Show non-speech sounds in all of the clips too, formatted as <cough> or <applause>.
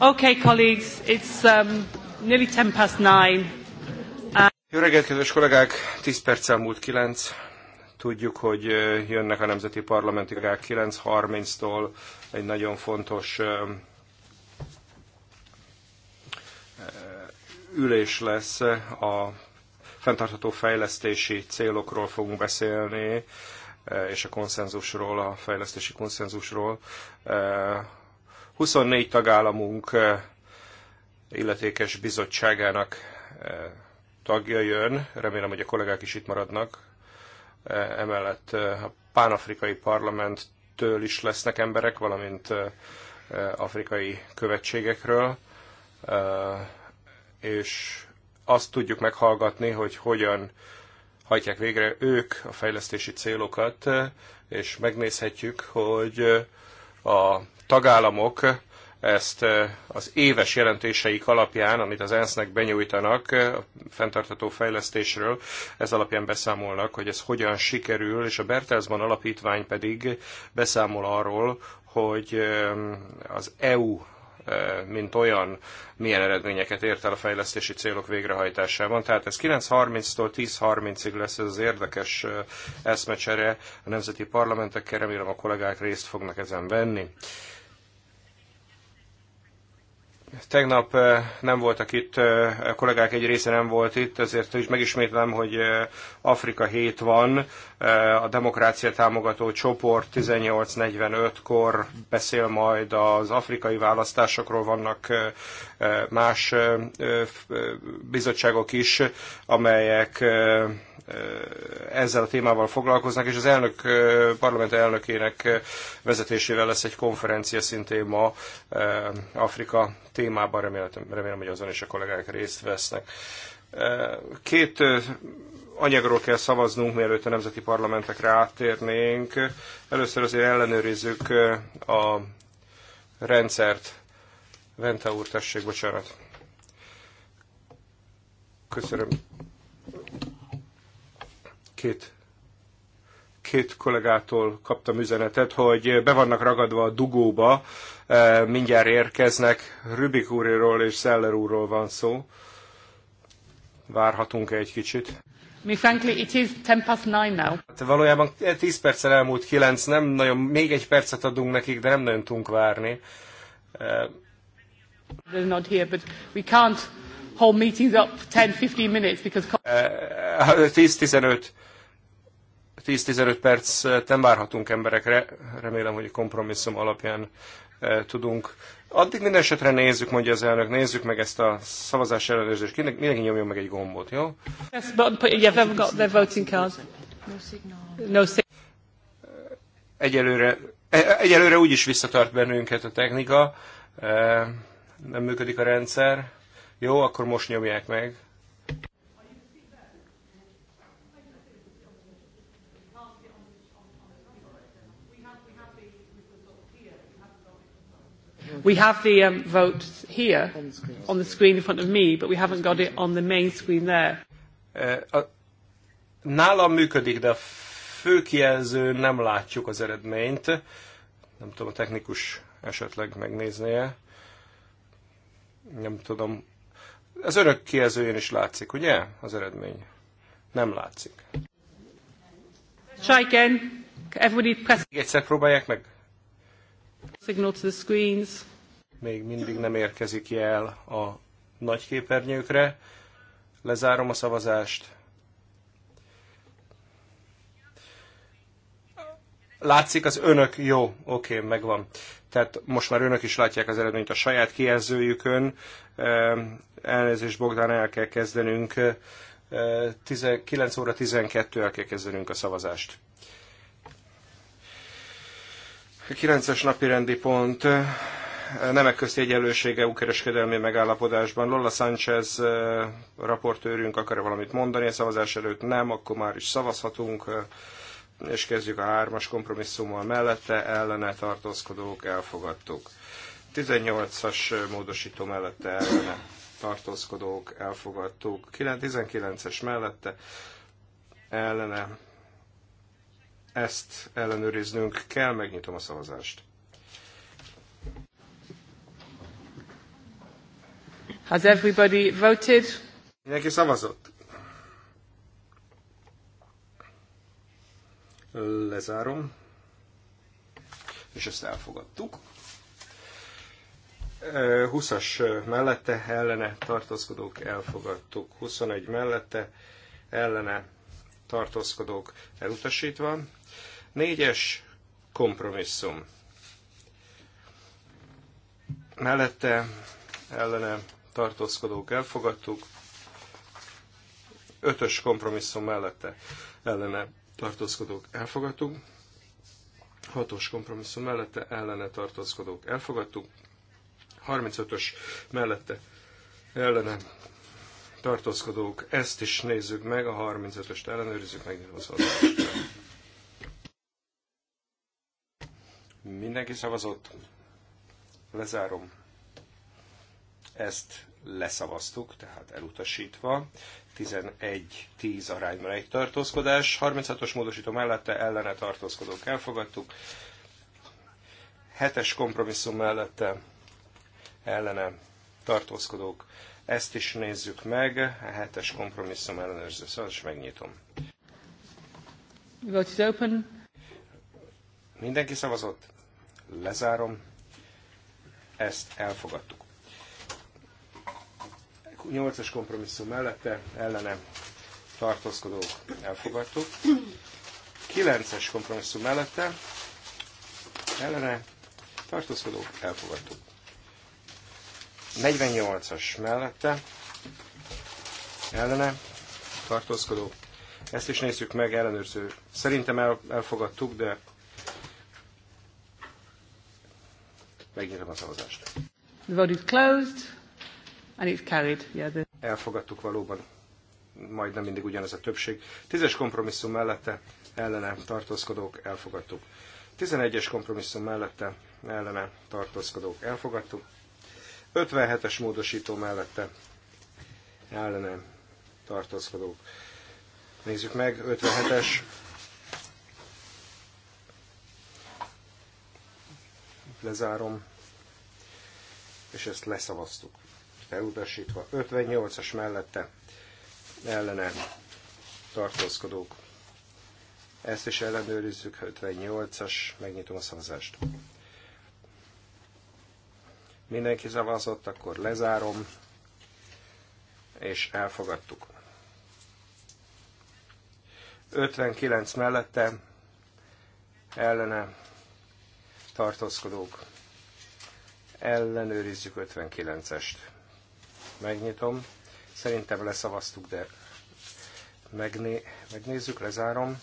Okay, colleagues, it's um, nearly 10 past nine. Uh, Jó reggelt, kedves kollégák! 10 perc elmúlt 9. Tudjuk, hogy jönnek a nemzeti parlamenti kollégák 9.30-tól egy nagyon fontos ülés lesz a fenntartható fejlesztési célokról fogunk beszélni Eh, és a konszenzusról, a fejlesztési konszenzusról. 24 eh, tagállamunk eh, illetékes bizottságának tagja jön, remélem, hogy a kollégák is itt maradnak. Emellett a pánafrikai parlamenttől is lesznek emberek, valamint afrikai követségekről, és azt tudjuk meghallgatni, hogy hogyan hajtják végre ők a fejlesztési célokat, és megnézhetjük, hogy a tagállamok ezt az éves jelentéseik alapján, amit az ENSZ-nek benyújtanak a fenntartható fejlesztésről, ez alapján beszámolnak, hogy ez hogyan sikerül, és a Bertelsmann alapítvány pedig beszámol arról, hogy um, az EU mint olyan milyen eredményeket ért el a fejlesztési célok végrehajtásában. Tehát ez 9.30-tól 10.30-ig lesz ez az érdekes eszmecsere a nemzeti parlamentekkel, remélem a kollégák részt fognak ezen venni. Tegnap eh, nem voltak itt, eh, a kollégák egy része nem volt itt, ezért is megismétlem, hogy eh, Afrika hét van, a demokrácia támogató csoport 18.45-kor beszél majd az afrikai választásokról, vannak más bizottságok is, amelyek ezzel a témával foglalkoznak, és az elnök, parlament elnökének vezetésével lesz egy konferencia szintén ma Afrika témában, remélem, remélem, hogy azon is a kollégák részt vesznek. Két anyagról kell szavaznunk, mielőtt a nemzeti parlamentekre áttérnénk. Először azért ellenőrizzük a rendszert. Vente úr, tessék, bocsánat. Köszönöm. Két két kollégától kaptam üzenetet, hogy be vannak ragadva a dugóba, e, mindjárt érkeznek. Rübik úrról és Szeller úrról van szó. Várhatunk-e egy kicsit? Mi frankly, it is 10 past 9 now. Hát valójában 10 e, perccel elmúlt 9, nem nagyon, még egy percet adunk nekik, de nem nagyon tudunk várni. They're not here, but we can't hold meetings up 10-15 minutes because... 10-15 e, 10-15 perc nem várhatunk emberekre, remélem, hogy a kompromisszum alapján tudunk. Addig minden esetre nézzük, mondja az elnök, nézzük meg ezt a szavazás ellenőrzést. Mindenki nyomjon meg egy gombot, jó? Yes, but, Egyelőre, e, e, egyelőre úgy is visszatart bennünket a technika, nem működik a rendszer. Jó, akkor most nyomják meg. We have the um, vote here on the, screen. in front of me, but we haven't got it on the main screen there. Eh, nálam működik, de a főkijelző nem látjuk az eredményt. Nem tudom, a technikus esetleg megnéznie. Nem tudom. Az örök kijelzőjén is látszik, ugye? Az eredmény. Nem látszik. Try again. Everybody press. Egyszer próbálják meg. Signal to the screens. Még mindig nem érkezik jel a nagy képernyőkre. Lezárom a szavazást. Látszik az önök, jó, oké, okay, megvan. Tehát most már önök is látják az eredményt a saját kijelzőjükön. Ehm, elnézést, Bogdán, el kell kezdenünk. 9 ehm, óra 12 el kell kezdenünk a szavazást. 9-es napi rendi pont eh, nemek közti egyenlőség EU kereskedelmi megállapodásban. Lola Sánchez eh, raportőrünk akar valamit mondani a szavazás előtt? Nem, akkor már is szavazhatunk, eh, és kezdjük a hármas kompromisszummal mellette, ellene tartózkodók elfogadtuk. 18-as módosító mellette ellene tartózkodók elfogadtuk. 19-es mellette ellene ezt ellenőriznünk kell, megnyitom a szavazást. Has everybody voted? Mindenki szavazott. Lezárom. És ezt elfogadtuk. 20-as mellette ellene tartózkodók elfogadtuk. 21 mellette ellene tartózkodók elutasítva. Négyes kompromisszum. Mellette ellene tartózkodók elfogadtuk. Ötös kompromisszum mellette ellene tartózkodók elfogadtuk. Hatos kompromisszum mellette ellene tartózkodók elfogadtuk. 35-ös mellette ellene tartózkodók, ezt is nézzük meg, a 35-öst ellenőrizzük, megnyitva az Mindenki szavazott? Lezárom. Ezt leszavaztuk, tehát elutasítva. 11-10 arányban egy tartózkodás. 36-os módosító mellette ellene tartózkodók elfogadtuk. 7-es kompromisszum mellette ellene tartózkodók. Ezt is nézzük meg, a 7-es kompromisszum ellenőrző szóval, és megnyitom. Vote is open. Mindenki szavazott? lezárom. Ezt elfogadtuk. 8-as kompromisszum mellette ellene tartózkodók elfogadtuk. 9-es kompromisszum mellette ellene tartózkodók elfogadtuk. 48-as mellette ellene tartózkodó. Ezt is nézzük meg, ellenőrző. Szerintem el, elfogadtuk, de Megnyitom a szavazást. The vote is closed, and it's carried. Yeah, the... Elfogadtuk valóban, majdnem mindig ugyanaz a többség. Tízes kompromisszum mellette ellene tartózkodók elfogadtuk. Tizenegyes kompromisszum mellette ellene tartózkodók elfogadtuk. 57-es módosító mellette ellene tartózkodók. Nézzük meg, 57-es. Lezárom és ezt leszavaztuk. Elutasítva. 58-as mellette ellene tartózkodók. Ezt is ellenőrizzük, 58-as, megnyitom a szavazást. Mindenki szavazott, akkor lezárom, és elfogadtuk. 59 mellette ellene tartózkodók ellenőrizzük 59-est. Megnyitom. Szerintem leszavaztuk, de megné megnézzük, lezárom.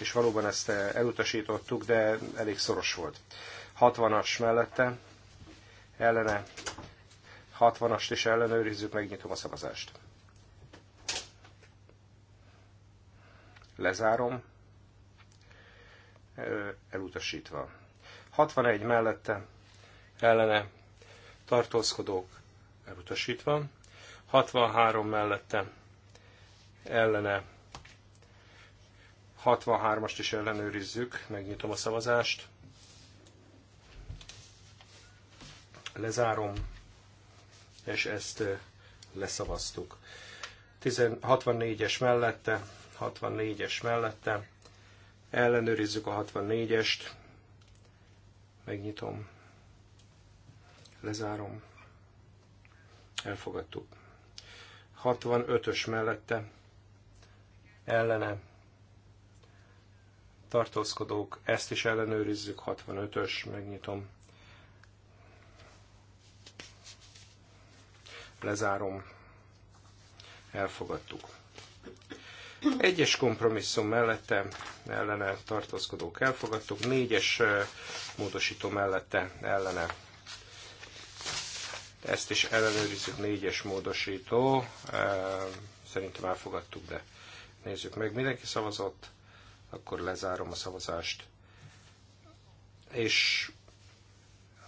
És valóban ezt elutasítottuk, de elég szoros volt. 60-as mellette, ellene, 60-ast is ellenőrizzük, megnyitom a szavazást. Lezárom, elutasítva. 61 mellette, ellene tartózkodók elutasítva, 63 mellette ellene 63-ast is ellenőrizzük, megnyitom a szavazást, lezárom, és ezt leszavaztuk. 64-es mellette, 64-es mellette, ellenőrizzük a 64-est, megnyitom, Lezárom. Elfogadtuk. 65-ös mellette ellene tartózkodók, ezt is ellenőrizzük, 65-ös, megnyitom. Lezárom. Elfogadtuk. Egyes kompromisszum mellette ellene tartózkodók elfogadtuk, négyes eh, módosító mellette ellene ezt is ellenőrizzük, négyes módosító. Szerintem elfogadtuk, de nézzük meg. Mindenki szavazott, akkor lezárom a szavazást. És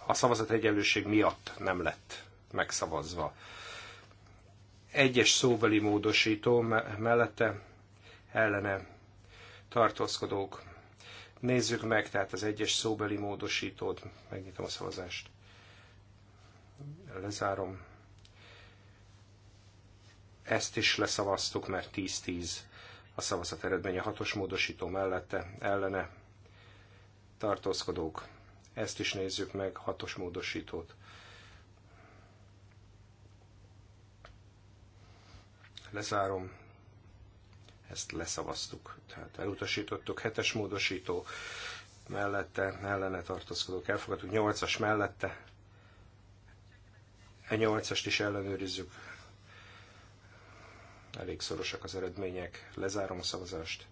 a szavazat egyenlőség miatt nem lett megszavazva. Egyes szóbeli módosító mellette ellene tartózkodók. Nézzük meg tehát az egyes szóbeli módosítót, megnyitom a szavazást lezárom. Ezt is leszavaztuk, mert 10-10 a szavazat eredménye hatos módosító mellette, ellene tartózkodók. Ezt is nézzük meg, hatos módosítót. Lezárom, ezt leszavaztuk. Tehát elutasítottuk, hetes módosító mellette, ellene tartózkodók elfogadtuk, nyolcas mellette, a nyolcast is ellenőrizzük. Elég szorosak az eredmények. Lezárom a szavazást.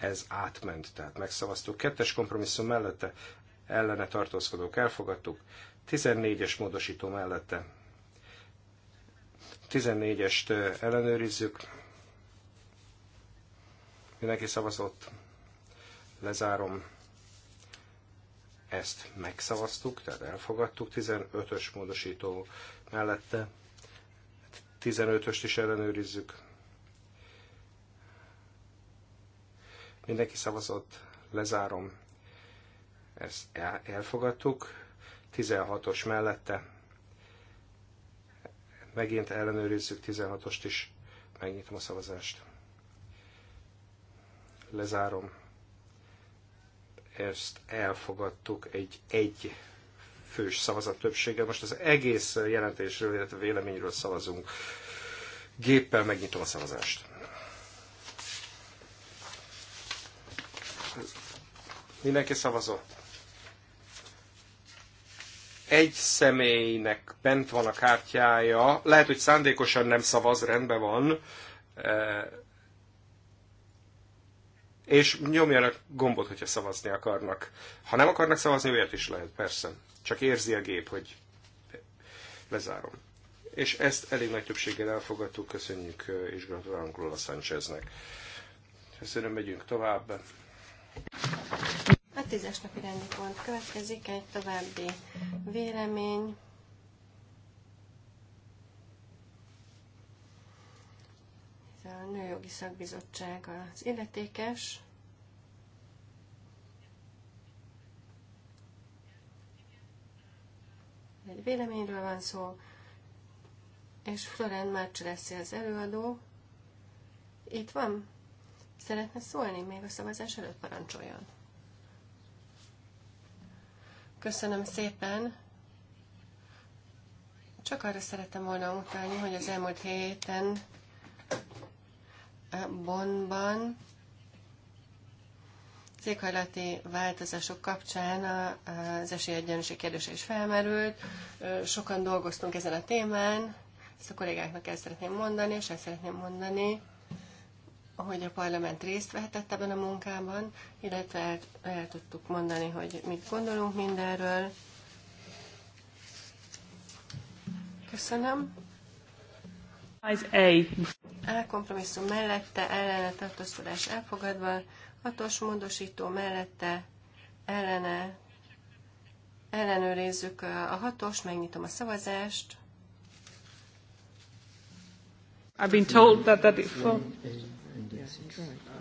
Ez átment, tehát megszavaztuk. Kettes kompromisszum mellette ellene tartózkodók elfogadtuk. 14-es módosító mellette. 14-est ellenőrizzük. Mindenki szavazott. Lezárom ezt megszavaztuk, tehát elfogadtuk, 15-ös módosító mellette, 15-öst is ellenőrizzük. Mindenki szavazott, lezárom, ezt elfogadtuk, 16-os mellette, megint ellenőrizzük 16-ost is, megnyitom a szavazást. Lezárom ezt elfogadtuk egy egy fős szavazat többséggel. Most az egész jelentésről, illetve véleményről szavazunk. Géppel megnyitom a szavazást. Mindenki szavazott. Egy személynek bent van a kártyája, lehet, hogy szándékosan nem szavaz, rendben van, és nyomjanak gombot, hogyha szavazni akarnak. Ha nem akarnak szavazni, olyat is lehet, persze. Csak érzi a gép, hogy lezárom. És ezt elég nagy többséggel elfogadtuk, köszönjük és gratulálunk Lola Sáncheznek. Köszönöm, megyünk tovább. A tízes napi rendi pont következik, egy további vélemény Nőjogi Szakbizottság az illetékes. Egy véleményről van szó, és Florent Márcs lesz az előadó. Itt van? Szeretne szólni még a szavazás előtt parancsoljon. Köszönöm szépen. Csak arra szerettem volna utálni, hogy az elmúlt héten Bonban az változások kapcsán az esélyegyenlőség kérdése is felmerült. Sokan dolgoztunk ezen a témán, ezt a kollégáknak el szeretném mondani, és el szeretném mondani, hogy a parlament részt vehetett ebben a munkában, illetve el, el tudtuk mondani, hogy mit gondolunk mindenről. Köszönöm. A. A kompromisszum mellette ellene tartózkodás elfogadva, hatos módosító mellette ellene ellenőrizzük a hatos, megnyitom a szavazást. I've been told that that is for...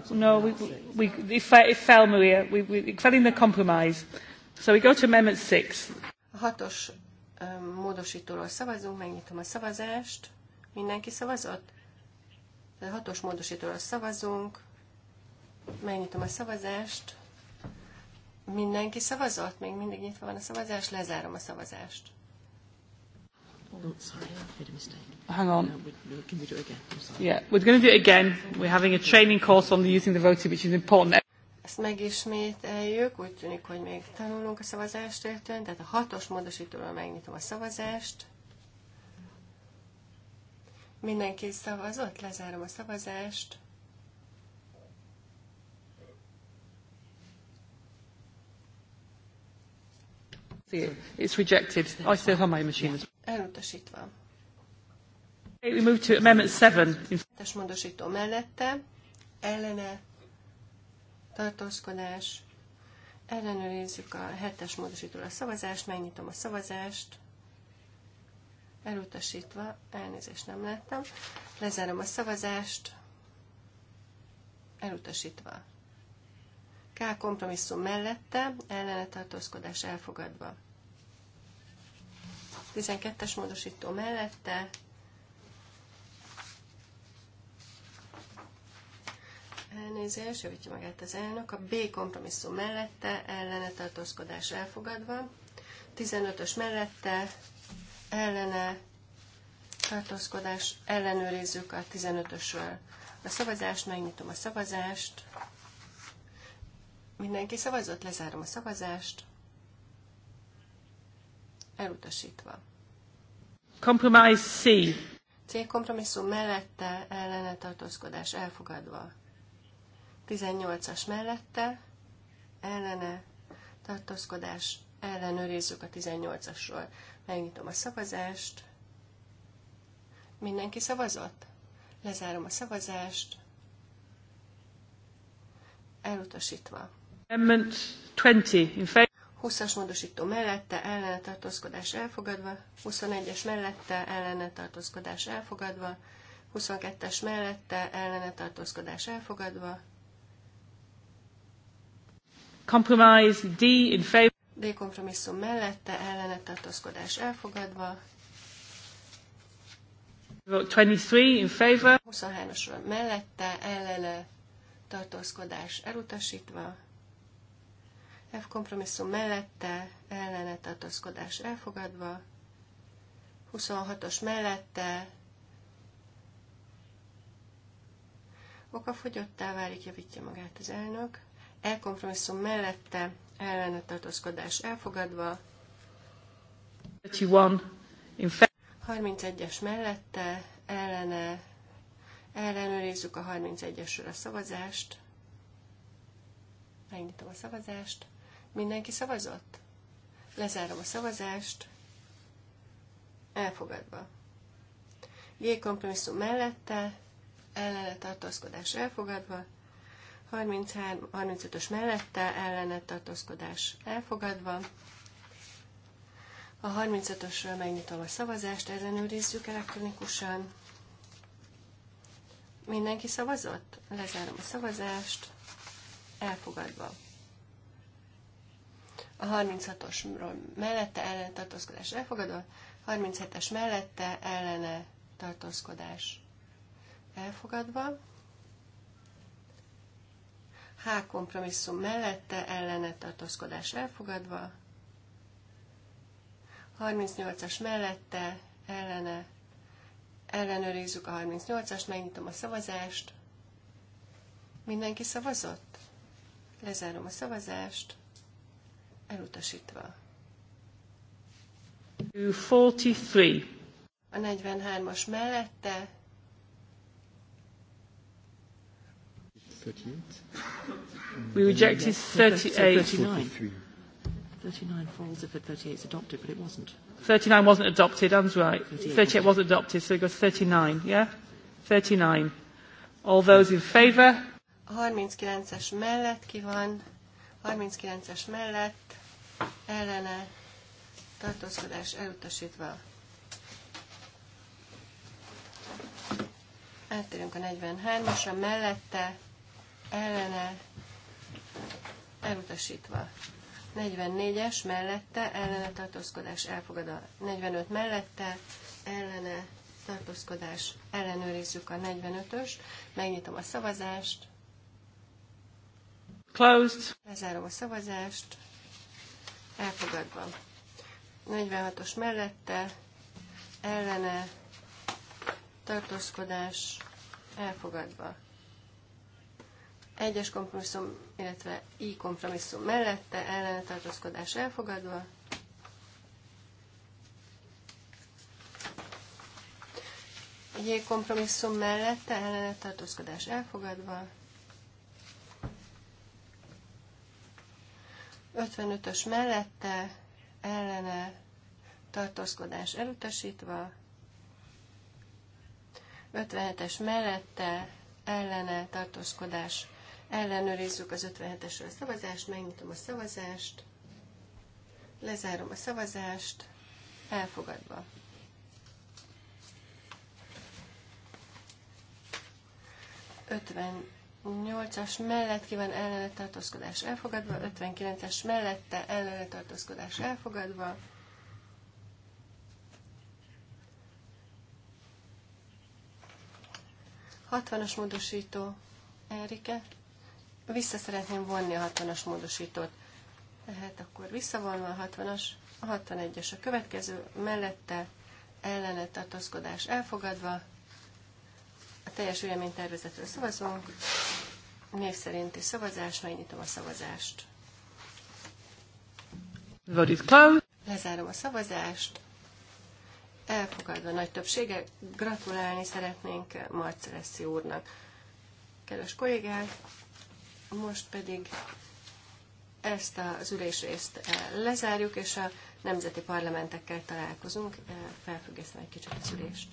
Uh, no, we, we, it, fell, it fell, Maria. We, we, it fell in the compromise. So we go to amendment six. A hatos um, módosítóról szavazunk, megnyitom a szavazást. Mindenki szavazott? Hatos módosítóra szavazunk. Megnyitom a szavazást. Mindenki szavazott? Még mindig nyitva van a szavazás? Lezárom a szavazást. Oh, Hang on. Uh, can we do again? Yeah, we're going to do it again. We're having a training course on the using the voting, which is important. Ezt megismételjük, úgy tűnik, hogy még tanulunk a szavazást értően, tehát a hatos módosítóról megnyitom a szavazást. Mindenki szavazott, lezárom a szavazást. It's rejected. I still have my machine. Elutasítva. Okay, We move to amendment seven. Hetes módosító mellette, ellene, tartózkodás, ellenőrizzük a hetes módosítóra a szavazást, megnyitom a szavazást elutasítva, elnézést nem láttam, lezárom a szavazást, elutasítva. K kompromisszum mellette, ellene tartózkodás elfogadva. 12-es módosító mellette, elnézést, javítja magát az elnök, a B kompromisszum mellette, ellene tartózkodás elfogadva, 15-ös mellette, ellene tartózkodás, ellenőrizzük a 15-ösről. A szavazást, megnyitom a szavazást. Mindenki szavazott, lezárom a szavazást. Elutasítva. Compromise C. C kompromisszum mellette ellene tartózkodás elfogadva. 18-as mellette ellene tartózkodás ellenőrizzük a 18-asról. Megnyitom a szavazást. Mindenki szavazott? Lezárom a szavazást. Elutasítva. Amendment 20 in 20-as módosító mellette ellene tartózkodás elfogadva, 21-es mellette ellene tartózkodás elfogadva, 22-es mellette ellene tartózkodás elfogadva. Compromise D in favor. D kompromisszum mellette ellene tartózkodás elfogadva. 23 in favor. asról mellette ellene tartózkodás elutasítva. F kompromisszum mellette ellene tartózkodás elfogadva. 26-os mellette okafogyottá válik, javítja magát az elnök. E kompromisszum mellette ellene tartózkodás elfogadva. 31-es mellette ellene ellenőrizzük a 31-esről a szavazást. Megnyitom a szavazást. Mindenki szavazott? Lezárom a szavazást. Elfogadva. G kompromisszum mellette, ellene tartózkodás elfogadva. 35 ös mellette ellene tartózkodás elfogadva. A 35-ösről megnyitom a szavazást, ellenőrizzük elektronikusan. Mindenki szavazott? Lezárom a szavazást. Elfogadva. A 36-osról mellette ellene tartózkodás elfogadva, 37-es mellette ellene tartózkodás elfogadva. H kompromisszum mellette ellene tartózkodás elfogadva, 38-as mellette ellene ellenőrizzük a 38 as megnyitom a szavazást. Mindenki szavazott? Lezárom a szavazást, elutasítva. 43. A 43-as mellette 38? We rejected 38. 39. falls if 38 is adopted, but it wasn't. 39 wasn't adopted, Anne's right. 38, 38 wasn't adopted, so it goes 39, yeah? 39. All those in favour? 39-es mellett ki van, 39-es mellett, ellene, tartózkodás elutasítva. Eltérünk a 43-asra, mellette, ellene elutasítva. 44-es mellette ellene tartózkodás elfogadva. 45 mellette ellene tartózkodás ellenőrizzük a 45-ös. Megnyitom a szavazást. Closed. Lezárom a szavazást. Elfogadva. 46-os mellette ellene tartózkodás elfogadva. Egyes kompromisszum, illetve I kompromisszum mellette ellene tartózkodás elfogadva. J kompromisszum mellette ellene tartózkodás elfogadva. 55-ös mellette ellene tartózkodás elutasítva, 57-es mellette ellene tartózkodás Ellenőrizzük az 57-esről a szavazást, megnyitom a szavazást, lezárom a szavazást, elfogadva. Ötven as mellett kíván ellene tartózkodás elfogadva, 59-es mellette ellene tartózkodás elfogadva. Hatvanas módosító Erike vissza szeretném vonni a 60-as módosítót. Tehát akkor visszavonva a 60-as, a 61-es a következő, mellette ellene tartózkodás elfogadva. A teljes véleménytervezetről szavazunk. Név szerinti szavazás, megnyitom a szavazást. Lezárom a szavazást. Elfogadva nagy többsége. Gratulálni szeretnénk Marceleszi úrnak. Kedves kollégák, most pedig ezt az ülésrészt eh, lezárjuk, és a nemzeti parlamentekkel találkozunk, eh, felfüggesztem egy kicsit az ülést.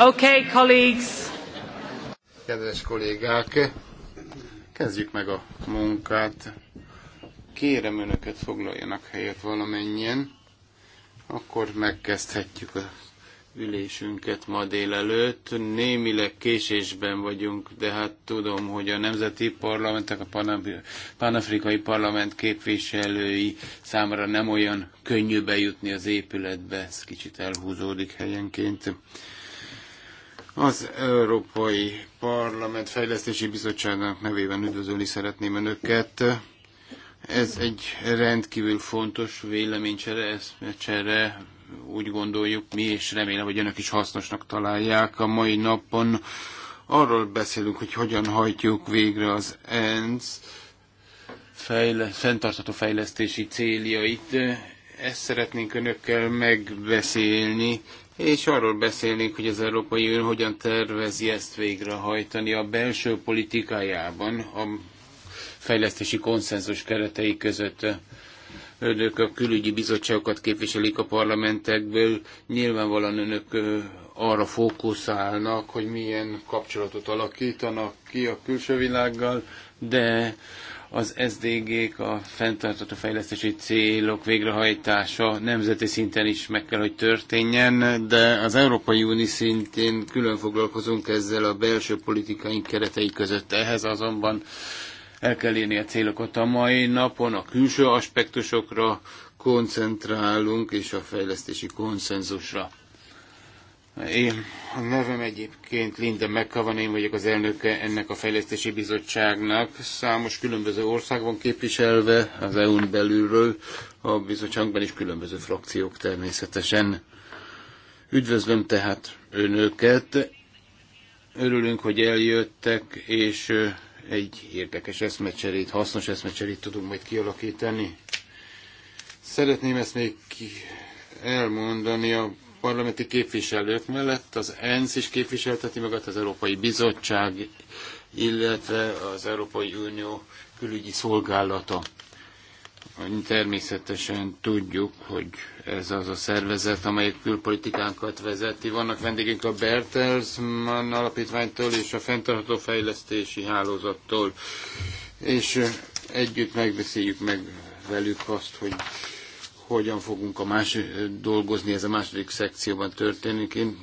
Okay, colleagues. Kedves kollégák, kezdjük meg a munkát. Kérem önöket foglaljanak helyet valamennyien, akkor megkezdhetjük a ülésünket ma délelőtt. Némileg késésben vagyunk, de hát tudom, hogy a nemzeti parlamentek, a panafrikai parlament képviselői számára nem olyan könnyű bejutni az épületbe, ez kicsit elhúzódik helyenként. Az Európai Parlament Fejlesztési Bizottságának nevében üdvözölni szeretném Önöket. Ez egy rendkívül fontos véleménycsere, eszmecsere, úgy gondoljuk mi, és remélem, hogy Önök is hasznosnak találják a mai napon. Arról beszélünk, hogy hogyan hajtjuk végre az ENSZ fejle- fenntartható fejlesztési céljait, ezt szeretnénk önökkel megbeszélni, és arról beszélnénk, hogy az Európai Unió hogyan tervezi ezt végrehajtani a belső politikájában, a fejlesztési konszenzus keretei között. Önök a külügyi bizottságokat képviselik a parlamentekből, nyilvánvalóan önök arra fókuszálnak, hogy milyen kapcsolatot alakítanak ki a külső világgal, de az SDG-k, a fenntartató fejlesztési célok végrehajtása nemzeti szinten is meg kell, hogy történjen, de az Európai Unió szintén külön foglalkozunk ezzel a belső politikai keretei között. Ehhez azonban el kell érni a célokat a mai napon, a külső aspektusokra koncentrálunk és a fejlesztési konszenzusra. Én, a nevem egyébként Linda McCavan, én vagyok az elnöke ennek a fejlesztési bizottságnak. Számos különböző országban képviselve az EU-n belülről, a bizottságban is különböző frakciók természetesen. Üdvözlöm tehát önöket. Örülünk, hogy eljöttek, és egy érdekes eszmecserét, hasznos eszmecserét tudunk majd kialakítani. Szeretném ezt még elmondani a parlamenti képviselők mellett az ENSZ is képviselteti magát, az Európai Bizottság, illetve az Európai Unió külügyi szolgálata. Természetesen tudjuk, hogy ez az a szervezet, amelyik külpolitikánkat vezeti. Vannak vendégünk a Bertelsmann alapítványtól és a fenntartható fejlesztési hálózattól, és együtt megbeszéljük meg velük azt, hogy hogyan fogunk a más, dolgozni, ez a második szekcióban történik. Én,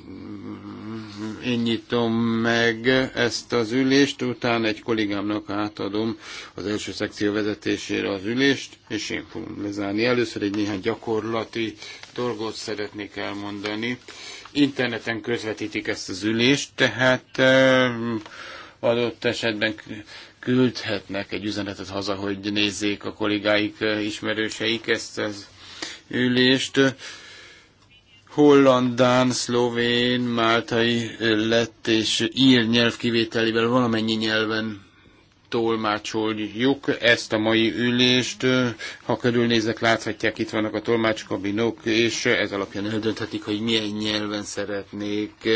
én nyitom meg ezt az ülést, utána egy kollégámnak átadom az első szekció vezetésére az ülést, és én fogom lezárni. Először egy néhány gyakorlati dolgot szeretnék elmondani. Interneten közvetítik ezt az ülést, tehát adott esetben küldhetnek egy üzenetet haza, hogy nézzék a kollégáik, ismerőseik ezt az ülést. Holland, Dán, Szlovén, Máltai lett és ír nyelv kivételével valamennyi nyelven tolmácsoljuk ezt a mai ülést. Ha körülnézek, láthatják, itt vannak a tolmácskabinok, és ez alapján eldönthetik, hogy milyen nyelven szeretnék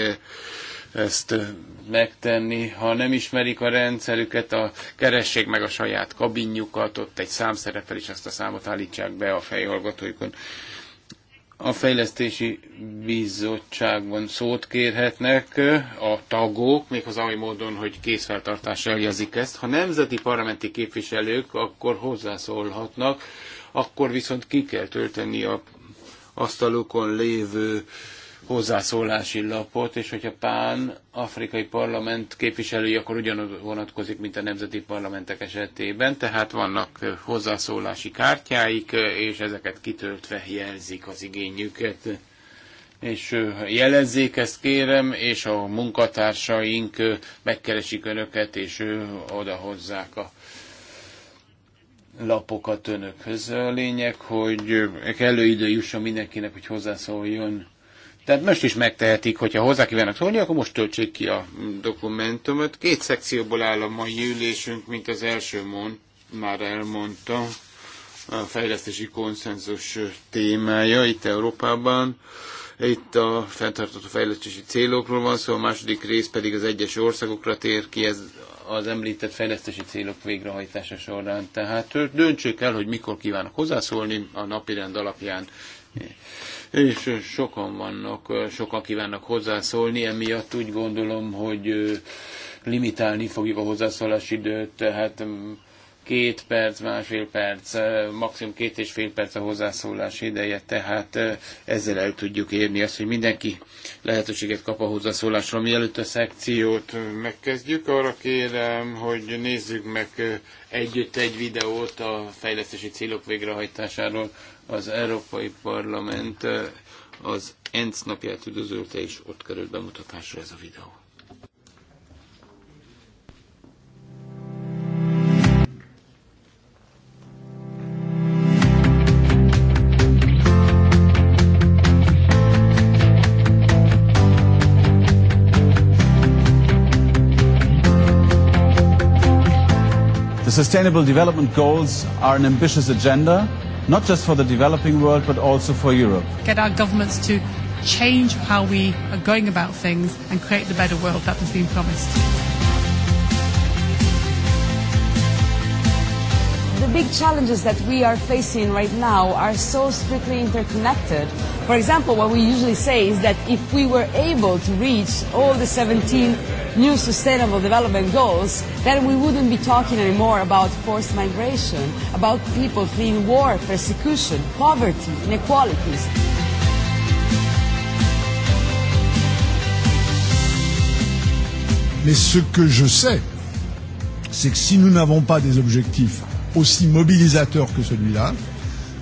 ezt megtenni. Ha nem ismerik a rendszerüket, a, keressék meg a saját kabinjukat, ott egy szám szerepel, és azt a számot állítsák be a fejhallgatóikon. A fejlesztési bizottságban szót kérhetnek a tagok, méghozzá oly módon, hogy készfeltartás jelzik ezt. Ha nemzeti parlamenti képviselők, akkor hozzászólhatnak, akkor viszont ki kell tölteni a asztalukon lévő hozzászólási lapot, és hogyha pán afrikai parlament képviselői, akkor ugyanaz vonatkozik, mint a nemzeti parlamentek esetében, tehát vannak eh, hozzászólási kártyáik, eh, és ezeket kitöltve jelzik az igényüket. És eh, jelezzék ezt kérem, és a munkatársaink megkeresik önöket, és odahozzák a lapokat önökhöz. A lényeg, hogy kellő idő jusson mindenkinek, hogy hozzászóljon tehát most is megtehetik, hogyha hozzá kívánnak szólni, akkor most töltsék ki a dokumentumot. Két szekcióból áll a mai ülésünk, mint az első mond, már elmondtam, a fejlesztési konszenzus témája itt Európában. Itt a fenntartató fejlesztési célokról van szó, a második rész pedig az egyes országokra tér ki, ez az említett fejlesztési célok végrehajtása során. Tehát döntsük el, hogy mikor kívánok hozzászólni a napirend alapján és sokan vannak, sokan kívánnak hozzászólni, emiatt úgy gondolom, hogy limitálni fogjuk a hozzászólás időt, tehát két perc, másfél perc, maximum két és fél perc a hozzászólás ideje, tehát ezzel el tudjuk érni azt, hogy mindenki lehetőséget kap a hozzászólásra. Mielőtt a szekciót megkezdjük, arra kérem, hogy nézzük meg együtt egy videót a fejlesztési célok végrehajtásáról az Európai Parlament az ENC napját üdvözölte, és ott került bemutatásra ez a videó. The Sustainable Development Goals are an ambitious agenda not just for the developing world, but also for Europe. Get our governments to change how we are going about things and create the better world that has been promised. The big challenges that we are facing right now are so strictly interconnected For example, what we usually say is that if we were able to reach all the 17 new sustainable development goals, then we wouldn't be talking anymore about forced migration, about people fleeing war, persecution, poverty, inequalities. Mais ce que je sais, c'est que si nous n'avons pas des objectifs aussi mobilisateurs que celui-là,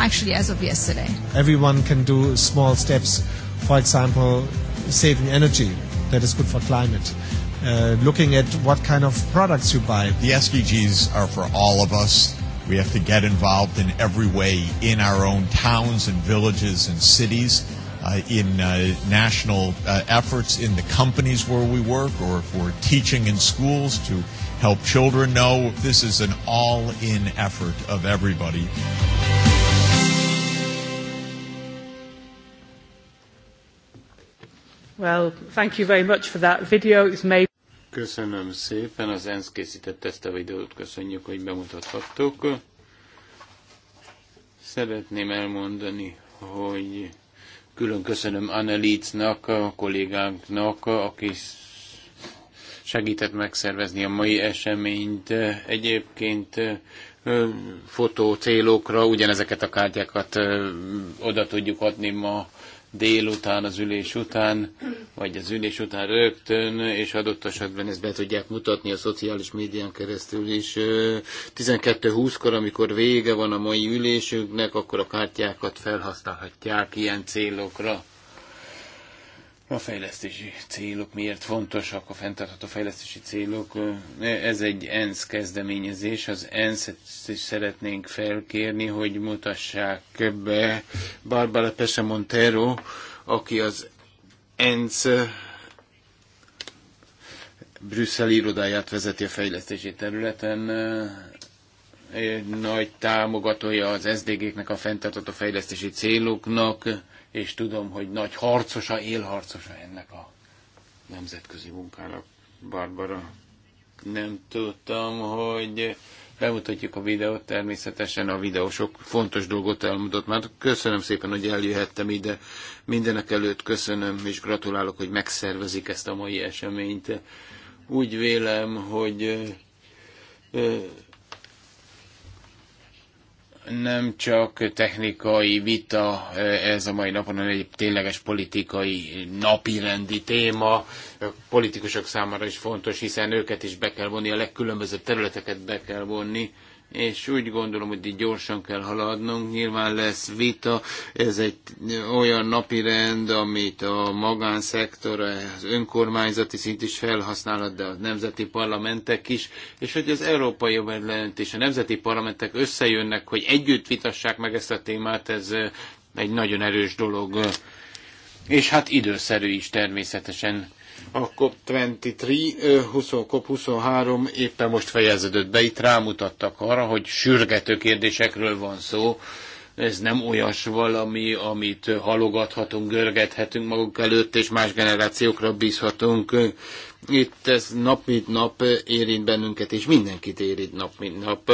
actually as of yesterday. Everyone can do small steps, for example, saving energy. That is good for climate. Uh, looking at what kind of products you buy. The SDGs are for all of us. We have to get involved in every way in our own towns and villages and cities. Uh, in uh, national uh, efforts in the companies where we work or if we're teaching in schools to help children know this is an all in effort of everybody. Well, thank you very much for that video. It's made... Köszönöm szépen, az ENSZ készített ezt a videót, köszönjük, hogy bemutathattuk. Szeretném elmondani, hogy külön köszönöm Annelitznak, a kollégánknak, aki segített megszervezni a mai eseményt. Egyébként fotó célokra ugyanezeket a kártyákat oda tudjuk adni ma délután, az ülés után, vagy az ülés után rögtön, és adott esetben ezt be tudják mutatni a szociális médián keresztül is. 12-20-kor, amikor vége van a mai ülésünknek, akkor a kártyákat felhasználhatják ilyen célokra a fejlesztési célok miért fontosak, a fenntartható fejlesztési célok. Ez egy ENSZ kezdeményezés, az ENSZ-et is szeretnénk felkérni, hogy mutassák be Barbara Pese Montero, aki az ENSZ Brüsszel irodáját vezeti a fejlesztési területen, egy nagy támogatója az SZDG-knek, a fenntartható fejlesztési céloknak, és tudom, hogy nagy harcosa, élharcosa ennek a nemzetközi munkának. Barbara, nem tudtam, hogy bemutatjuk a videót, természetesen a videó sok fontos dolgot elmondott már. Köszönöm szépen, hogy eljöhettem ide. Mindenek előtt köszönöm, és gratulálok, hogy megszervezik ezt a mai eseményt. Úgy vélem, hogy nem csak technikai vita e, ez a mai napon, hanem egy tényleges politikai napirendi téma. A politikusok számára is fontos, hiszen őket is be kell vonni, a legkülönbözőbb területeket be kell vonni és úgy gondolom, hogy itt gyorsan kell haladnunk. Nyilván lesz vita, ez egy olyan napi rend, amit a magánszektor, az önkormányzati szint is felhasználhat, de a nemzeti parlamentek is, és hogy az európai parlament és a nemzeti parlamentek összejönnek, hogy együtt vitassák meg ezt a témát, ez egy nagyon erős dolog, és hát időszerű is természetesen a COP23, 20, COP23 éppen most fejeződött be, itt rámutattak arra, hogy sürgető kérdésekről van szó, ez nem olyas valami, amit halogathatunk, görgethetünk magunk előtt, és más generációkra bízhatunk. Itt ez nap mint nap érint bennünket, és mindenkit érint nap mint nap.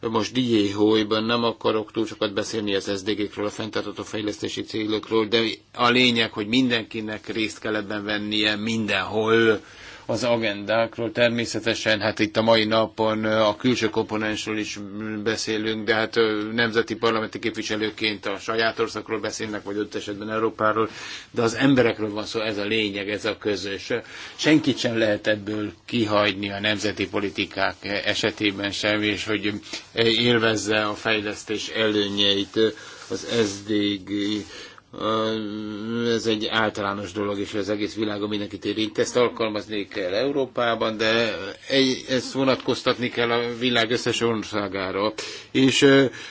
Most Diéhojban nem akarok túl sokat beszélni az SZDG-kről, a fenntartató fejlesztési célokról, de a lényeg, hogy mindenkinek részt kell ebben vennie mindenhol, az agendákról. Természetesen, hát itt a mai napon a külső komponensről is beszélünk, de hát nemzeti parlamenti képviselőként a saját országról beszélnek, vagy ott esetben Európáról, de az emberekről van szó, ez a lényeg, ez a közös. Senkit sem lehet ebből kihagyni a nemzeti politikák esetében sem, és hogy élvezze a fejlesztés előnyeit az SDG ez egy általános dolog, és az egész világon mindenkit érint. Ezt alkalmazni kell Európában, de egy, ezt vonatkoztatni kell a világ összes országára. És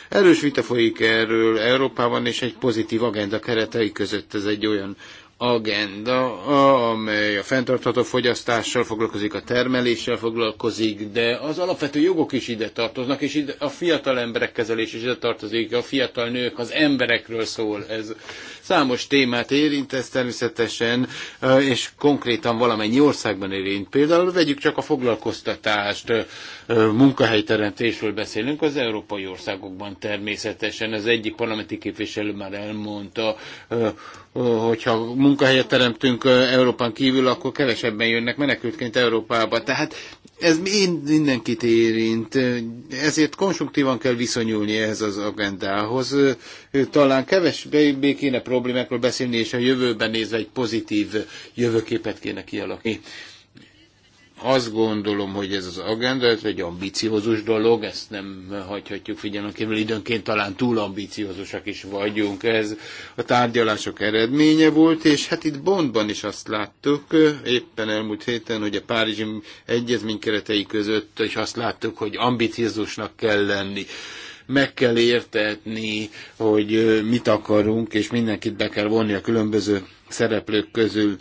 erős vita folyik erről Európában, és egy pozitív agenda keretei között ez egy olyan agenda, amely a fenntartható fogyasztással foglalkozik, a termeléssel foglalkozik, de az alapvető jogok is ide tartoznak, és ide a fiatal emberek kezelés is ide tartozik, a fiatal nők, az emberekről szól ez Számos témát érint ez természetesen, és konkrétan valamennyi országban érint. Például vegyük csak a foglalkoztatást, munkahelyteremtésről beszélünk az európai országokban természetesen. Az egyik parlamenti képviselő már elmondta, hogyha munkahelyet teremtünk Európán kívül, akkor kevesebben jönnek menekültként Európába. Tehát ez mindenkit érint, ezért konstruktívan kell viszonyulni ehhez az agendához. Talán kevesbé kéne problémákról beszélni, és a jövőben nézve egy pozitív jövőképet kéne kialakítani azt gondolom, hogy ez az agenda, ez egy ambiciózus dolog, ezt nem hagyhatjuk figyelmen kívül, időnként talán túl ambiciózusak is vagyunk. Ez a tárgyalások eredménye volt, és hát itt Bondban is azt láttuk, éppen elmúlt héten, hogy a Párizsi Egyezmény keretei között is azt láttuk, hogy ambiciózusnak kell lenni meg kell értetni, hogy mit akarunk, és mindenkit be kell vonni a különböző szereplők közül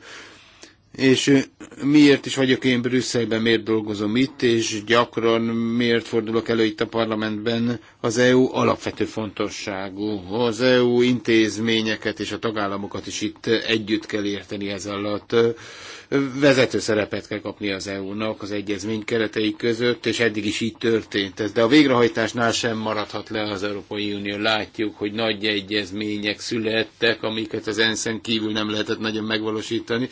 és miért is vagyok én Brüsszelben, miért dolgozom itt, és gyakran miért fordulok elő itt a parlamentben, az EU alapvető fontosságú. Az EU intézményeket és a tagállamokat is itt együtt kell érteni ez alatt. Vezető szerepet kell kapni az EU-nak az egyezmény keretei között, és eddig is így történt ez. De a végrehajtásnál sem maradhat le az Európai Unió. Látjuk, hogy nagy egyezmények születtek, amiket az ensz kívül nem lehetett nagyon megvalósítani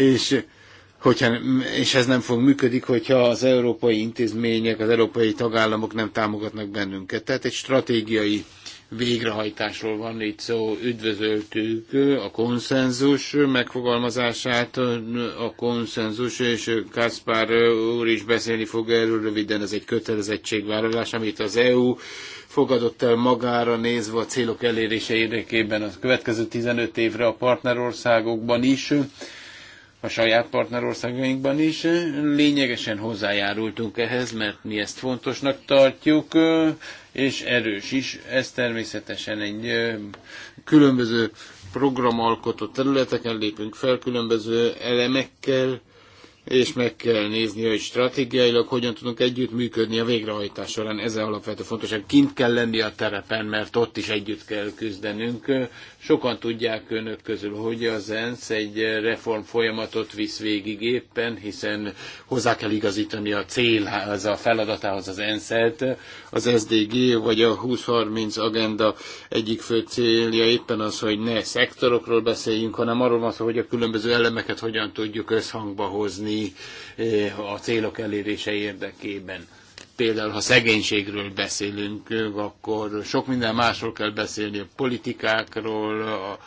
és hogyha, és ez nem fog működik, hogyha az európai intézmények, az európai tagállamok nem támogatnak bennünket. Tehát egy stratégiai végrehajtásról van itt szó, üdvözöltük a konszenzus megfogalmazását, a konszenzus, és Kaspar úr is beszélni fog erről röviden, ez egy kötelezettségvállalás, amit az EU fogadott el magára nézve a célok elérése érdekében a következő 15 évre a partnerországokban is a saját partnerországainkban is. Lényegesen hozzájárultunk ehhez, mert mi ezt fontosnak tartjuk, és erős is. Ez természetesen egy különböző programalkotó területeken lépünk fel, különböző elemekkel, és meg kell nézni, hogy stratégiailag hogyan tudunk együttműködni a végrehajtás során. Ez alapvető fontos, hogy kint kell lenni a terepen, mert ott is együtt kell küzdenünk. Sokan tudják önök közül, hogy az ENSZ egy reform folyamatot visz végig éppen, hiszen hozzá kell igazítani a célhoz, a feladatához az ensz Az SDG vagy a 2030 agenda egyik fő célja éppen az, hogy ne szektorokról beszéljünk, hanem arról van szó, hogy a különböző elemeket hogyan tudjuk összhangba hozni eh, a célok elérése érdekében. Például, ha szegénységről beszélünk, akkor sok minden másról kell beszélni, a politikákról, a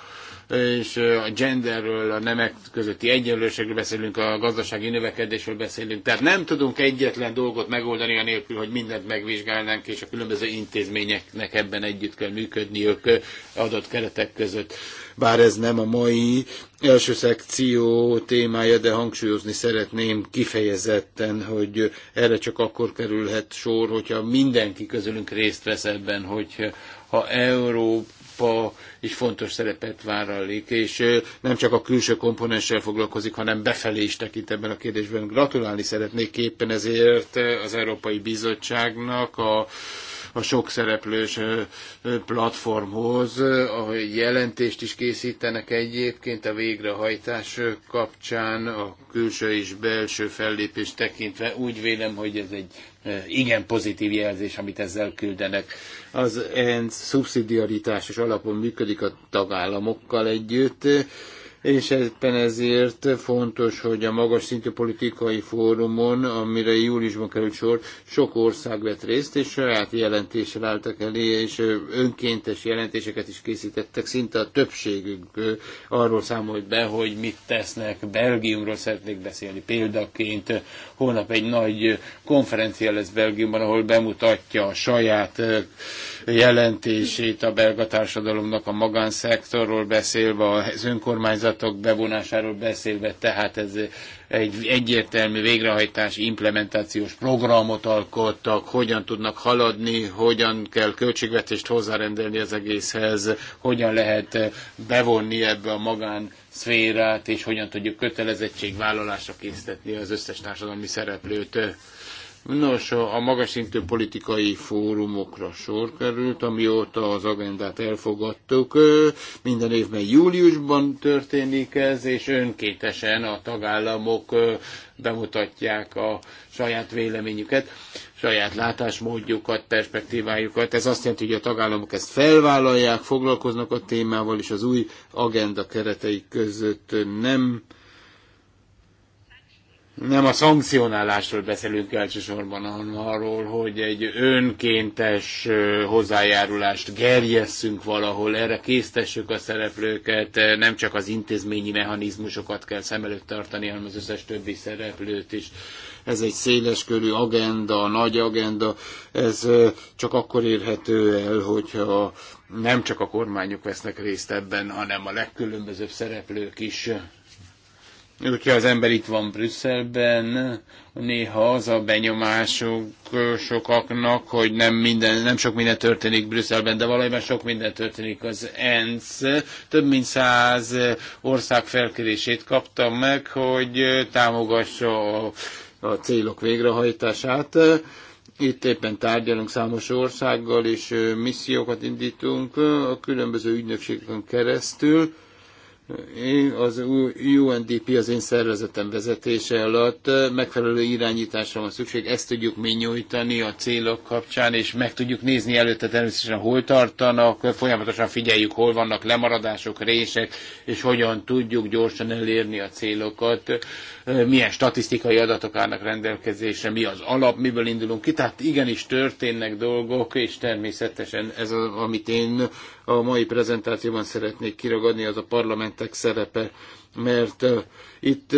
és a genderről, a nemek közötti egyenlőségről beszélünk, a gazdasági növekedésről beszélünk. Tehát nem tudunk egyetlen dolgot megoldani anélkül, hogy mindent megvizsgálnánk, és a különböző intézményeknek ebben együtt kell működniük adott keretek között. Bár ez nem a mai első szekció témája, de hangsúlyozni szeretném kifejezetten, hogy erre csak akkor kerülhet sor, hogyha mindenki közülünk részt vesz ebben, hogy ha Európa Európa is fontos szerepet vállalik, és nem csak a külső komponenssel foglalkozik, hanem befelé is tekint ebben a kérdésben. Gratulálni szeretnék éppen ezért az Európai Bizottságnak a a sok szereplős platformhoz. A jelentést is készítenek egyébként a végrehajtás kapcsán, a külső és belső fellépés tekintve. Úgy vélem, hogy ez egy igen pozitív jelzés, amit ezzel küldenek. Az ENSZ szubszidiaritásos alapon működik a tagállamokkal együtt, és ebben ezért fontos, hogy a magas szintű politikai fórumon, amire júliusban került sor, sok ország vett részt, és saját jelentéssel álltak elé, és önkéntes jelentéseket is készítettek, szinte a többségük arról számolt be, hogy mit tesznek. Belgiumról szeretnék beszélni példaként. Holnap egy nagy konferencia lesz Belgiumban, ahol bemutatja a saját jelentését a belga társadalomnak a magánszektorról beszélve, az önkormányzatok bevonásáról beszélve, tehát ez egy egyértelmű végrehajtás, implementációs programot alkottak, hogyan tudnak haladni, hogyan kell költségvetést hozzárendelni az egészhez, hogyan lehet bevonni ebbe a magán szférát, és hogyan tudjuk kötelezettségvállalásra késztetni az összes társadalmi szereplőt. Nos, a magas szintű politikai fórumokra sor került, amióta az agendát elfogadtuk. Minden évben júliusban történik ez, és önkétesen a tagállamok bemutatják a saját véleményüket, saját látásmódjukat, perspektívájukat. Ez azt jelenti, hogy a tagállamok ezt felvállalják, foglalkoznak a témával, és az új agenda keretei között nem nem a szankcionálásról beszélünk elsősorban, hanem arról, hogy egy önkéntes hozzájárulást gerjesszünk valahol, erre késztessük a szereplőket, nem csak az intézményi mechanizmusokat kell szem előtt tartani, hanem az összes többi szereplőt is. Ez egy széleskörű agenda, nagy agenda, ez csak akkor érhető el, hogyha nem csak a kormányok vesznek részt ebben, hanem a legkülönbözőbb szereplők is hogyha az ember itt van Brüsszelben, néha az a benyomások sokaknak, hogy nem, minden, nem sok minden történik Brüsszelben, de valójában sok minden történik az ENSZ. Több mint száz ország felkérését kaptam meg, hogy támogassa a, a célok végrehajtását. Itt éppen tárgyalunk számos országgal, és missziókat indítunk a különböző ügynökségeken keresztül az UNDP az én szervezetem vezetése alatt eh, megfelelő irányításra van szükség, ezt tudjuk mi nyújtani a célok kapcsán, és meg tudjuk nézni előtte természetesen, hol tartanak, eh, folyamatosan figyeljük, hol vannak lemaradások, rések, és hogyan tudjuk gyorsan elérni a célokat milyen statisztikai adatok állnak rendelkezésre, mi az alap, miből indulunk ki. Tehát igenis történnek dolgok, és természetesen ez, az, amit én a mai prezentációban szeretnék kiragadni, az a parlamentek szerepe, mert itt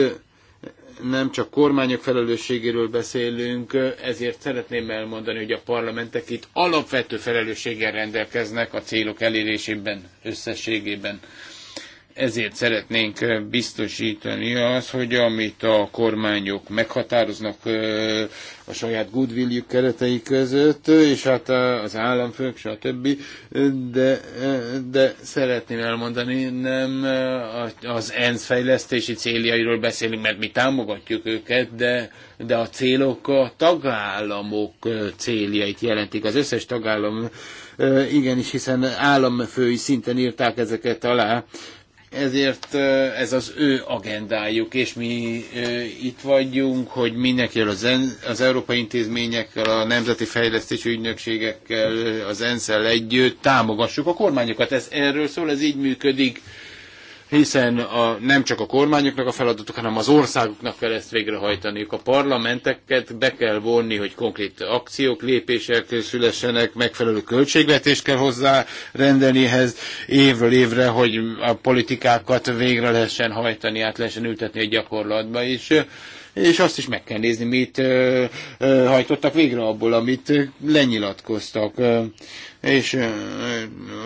nem csak kormányok felelősségéről beszélünk, ezért szeretném elmondani, hogy a parlamentek itt alapvető felelősséggel rendelkeznek a célok elérésében, összességében. Ezért szeretnénk biztosítani az, hogy amit a kormányok meghatároznak a saját goodwilljük keretei között, és hát az államfők, stb. De, de szeretném elmondani, nem az ENSZ fejlesztési céljairól beszélünk, mert mi támogatjuk őket, de, de a célok a tagállamok céljait jelentik. Az összes tagállam igenis, hiszen államfői szinten írták ezeket alá, ezért ez az ő agendájuk, és mi itt vagyunk, hogy mindenkivel az, en, az Európai Intézményekkel, a Nemzeti Fejlesztési Ügynökségekkel, az ensz együtt támogassuk a kormányokat. Ez erről szól, ez így működik hiszen a, nem csak a kormányoknak a feladatuk, hanem az országoknak kell ezt végrehajtaniuk. A parlamenteket be kell vonni, hogy konkrét akciók, lépések szülessenek, megfelelő költségvetést kell hozzá rendelni ehhez évről évre, hogy a politikákat végre lehessen hajtani, át lehessen ültetni a gyakorlatba is. És és azt is meg kell nézni, mit hajtottak végre abból, amit lenyilatkoztak. És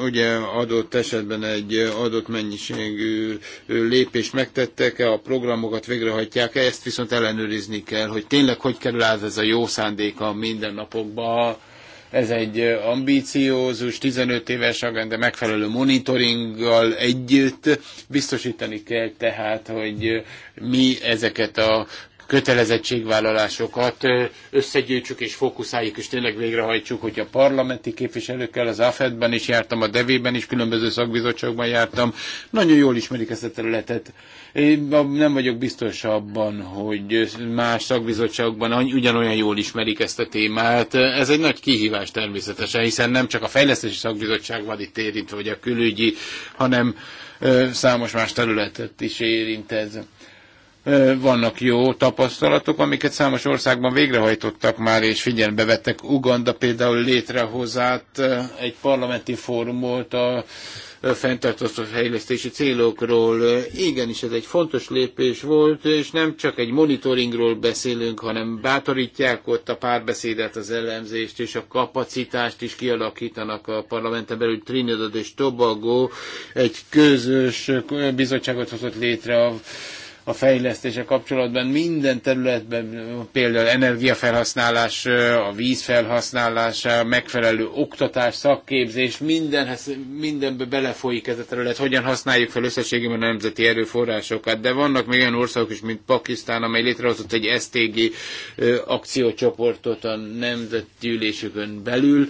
ugye adott esetben egy adott mennyiségű lépést megtettek-e, a programokat végrehajtják-e, ezt viszont ellenőrizni kell, hogy tényleg hogy kerül át ez a jó szándéka a mindennapokba, ez egy ambíciózus, 15 éves agenda megfelelő monitoringgal együtt. Biztosítani kell tehát, hogy mi ezeket a kötelezettségvállalásokat összegyűjtsük és fókuszáljuk, és tényleg végrehajtsuk, hogy a parlamenti képviselőkkel, az AFED-ben is jártam, a DEVÉ-ben is, különböző szakbizottságban jártam, nagyon jól ismerik ezt a területet. Én nem vagyok biztos abban, hogy más szakbizottságokban ugyanolyan jól ismerik ezt a témát. Ez egy nagy kihívás természetesen, hiszen nem csak a fejlesztési szakbizottság van itt érintve, vagy a külügyi, hanem számos más területet is érint ez. Vannak jó tapasztalatok, amiket számos országban végrehajtottak már, és figyelembe vettek. Uganda például létrehozát egy parlamenti fórumot a fenntartató fejlesztési célokról. is ez egy fontos lépés volt, és nem csak egy monitoringról beszélünk, hanem bátorítják ott a párbeszédet, az elemzést és a kapacitást is kialakítanak a parlamenten belül. Trinidad és Tobago egy közös bizottságot hozott létre a a fejlesztése kapcsolatban minden területben, például energiafelhasználás, a vízfelhasználás, a megfelelő oktatás, szakképzés, mindenhez, mindenbe belefolyik ez a terület, hogyan használjuk fel összességében a nemzeti erőforrásokat. De vannak még olyan országok is, mint Pakisztán, amely létrehozott egy STG akciócsoportot a nemzetgyűlésükön belül,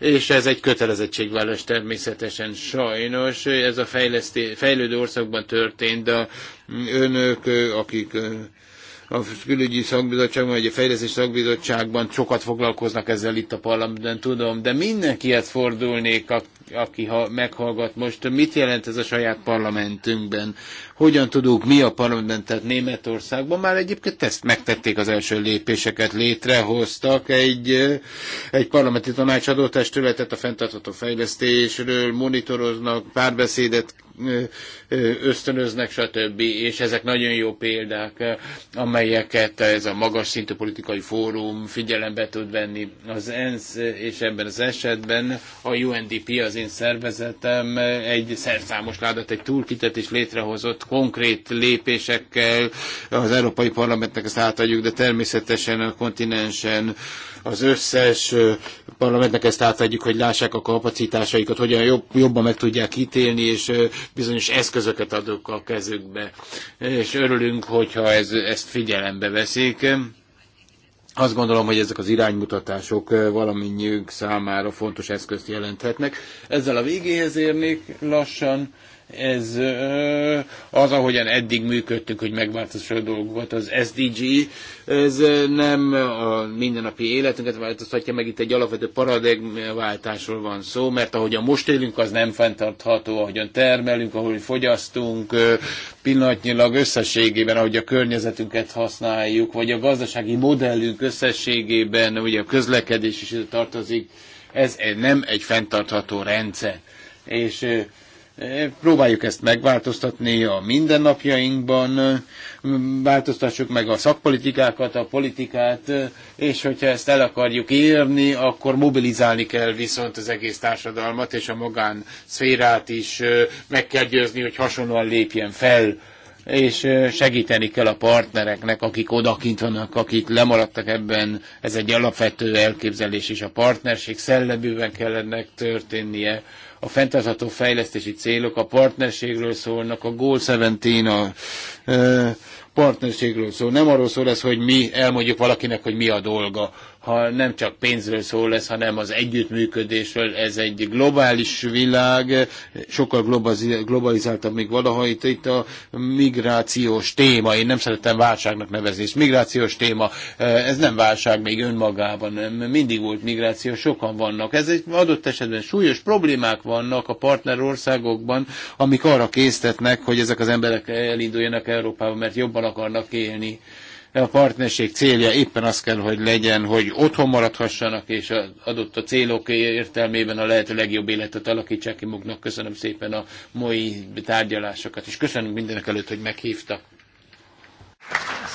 és ez egy kötelezettségvállalás természetesen sajnos. Ez a fejleszté, fejlődő országban történt, de önök, akik a külügyi szakbizottságban, vagy a fejlesztés szakbizottságban sokat foglalkoznak ezzel itt a parlamentben, tudom, de mindenkihez fordulnék a aki ha meghallgat most, mit jelent ez a saját parlamentünkben? Hogyan tudunk mi a parlamentben, tehát Németországban már egyébként ezt megtették az első lépéseket, létrehoztak egy, egy parlamenti tanácsadó testületet a fenntartható fejlesztésről, monitoroznak, párbeszédet ösztönöznek, stb. És ezek nagyon jó példák, amelyeket ez a magas szintű politikai fórum figyelembe tud venni. Az ENSZ és ebben az esetben a UNDP az én szervezetem egy szerszámos ládát, egy túlkitet is létrehozott konkrét lépésekkel az Európai Parlamentnek ezt átadjuk, de természetesen a kontinensen az összes parlamentnek ezt átadjuk, hogy lássák a kapacitásaikat, hogyan jobb, jobban meg tudják ítélni, és bizonyos eszközöket adok a kezükbe. És örülünk, hogyha ez, ezt figyelembe veszik azt gondolom, hogy ezek az iránymutatások eh, valamennyiünk számára fontos eszközt jelenthetnek. Ezzel a végéhez érnék lassan ez az, ahogyan eddig működtünk, hogy megváltoztassuk a dolgokat, az SDG, ez nem a mindennapi életünket változtatja, meg itt egy alapvető paradigmaváltásról van szó, mert ahogyan most élünk, az nem fenntartható, ahogyan termelünk, ahogy fogyasztunk, pillanatnyilag összességében, ahogy a környezetünket használjuk, vagy a gazdasági modellünk összességében, ugye a közlekedés is tartozik, ez nem egy fenntartható rendszer. És Eh, próbáljuk ezt megváltoztatni a mindennapjainkban, mm, változtassuk meg a szakpolitikákat, a politikát, eh, és hogyha ezt el akarjuk érni, akkor mobilizálni kell viszont az egész társadalmat és a magán szférát is eh, meg kell győzni, hogy hasonlóan lépjen fel és segíteni kell a partnereknek, akik odakint vannak, akik lemaradtak ebben. Ez egy alapvető elképzelés, és a partnerség szelleműben kell ennek történnie a fenntartható fejlesztési célok a partnerségről szólnak, a Goal 17 a eh, partnerségről szól. Nem arról szól ez, hogy mi elmondjuk valakinek, hogy mi a dolga ha nem csak pénzről szó lesz, hanem az együttműködésről. Ez egy globális világ, sokkal globalizáltabb még valaha. Itt, itt a migrációs téma, én nem szeretem válságnak nevezni, és migrációs téma, ez nem válság még önmagában, mindig volt migráció, sokan vannak. Ez egy adott esetben súlyos problémák vannak a partnerországokban, amik arra késztetnek, hogy ezek az emberek elinduljanak Európába, mert jobban akarnak élni a partnerség célja éppen az kell, hogy legyen, hogy otthon maradhassanak, és az adott a célok értelmében a lehető legjobb életet alakítsák ki maguknak. Köszönöm szépen a mai tárgyalásokat, és köszönöm mindenek előtt, hogy meghívtak.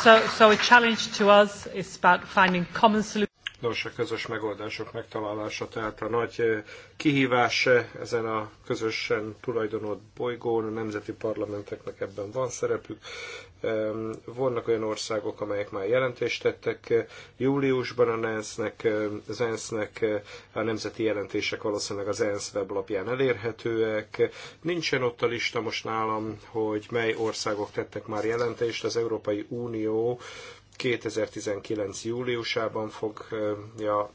So, so a challenge to us is about finding common solutions. Nos, a közös megoldások megtalálása, tehát a nagy eh, kihívás eh, ezen a közösen tulajdonolt bolygón, a nemzeti parlamenteknek ebben van szerepük, vannak olyan országok, amelyek már jelentést tettek. Júliusban a nensz nek az ENSZ-nek a nemzeti jelentések valószínűleg az ENSZ weblapján elérhetőek. Nincsen ott a lista most nálam, hogy mely országok tettek már jelentést. Az Európai Unió 2019. júliusában fogja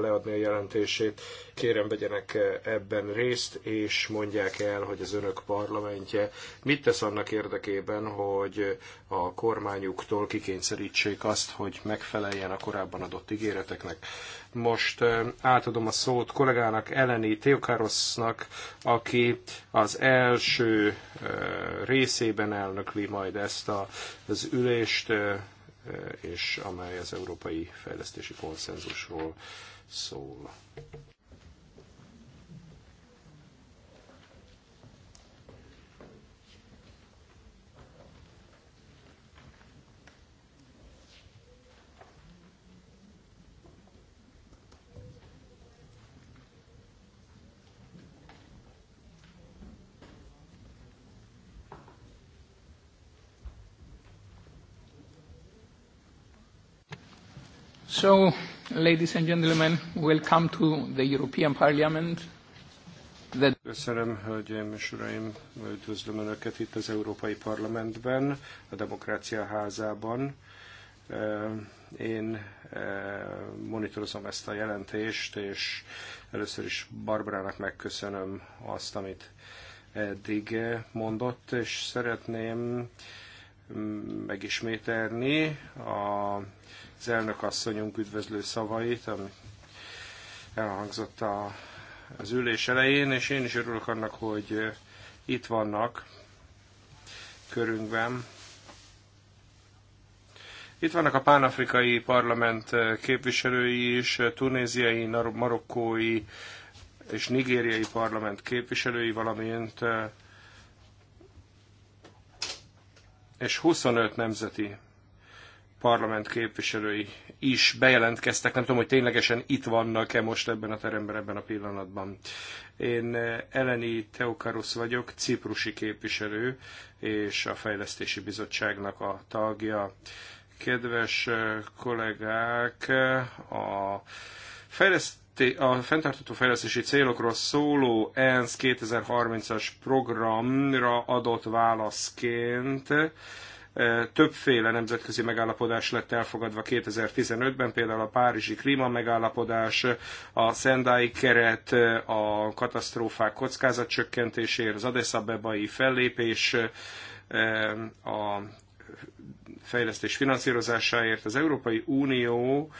leadni a jelentését. Kérem, vegyenek ebben részt, és mondják el, hogy az önök parlamentje mit tesz annak érdekében, hogy a kormányuktól kikényszerítsék azt, hogy megfeleljen a korábban adott ígéreteknek. Most átadom a szót kollégának, Eleni Teokárosznak, aki az első részében elnökli majd ezt az ülést és amely az európai fejlesztési konszenzusról szól. So, ladies and gentlemen, welcome to the European Parliament. The... Köszönöm, hölgyeim és uraim, üdvözlöm Önöket itt az Európai Parlamentben, a Demokrácia Házában. Én monitorozom ezt a jelentést, és először is Barbarának megköszönöm azt, amit eddig mondott, és szeretném mm, megismételni a az elnök asszonyunk üdvözlő szavait, ami elhangzott a, az ülés elején, és én is örülök annak, hogy itt vannak körünkben. Itt vannak a pánafrikai parlament képviselői is, tunéziai, marokkói és nigériai parlament képviselői, valamint és 25 nemzeti parlament képviselői is bejelentkeztek. Nem tudom, hogy ténylegesen itt vannak-e most ebben a teremben, ebben a pillanatban. Én eh, Eleni Teukarusz vagyok, ciprusi képviselő és a Fejlesztési Bizottságnak a tagja. Kedves eh, kollégák, eh, a fejlesztés a fenntartható fejlesztési célokról szóló ENSZ 2030-as programra adott válaszként Többféle nemzetközi megállapodás lett elfogadva 2015-ben, például a Párizsi Klíma megállapodás, a Szendái keret, a katasztrófák kockázatcsökkentésért, az Addis fellépés, a fejlesztés finanszírozásáért. Az Európai Unió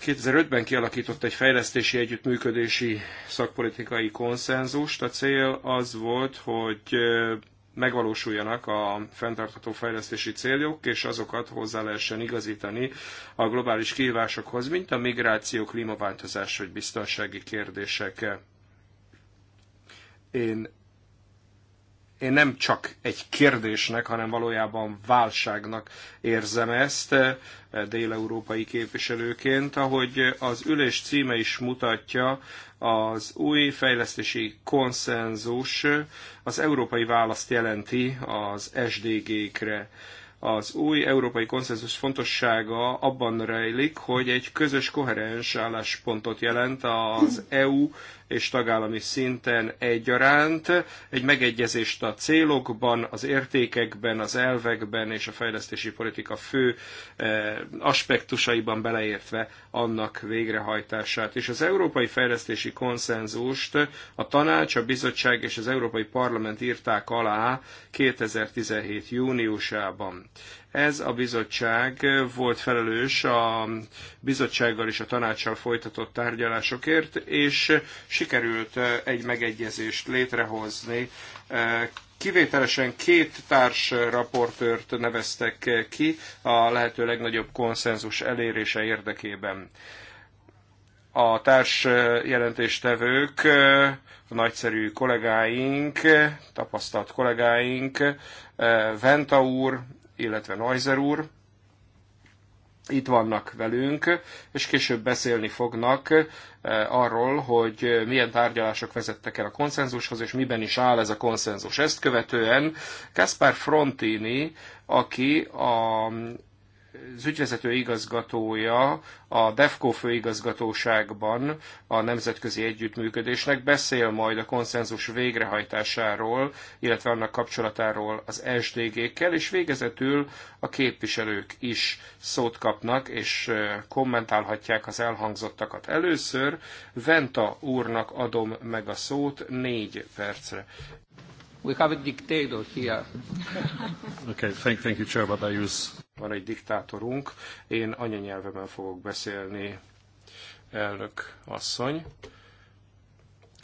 2005-ben kialakított egy fejlesztési együttműködési szakpolitikai konszenzust. A cél az volt, hogy megvalósuljanak a fenntartható fejlesztési céljok, és azokat hozzá lehessen igazítani a globális kihívásokhoz, mint a migráció, klímaváltozás vagy biztonsági kérdések. Én én nem csak egy kérdésnek, hanem valójában válságnak érzem ezt eh, déleurópai képviselőként, ahogy az ülés címe is mutatja, az új fejlesztési konszenzus az európai választ jelenti az SDG-kre. Az új európai konszenzus fontossága abban rejlik, hogy egy közös koherens álláspontot jelent az EU <clears throat> e és tagállami szinten egyaránt. Egy megegyezést a célokban, az értékekben, az elvekben és a fejlesztési politika fő eh, aspektusaiban beleértve annak végrehajtását. És az európai fejlesztési konszenzust a tanács, a bizottság és az Európai Parlament írták alá 2017. júniusában. Ez a bizottság volt felelős a bizottsággal és a tanácssal folytatott tárgyalásokért, és sikerült egy megegyezést létrehozni. Kivételesen két társ raportőrt neveztek ki a lehető legnagyobb konszenzus elérése érdekében a társ jelentéstevők, a nagyszerű kollégáink, tapasztalt kollégáink, Venta úr, illetve Neuser úr itt vannak velünk, és később beszélni fognak eh, arról, hogy milyen tárgyalások vezettek el a konszenzushoz, és miben is áll ez a konszenzus. Ezt követően Kaspar Frontini, aki a az ügyvezető igazgatója a DEFCO főigazgatóságban a nemzetközi együttműködésnek beszél majd a konszenzus végrehajtásáról, illetve annak kapcsolatáról az SDG-kkel, és végezetül a képviselők is szót kapnak, és kommentálhatják az elhangzottakat. Először Venta úrnak adom meg a szót négy percre. We have a dictator here. okay, thank, thank you, Chair, but I use... Van egy diktátorunk. Én anyanyelvemen fogok beszélni, elnök asszony.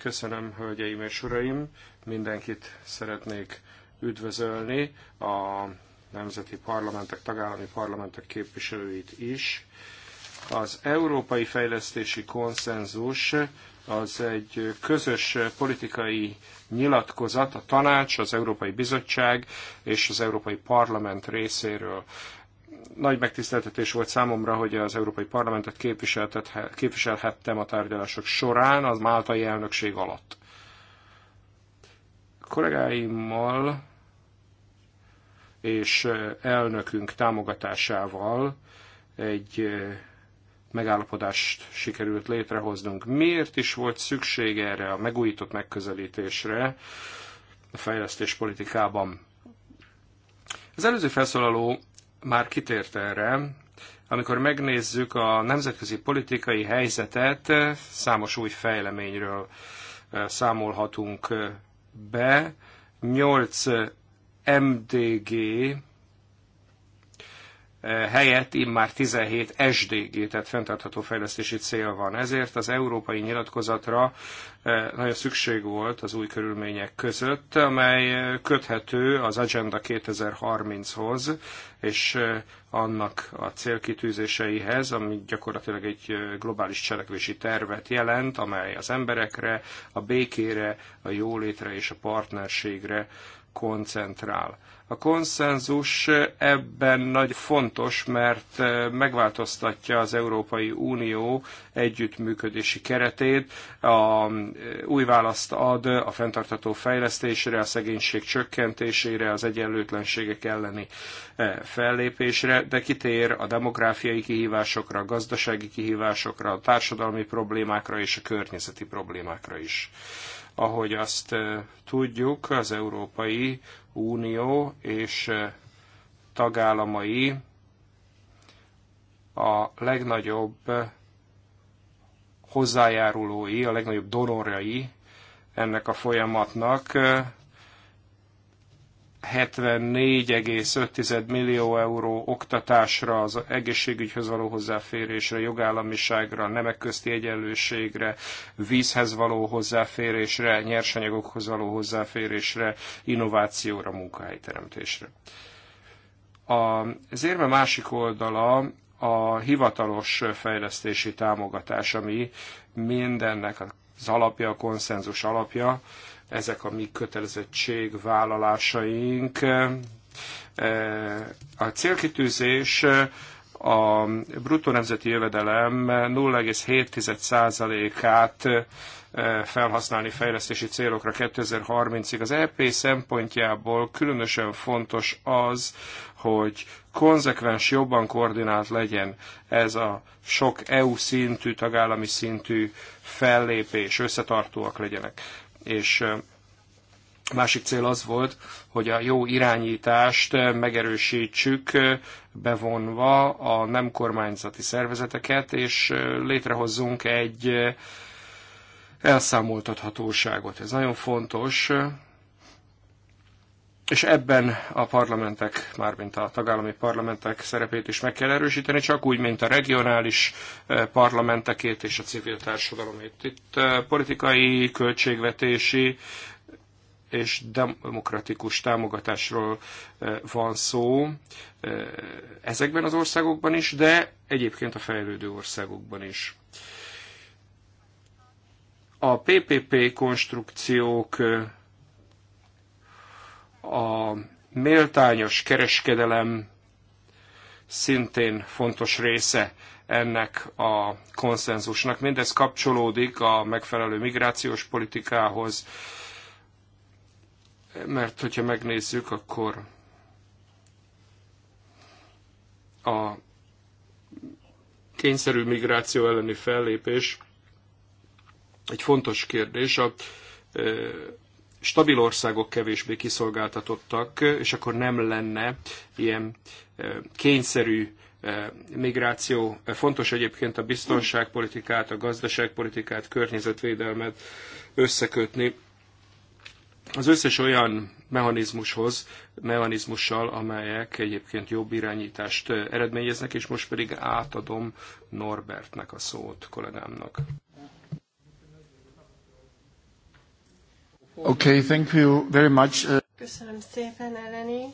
Köszönöm, hölgyeim és uraim. Mindenkit szeretnék üdvözölni, a nemzeti parlamentek, tagállami parlamentek képviselőit is. Az Európai Fejlesztési Konszenzus az egy közös politikai nyilatkozat a tanács, az Európai Bizottság és az Európai Parlament részéről. Nagy megtiszteltetés volt számomra, hogy az Európai Parlamentet képviselhettem a tárgyalások során, az máltai elnökség alatt. A kollégáimmal és elnökünk támogatásával egy megállapodást sikerült létrehoznunk. Miért is volt szükség erre a megújított megközelítésre a fejlesztéspolitikában? Az előző felszólaló már kitért erre, amikor megnézzük a nemzetközi politikai helyzetet, számos új fejleményről számolhatunk be. 8 MDG helyett immár 17 SDG, tehát fenntartható fejlesztési cél van. Ezért az európai nyilatkozatra eh, nagyon szükség volt az új körülmények között, amely köthető az Agenda 2030-hoz, és eh, annak a célkitűzéseihez, ami gyakorlatilag egy eh, globális cselekvési tervet jelent, amely az emberekre, a békére, a jólétre és a partnerségre koncentrál. A konszenzus ebben nagy fontos, mert eh, megváltoztatja az Európai Unió együttműködési keretét, a, eh, új választ ad a fenntartató fejlesztésre, a szegénység csökkentésére, az egyenlőtlenségek elleni eh, fellépésre, de kitér a demográfiai kihívásokra, a gazdasági kihívásokra, a társadalmi problémákra és a környezeti problémákra is. Ahogy azt tudjuk, az Európai Unió és tagállamai a legnagyobb hozzájárulói, a legnagyobb donorjai ennek a folyamatnak, 74,5 millió euró oktatásra, az egészségügyhöz való hozzáférésre, jogállamiságra, nemek közti egyenlőségre, vízhez való hozzáférésre, nyersanyagokhoz való hozzáférésre, innovációra, munkahelyteremtésre. Az érve másik oldala a hivatalos fejlesztési támogatás, ami mindennek az alapja, a konszenzus alapja, ezek a mi vállalásaink e, A célkitűzés e, a bruttó nemzeti jövedelem 0,7%-át e, felhasználni fejlesztési célokra 2030-ig. Az EP szempontjából különösen fontos az, hogy konzekvens, jobban koordinált legyen ez a sok EU szintű, tagállami szintű fellépés, összetartóak legyenek és másik cél az volt, hogy a jó irányítást megerősítsük, bevonva a nem kormányzati szervezeteket, és létrehozzunk egy elszámoltathatóságot. Ez nagyon fontos, és ebben a parlamentek, mármint a tagállami parlamentek szerepét is meg kell erősíteni, csak úgy, mint a regionális eh, parlamentekét és a civil társadalomét. Itt eh, politikai, költségvetési és demokratikus támogatásról eh, van szó ezekben az országokban is, de egyébként a fejlődő országokban is. A PPP konstrukciók a méltányos kereskedelem szintén fontos része ennek a konszenzusnak. Mindez kapcsolódik a megfelelő migrációs politikához, mert hogyha megnézzük, akkor a kényszerű migráció elleni fellépés egy fontos kérdés. A stabil országok kevésbé kiszolgáltatottak, és akkor nem lenne ilyen eh, kényszerű eh, migráció. Fontos egyébként a biztonságpolitikát, a gazdaságpolitikát, környezetvédelmet összekötni az összes olyan mechanizmushoz, mechanizmussal, amelyek egyébként jobb irányítást eh, eredményeznek, és most pedig átadom Norbertnek a szót, kollégámnak. Okay, thank you very much. Uh, Köszönöm szépen, Eleni.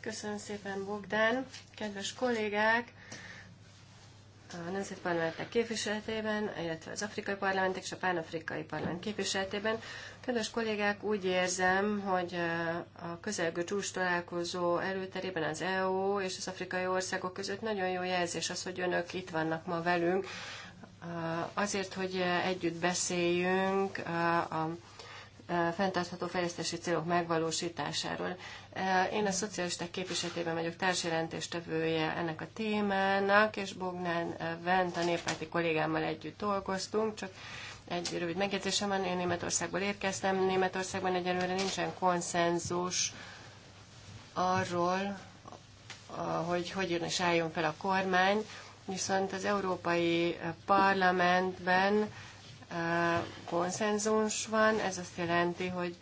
Köszönöm szépen, Bogdan, Kedves kollégák, a Nemzeti Parlamentek képviseletében, illetve az Afrikai Parlamentek és a Pánafrikai Parlament képviseletében. Kedves kollégák, úgy érzem, hogy uh, a közelgő csúcs találkozó előterében az EU és az afrikai országok között nagyon jó jelzés az, hogy önök itt vannak ma velünk, uh, azért, hogy együtt beszéljünk a fenntartható fejlesztési célok megvalósításáról. Én a szocialisták képviseletében vagyok tevője ennek a témának, és Bognán Vent a néppárti kollégámmal együtt dolgoztunk, csak egy rövid megjegyzésem van, én Németországból érkeztem. Németországban egyelőre nincsen konszenzus arról, hogy hogyan és álljon fel a kormány, viszont az Európai Parlamentben konszenzus van, ez azt jelenti, hogy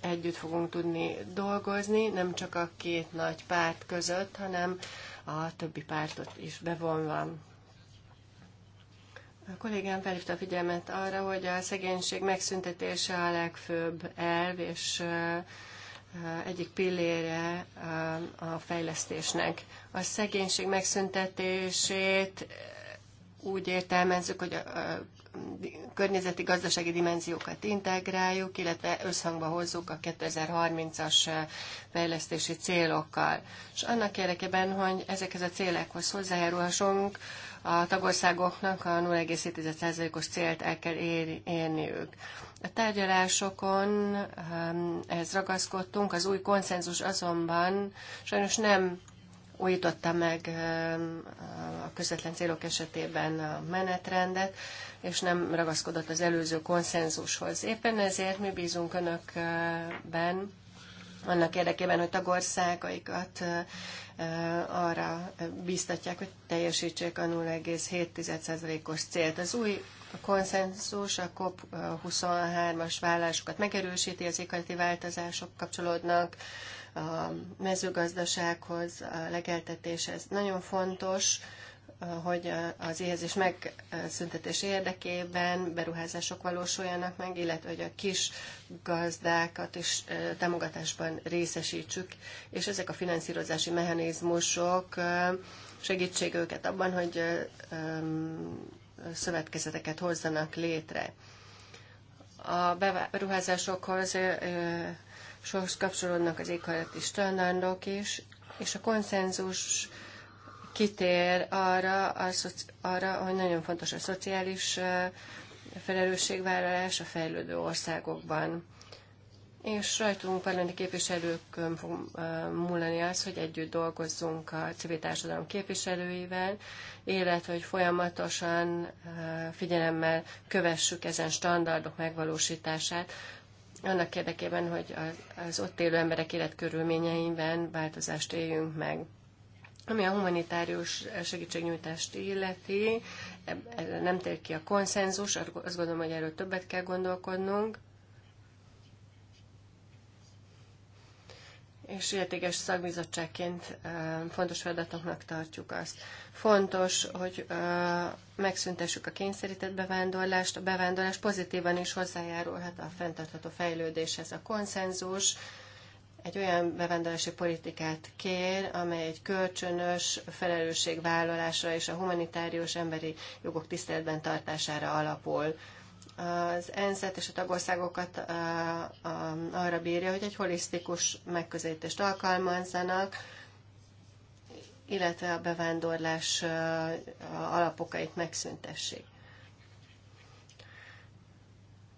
együtt fogunk tudni dolgozni, nem csak a két nagy párt között, hanem a többi pártot is bevonva. A kollégám felhívta a figyelmet arra, hogy a szegénység megszüntetése a legfőbb elv, és egyik pillére a fejlesztésnek. A szegénység megszüntetését úgy értelmezzük, hogy a környezeti gazdasági dimenziókat integráljuk, illetve összhangba hozzuk a 2030-as fejlesztési célokkal. És annak érdekében, hogy ezekhez a célekhoz hozzájárulhassunk, a tagországoknak a 0,7%-os célt el kell ér, érniük. A tárgyalásokon um, ehhez ragaszkodtunk, az új konszenzus azonban sajnos nem újította meg a közvetlen célok esetében a menetrendet, és nem ragaszkodott az előző konszenzushoz. Éppen ezért mi bízunk önökben, annak érdekében, hogy tagországaikat arra bíztatják, hogy teljesítsék a 0,7%-os célt. Az új konszenzus a COP23-as vállásokat megerősíti, az éghajlati változások kapcsolódnak a mezőgazdasághoz, a legeltetéshez. Nagyon fontos, hogy az éhezés megszüntetés érdekében beruházások valósuljanak meg, illetve hogy a kis gazdákat is támogatásban részesítsük, és ezek a finanszírozási mechanizmusok segítség őket abban, hogy szövetkezeteket hozzanak létre. A beruházásokhoz és kapcsolódnak az éghajlati standardok is, és a konszenzus kitér arra, a, arra, hogy nagyon fontos a szociális felelősségvállalás a fejlődő országokban. És rajtunk parlamenti képviselőkön fog múlani az, hogy együtt dolgozzunk a civil társadalom képviselőivel, illetve hogy folyamatosan figyelemmel kövessük ezen standardok megvalósítását, annak érdekében, hogy az ott élő emberek életkörülményeiben változást éljünk meg. Ami a humanitárius segítségnyújtást illeti, nem tér ki a konszenzus, azt gondolom, hogy erről többet kell gondolkodnunk. és értékes szakbizottságként fontos feladatoknak tartjuk azt. Fontos, hogy megszüntessük a kényszerített bevándorlást. A bevándorlás pozitívan is hozzájárulhat a fenntartható fejlődéshez. A konszenzus egy olyan bevándorlási politikát kér, amely egy kölcsönös felelősségvállalásra és a humanitárius emberi jogok tiszteletben tartására alapul az ensz és a tagországokat arra bírja, hogy egy holisztikus megközelítést alkalmazzanak, illetve a bevándorlás alapokait megszüntessék.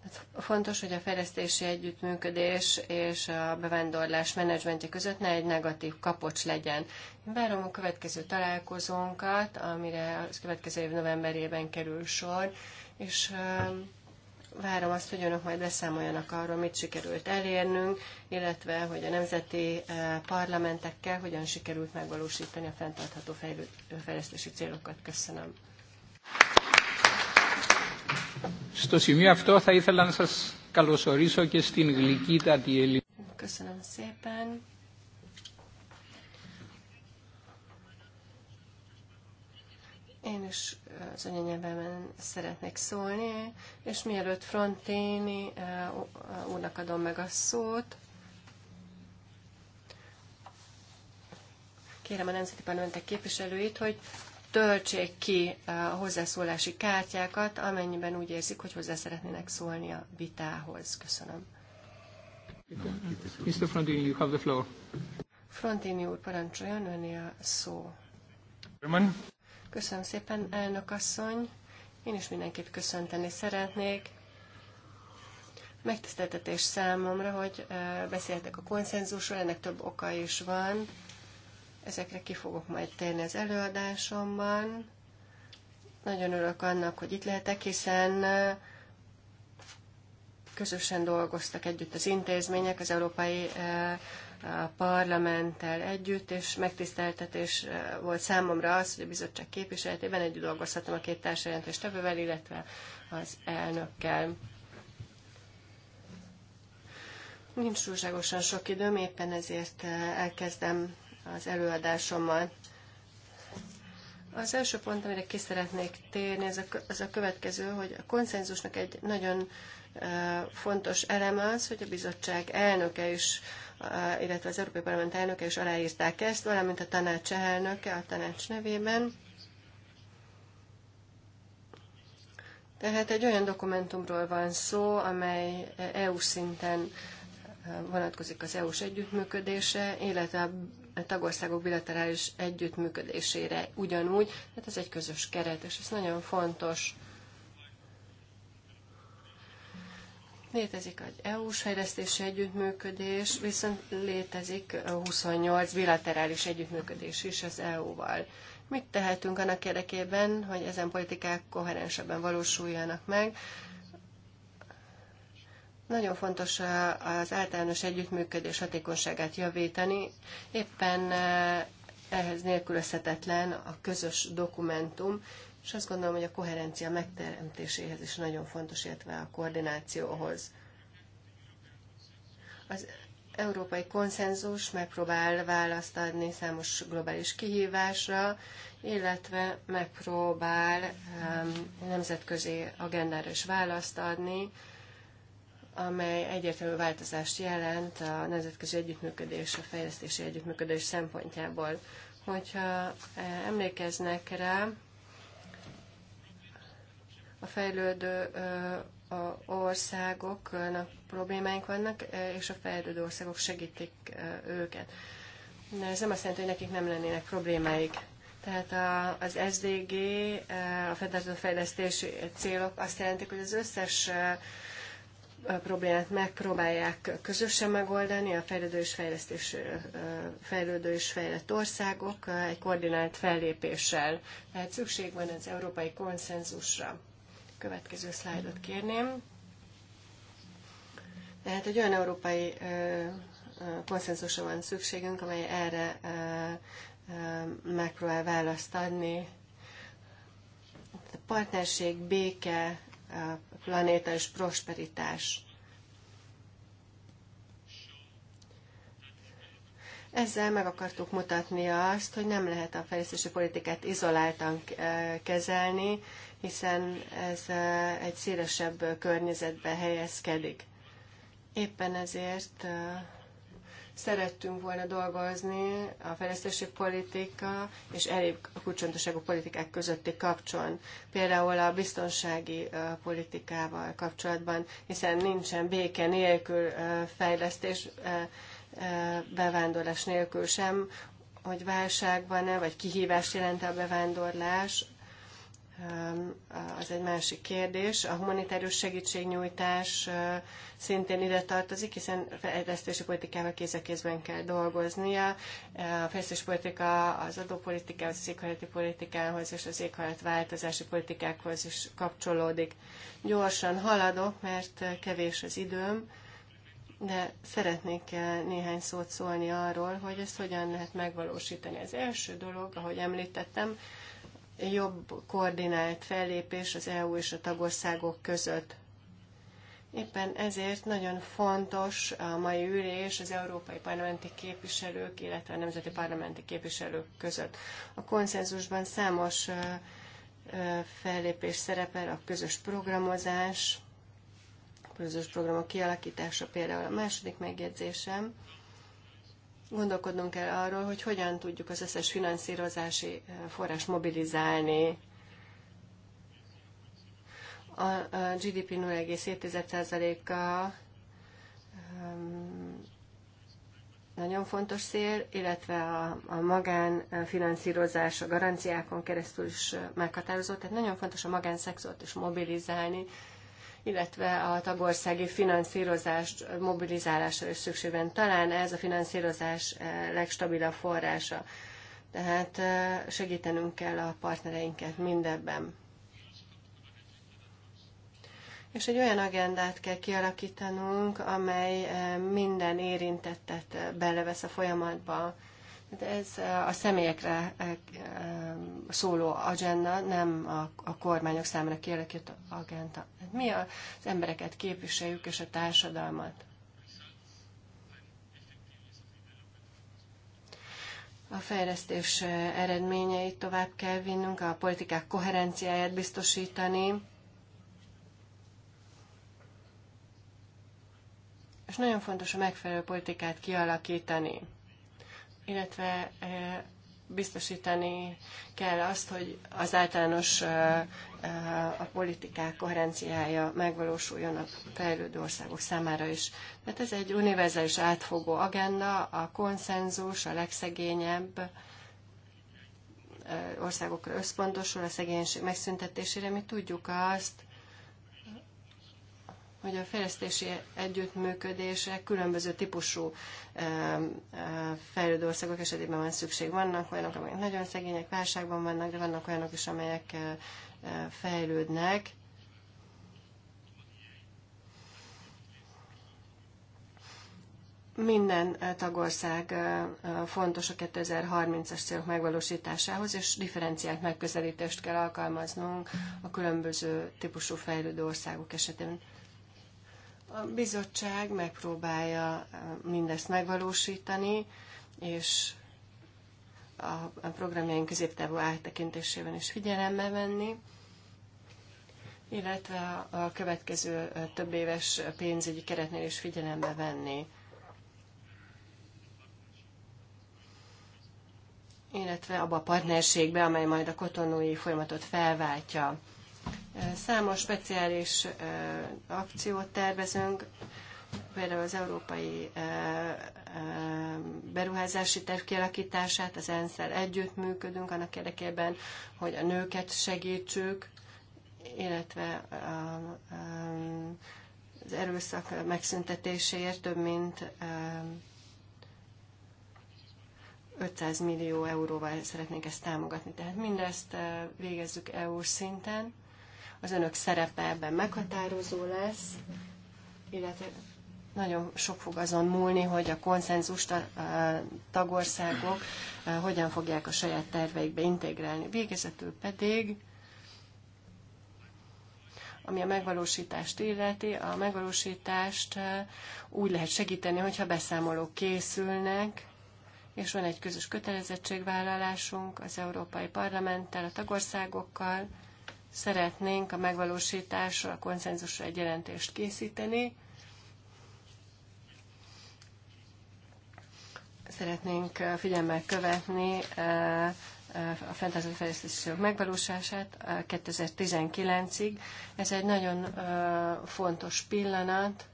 Hát fontos, hogy a fejlesztési együttműködés és a bevándorlás menedzsmentje között ne egy negatív kapocs legyen. Várom a következő találkozónkat, amire a következő év novemberében kerül sor, és várom azt, hogy önök majd beszámoljanak arról, mit sikerült elérnünk, illetve hogy a nemzeti eh, parlamentekkel hogyan sikerült megvalósítani a fenntartható fejlesztési célokat. Köszönöm. Köszönöm szépen. Én is az anyanyelvemen szeretnék szólni, és mielőtt Fronténi úrnak adom meg a szót, kérem a Nemzeti Parlamentek képviselőit, hogy töltsék ki a hozzászólási kártyákat, amennyiben úgy érzik, hogy hozzá szeretnének szólni a vitához. Köszönöm. Mr. Frontini, you have the floor. Frontini úr, parancsoljon, öné a szó. Roman. Köszönöm szépen, elnök asszony. Én is mindenkit köszönteni szeretnék. Megtiszteltetés számomra, hogy beszéltek a konszenzusról, ennek több oka is van. Ezekre ki fogok majd térni az előadásomban. Nagyon örülök annak, hogy itt lehetek, hiszen közösen dolgoztak együtt az intézmények, az Európai a parlamenttel együtt, és megtiszteltetés eh, volt számomra az, hogy a bizottság képviseletében együtt dolgozhatom a két társjelentős tevővel, illetve az elnökkel. Nincs túlságosan sok időm, éppen ezért eh, elkezdem az előadásommal. Az első pont, amire ki szeretnék térni, az a, az a következő, hogy a konszenzusnak egy nagyon eh, fontos eleme az, hogy a bizottság elnöke is uh, illetve az Európai Parlament elnöke is aláírták ezt, valamint a tanács elnöke a tanács nevében. Tehát egy olyan dokumentumról van szó, amely EU szinten vonatkozik az EU-s együttműködése, illetve a tagországok bilaterális együttműködésére ugyanúgy, tehát ez egy közös keret, és ez nagyon fontos. Létezik egy EU-s fejlesztési együttműködés, viszont létezik 28 bilaterális együttműködés is az EU-val. Mit tehetünk annak érdekében, hogy ezen politikák koherensebben valósuljanak meg? Nagyon fontos az általános együttműködés hatékonyságát javítani. Éppen eh, ehhez nélkülözhetetlen a közös dokumentum, és azt gondolom, hogy a koherencia megteremtéséhez is nagyon fontos, illetve a koordinációhoz. Az európai konszenzus megpróbál választ adni számos globális kihívásra, illetve megpróbál nemzetközi agendára is választ adni, amely egyértelmű változást jelent a nemzetközi együttműködés, a fejlesztési együttműködés szempontjából. Hogyha eh, emlékeznek rá, a fejlődő országoknak problémáink vannak, és a fejlődő országok segítik őket. De ez nem azt jelenti, hogy nekik nem lennének problémáik. Tehát a, az SDG, a fenntartható fejlesztési célok azt jelentik, hogy az összes problémát megpróbálják közösen megoldani, a fejlődő és, fejlesztés, fejlődő és fejlett országok egy koordinált fellépéssel. Tehát szükség van az európai konszenzusra. Következő szlájdot kérném. Tehát egy olyan európai konszenzusra van szükségünk, amely erre megpróbál választ adni. A partnerség, béke, planéta és prosperitás. Ezzel meg akartuk mutatni azt, hogy nem lehet a fejlesztési politikát izoláltan kezelni, hiszen ez egy szélesebb környezetbe helyezkedik. Éppen ezért szerettünk volna dolgozni a fejlesztési politika és elég a kulcsontosságú politikák közötti kapcsolat, például a biztonsági politikával kapcsolatban, hiszen nincsen béke nélkül fejlesztés, bevándorlás nélkül sem, hogy válságban-e, vagy kihívást jelent a bevándorlás az egy másik kérdés. A humanitárius segítségnyújtás szintén ide tartozik, hiszen fejlesztési politikával kéz a kézben kell dolgoznia. A fejlesztési politika az adópolitikához, az éghajlati politikához és az változási politikákhoz is kapcsolódik. Gyorsan haladok, mert kevés az időm, de szeretnék néhány szót szólni arról, hogy ezt hogyan lehet megvalósítani. Az első dolog, ahogy említettem, jobb koordinált fellépés az EU és a tagországok között. Éppen ezért nagyon fontos a mai ülés az európai parlamenti képviselők, illetve a nemzeti parlamenti képviselők között. A konszenzusban számos fellépés szerepel, a közös programozás, a közös programok kialakítása például a második megjegyzésem. Gondolkodnunk kell arról, hogy hogyan tudjuk az összes finanszírozási eh, forrás mobilizálni a GDP 0,7%-a ehm, nagyon fontos szél, illetve a, a magánfinanszírozás eh, a garanciákon keresztül is eh, meghatározott. tehát nagyon fontos a magánszektort is mobilizálni illetve a tagországi finanszírozás mobilizálására is szükség van. Talán ez a finanszírozás eh, legstabilabb forrása. Tehát eh, segítenünk kell a partnereinket mindebben. És egy olyan agendát kell kialakítanunk, amely eh, minden érintettet belevesz a folyamatba, de ez a személyekre szóló agenda, nem a, a kormányok számára kialakított agenda. Mi az embereket képviseljük és a társadalmat. A fejlesztés eredményeit tovább kell vinnünk, a politikák koherenciáját biztosítani. És nagyon fontos a megfelelő politikát kialakítani illetve biztosítani kell azt, hogy az általános a politikák koherenciája megvalósuljon a fejlődő országok számára is. Tehát ez egy univerzális átfogó agenda, a konszenzus, a legszegényebb országokra összpontosul, a szegénység megszüntetésére. Mi tudjuk azt, hogy a fejlesztési együttműködésre különböző típusú fejlődő országok esetében van szükség. Vannak olyanok, amelyek nagyon szegények, válságban vannak, de vannak olyanok is, amelyek fejlődnek. Minden tagország fontos a 2030-as célok megvalósításához, és differenciált megközelítést kell alkalmaznunk a különböző típusú fejlődő országok esetében. A bizottság megpróbálja eh, mindezt megvalósítani, és a programjaink középtávú áttekintésében is figyelembe venni, illetve a következő eh, több éves pénzügyi keretnél is figyelembe venni. illetve abba a partnerségbe, amely majd a kotonói folyamatot felváltja. Számos speciális akciót tervezünk, például az Európai Beruházási Terv kialakítását, az ensz együttműködünk annak érdekében, hogy a nőket segítsük, illetve az erőszak megszüntetéséért több mint 500 millió euróval szeretnénk ezt támogatni. Tehát mindezt végezzük EU szinten az önök szerepe ebben meghatározó lesz, illetve nagyon sok fog azon múlni, hogy a konszenzus a tagországok hogyan fogják a saját terveikbe integrálni. Végezetül pedig, ami a megvalósítást illeti, a megvalósítást e, úgy lehet segíteni, hogyha beszámolók készülnek, és van egy közös kötelezettségvállalásunk az Európai Parlamenttel, a tagországokkal, szeretnénk a megvalósításra, a konszenzusra egy jelentést készíteni. Szeretnénk figyelmel követni a fenntartható fejlesztések megvalósását 2019-ig. Ez egy nagyon fontos pillanat,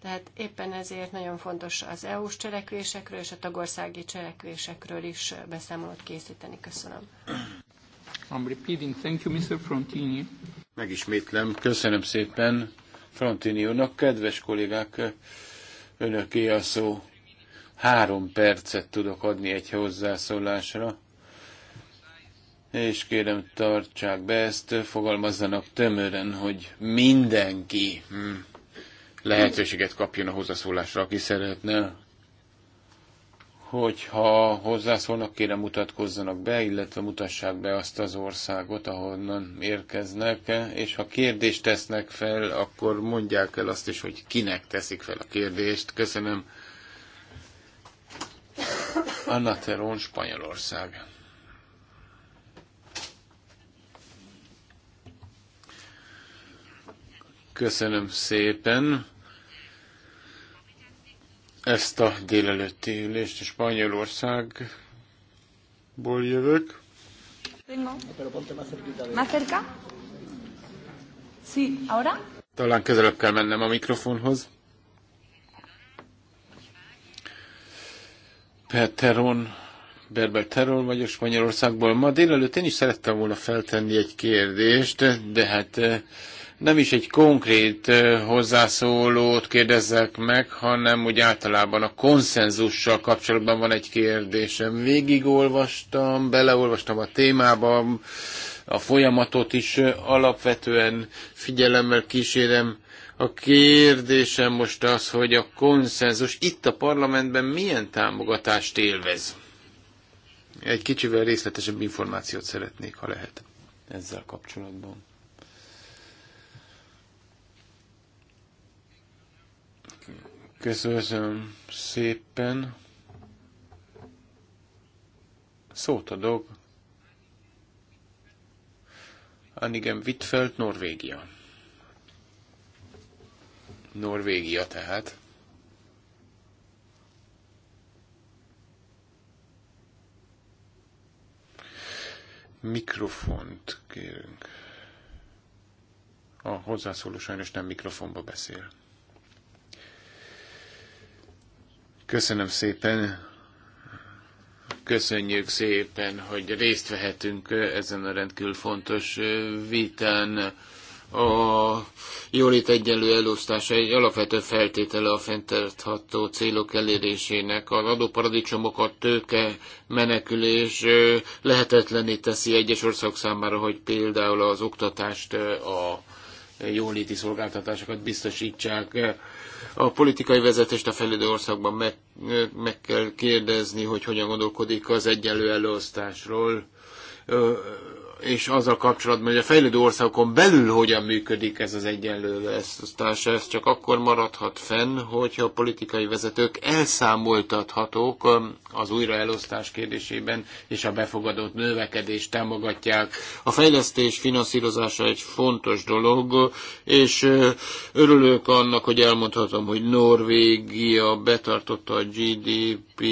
tehát éppen ezért nagyon fontos az EU-s cselekvésekről és a tagországi cselekvésekről is beszámolót készíteni. Köszönöm. I'm repeating. Thank you, Mr. Frontini. Megismétlem, köszönöm szépen Frontini úrnak. Kedves kollégák, önöké a szó. Három percet tudok adni egy hozzászólásra és kérem tartsák be ezt, fogalmazzanak tömören, hogy mindenki hm, lehetőséget kapjon a hozzászólásra, aki szeretne hogyha hozzászólnak, kérem mutatkozzanak be, illetve mutassák be azt az országot, ahonnan érkeznek, és ha kérdést tesznek fel, akkor mondják el azt is, hogy kinek teszik fel a kérdést. Köszönöm. Anna Terón, Spanyolország. Köszönöm szépen ezt a délelőtti ülést, a Spanyolországból jövök. Talán közelebb kell mennem a mikrofonhoz. Peteron, Berber Teron vagyok Spanyolországból. Ma délelőtt én is szerettem volna feltenni egy kérdést, de hát eh, nem is egy konkrét hozzászólót kérdezzek meg, hanem úgy általában a konszenzussal kapcsolatban van egy kérdésem. Végigolvastam, beleolvastam a témába, a folyamatot is alapvetően figyelemmel kísérem. A kérdésem most az, hogy a konszenzus itt a parlamentben milyen támogatást élvez? Egy kicsivel részletesebb információt szeretnék, ha lehet ezzel kapcsolatban. Köszönöm szépen. Szót adok. Anigen Wittfeld, Norvégia. Norvégia tehát. Mikrofont kérünk. A hozzászóló sajnos nem mikrofonba beszél. Köszönöm szépen. Köszönjük szépen, hogy részt vehetünk ezen a rendkívül fontos vitán. A jólét egyenlő elosztása egy alapvető feltétele a fenntartható célok elérésének. Az adóparadicsomokat tőke menekülés lehetetlené teszi egyes országok számára, hogy például az oktatást, a jóléti szolgáltatásokat biztosítsák. A politikai vezetést a fejlődő országban meg, meg kell kérdezni, hogy hogyan gondolkodik az egyenlő előosztásról és azzal kapcsolatban, hogy a fejlődő országokon belül hogyan működik ez az egyenlő elosztás, ez csak akkor maradhat fenn, hogyha a politikai vezetők elszámoltathatók um, az újraelosztás kérdésében, és a befogadott növekedést támogatják. A fejlesztés finanszírozása egy fontos dolog, és uh, örülök annak, hogy elmondhatom, hogy Norvégia betartotta a GDP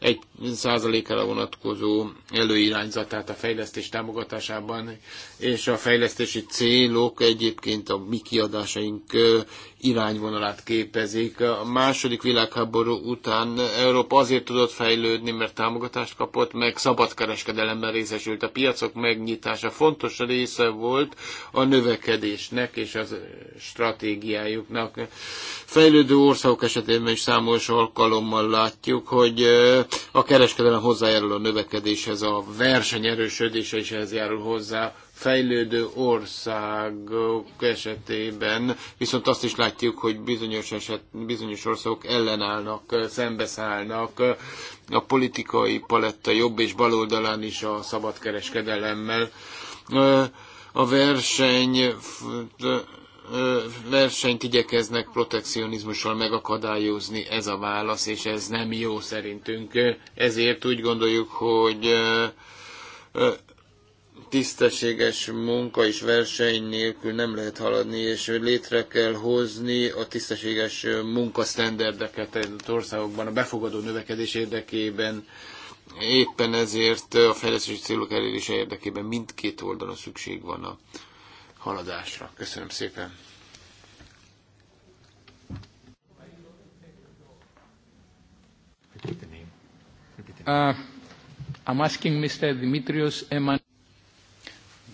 1 százalékára vonatkozó előirányzatát a fejlesztés támogatására, vonatkozásában, és a fejlesztési célok egyébként a mi kiadásaink irányvonalát képezik. A második világháború után Európa azért tudott fejlődni, mert támogatást kapott, meg szabadkereskedelemben részesült. A piacok megnyitása fontos része volt a növekedésnek és az stratégiájuknak. Fejlődő országok esetében is számos alkalommal látjuk, hogy a kereskedelem hozzájárul a növekedéshez, a verseny erősödése is ez jár járul hozzá fejlődő országok esetében, viszont azt is látjuk, hogy bizonyos, eset, bizonyos országok ellenállnak, szembeszállnak a politikai paletta jobb és baloldalán is a szabadkereskedelemmel. A verseny versenyt igyekeznek protekcionizmussal megakadályozni, ez a válasz, és ez nem jó szerintünk. Ezért úgy gondoljuk, hogy tisztességes munka és verseny nélkül nem lehet haladni, és létre kell hozni a tisztességes munkasztenderdeket az országokban a befogadó növekedés érdekében. Éppen ezért a fejlesztési célok elérése érdekében mindkét oldalon szükség van a haladásra. Köszönöm szépen! Uh, I'm asking Mr. Dimitrios Eman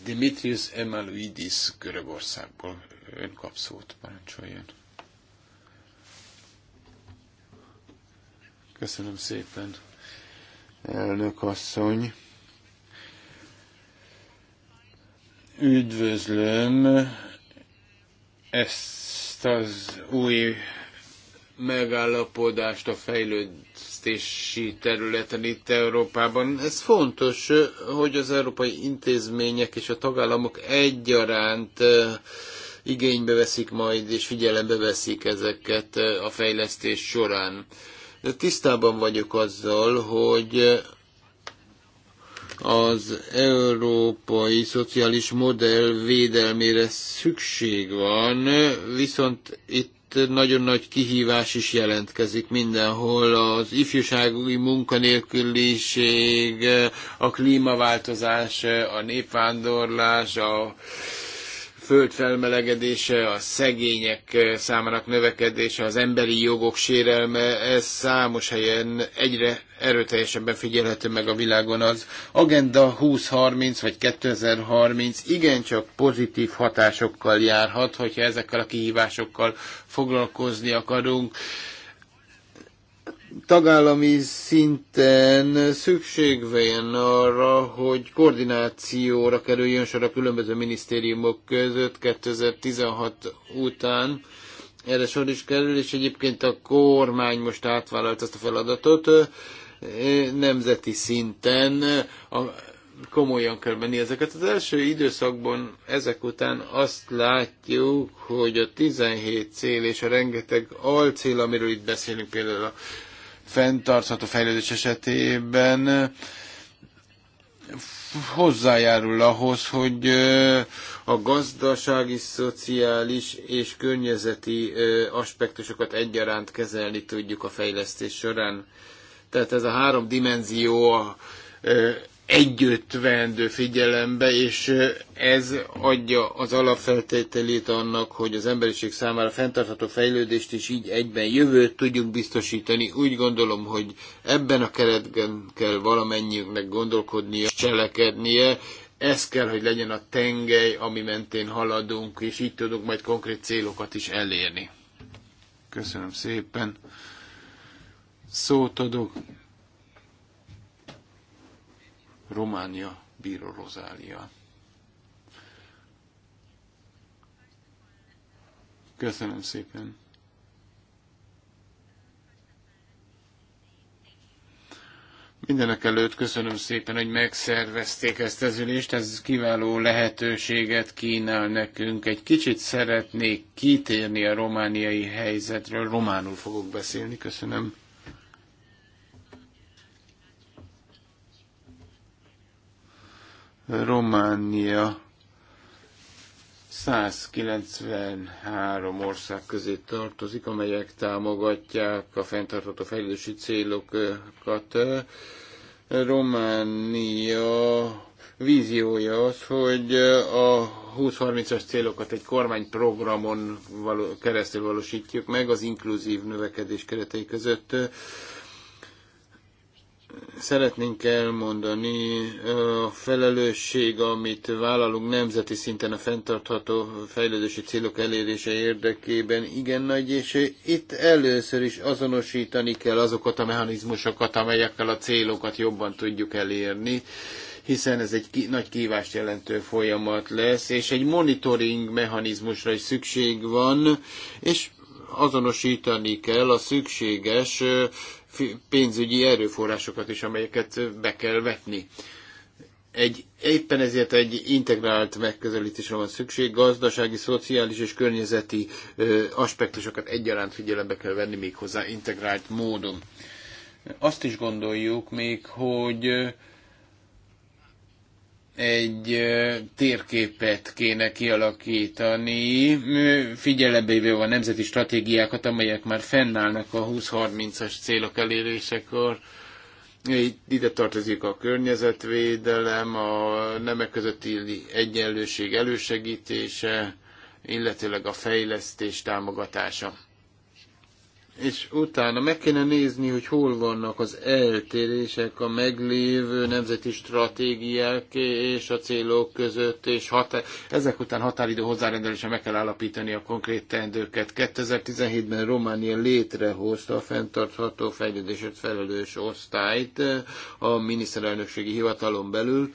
Dimitrius Emaluidis Görögországból. Ön kap szót, parancsoljon. Köszönöm szépen, elnök asszony. Üdvözlöm ezt az új megállapodást a fejlődési területen itt Európában. Ez fontos, hogy az európai intézmények és a tagállamok egyaránt eh, igénybe veszik majd, és figyelembe veszik ezeket eh, a fejlesztés során. De tisztában vagyok azzal, hogy eh, az európai szociális modell védelmére szükség van, viszont itt nagyon nagy kihívás is jelentkezik mindenhol. Az ifjúsági munkanélküliség, a klímaváltozás, a népvándorlás, a föld felmelegedése, a szegények eh, számának növekedése, az emberi jogok sérelme, ez számos helyen egyre erőteljesebben figyelhető meg a világon. Az Agenda 2030 vagy 2030 igencsak pozitív hatásokkal járhat, hogyha ezekkel a kihívásokkal foglalkozni akarunk tagállami szinten szükség van arra, hogy koordinációra kerüljön sor a különböző minisztériumok között 2016 után. Erre sor is kerül, és egyébként a kormány most átvállalt ezt a feladatot nemzeti szinten. A, komolyan kell menni ezeket. Az első időszakban ezek után azt látjuk, hogy a 17 cél és a rengeteg alcél, amiről itt beszélünk, például a fenntartható fejlődés esetében hozzájárul ahhoz, hogy a gazdasági, szociális és környezeti aspektusokat egyaránt kezelni tudjuk a fejlesztés során. Tehát ez a három dimenzió együtt figyelembe, és ez adja az alapfeltételét annak, hogy az emberiség számára fenntartható fejlődést is így egyben jövőt tudjuk biztosítani. Úgy gondolom, hogy ebben a keretben kell valamennyiünknek gondolkodnia, cselekednie, ez kell, hogy legyen a tengely, ami mentén haladunk, és így tudunk majd konkrét célokat is elérni. Köszönöm szépen. Szót adok Románia, Bíró Rozália. Köszönöm szépen. Mindenek előtt köszönöm szépen, hogy megszervezték ezt az ülést, ez kiváló lehetőséget kínál nekünk. Egy kicsit szeretnék kitérni a romániai helyzetről, románul fogok beszélni, köszönöm. Románia 193 ország közé tartozik, amelyek támogatják a fenntartható fejlődési célokat. Románia víziója az, hogy a 20-30-as célokat egy kormányprogramon való, keresztül valósítjuk meg az inkluzív növekedés keretei között szeretnénk elmondani, a felelősség, amit vállalunk nemzeti szinten a fenntartható fejlődési célok elérése érdekében igen nagy, és itt először is azonosítani kell azokat a mechanizmusokat, amelyekkel a célokat jobban tudjuk elérni hiszen ez egy ki, nagy kívást jelentő folyamat lesz, és egy monitoring mechanizmusra is szükség van, és azonosítani kell a szükséges pénzügyi erőforrásokat is, amelyeket be kell vetni. Egy, éppen ezért egy integrált megközelítésre van szükség, gazdasági, szociális és környezeti ö, aspektusokat egyaránt figyelembe kell venni méghozzá integrált módon. Azt is gondoljuk még, hogy egy térképet kéne kialakítani, figyelembe véve a nemzeti stratégiákat, amelyek már fennállnak a 20-30-as célok elérésekor. Ide tartozik a környezetvédelem, a nemek közötti egyenlőség elősegítése, illetőleg a fejlesztés támogatása és utána meg kéne nézni, hogy hol vannak az eltérések a meglévő nemzeti stratégiák és a célok között, és hat ezek után határidő hozzárendelése meg kell állapítani a konkrét teendőket. 2017-ben Románia létrehozta a fenntartható fejlődésért felelős osztályt a miniszterelnökségi hivatalon belül,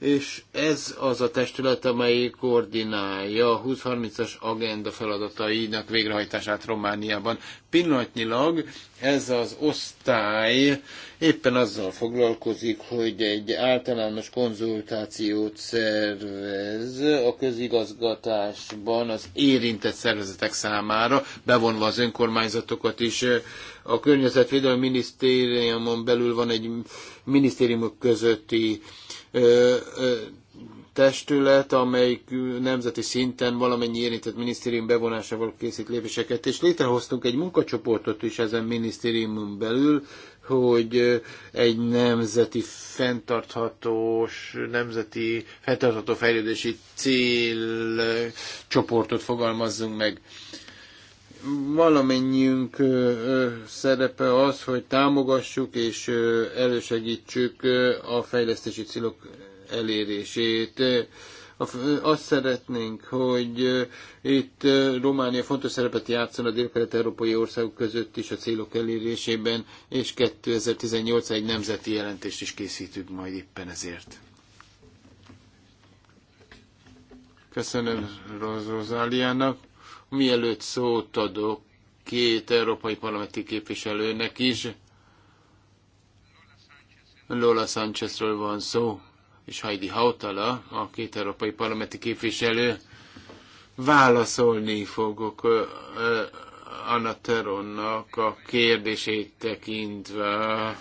és ez az a testület, amely koordinálja a 2030-as agenda feladatainak végrehajtását Romániában. Pillanatnyilag ez az osztály éppen azzal foglalkozik, hogy egy általános konzultációt szervez a közigazgatásban az érintett szervezetek számára, bevonva az önkormányzatokat is. A Környezetvédelmi Minisztériumon belül van egy minisztériumok közötti testület, amelyik nemzeti szinten valamennyi érintett minisztérium bevonásával készít lépéseket, és létrehoztunk egy munkacsoportot is ezen minisztériumon belül, hogy egy nemzeti fenntarthatós, nemzeti fenntartható fejlődési cél csoportot fogalmazzunk meg valamennyiünk szerepe az, hogy támogassuk és elősegítsük a fejlesztési célok elérését. Azt szeretnénk, hogy itt Románia fontos szerepet játszon a dél európai országok között is a célok elérésében, és 2018 egy nemzeti jelentést is készítünk majd éppen ezért. Köszönöm Rozáliának. Mielőtt szót adok két európai parlamenti képviselőnek is, Lola Sánchezről van szó, és Heidi Hautala, a két európai parlamenti képviselő, válaszolni fogok Anna Teronnak a kérdését tekintve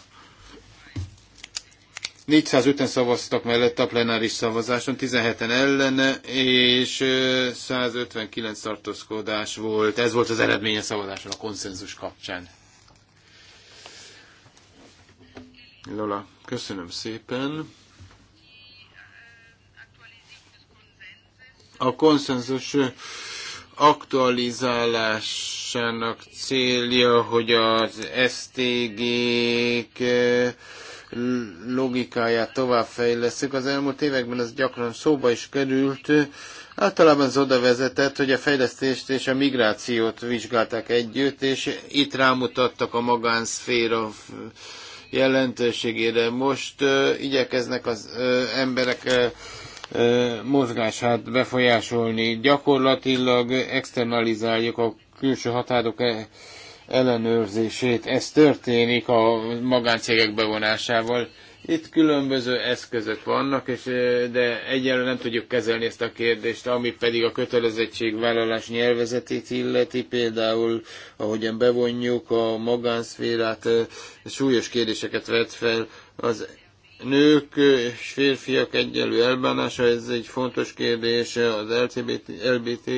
450 szavaztak mellette a plenáris szavazáson, 17-en ellene, és 159 tartózkodás volt. Ez volt az eredménye szavazáson a konszenzus kapcsán. Lola, köszönöm szépen. A konszenzus aktualizálásának célja, hogy az STG-k logikáját továbbfejlesztjük. Az elmúlt években ez gyakran szóba is került. Általában az oda vezetett, hogy a fejlesztést és a migrációt vizsgálták együtt, és itt rámutattak a magánszféra jelentőségére. Most uh, igyekeznek az uh, emberek uh, mozgását befolyásolni. Gyakorlatilag externalizáljuk a külső határok ellenőrzését. Ez történik a magáncégek bevonásával. Itt különböző eszközök vannak, és, de egyelőre nem tudjuk kezelni ezt a kérdést, ami pedig a kötelezettségvállalás nyelvezetét illeti, például ahogyan bevonjuk a magánszférát, súlyos kérdéseket vet fel az nők és férfiak egyenlő elbánása, ez egy fontos kérdés az LGBT, LBT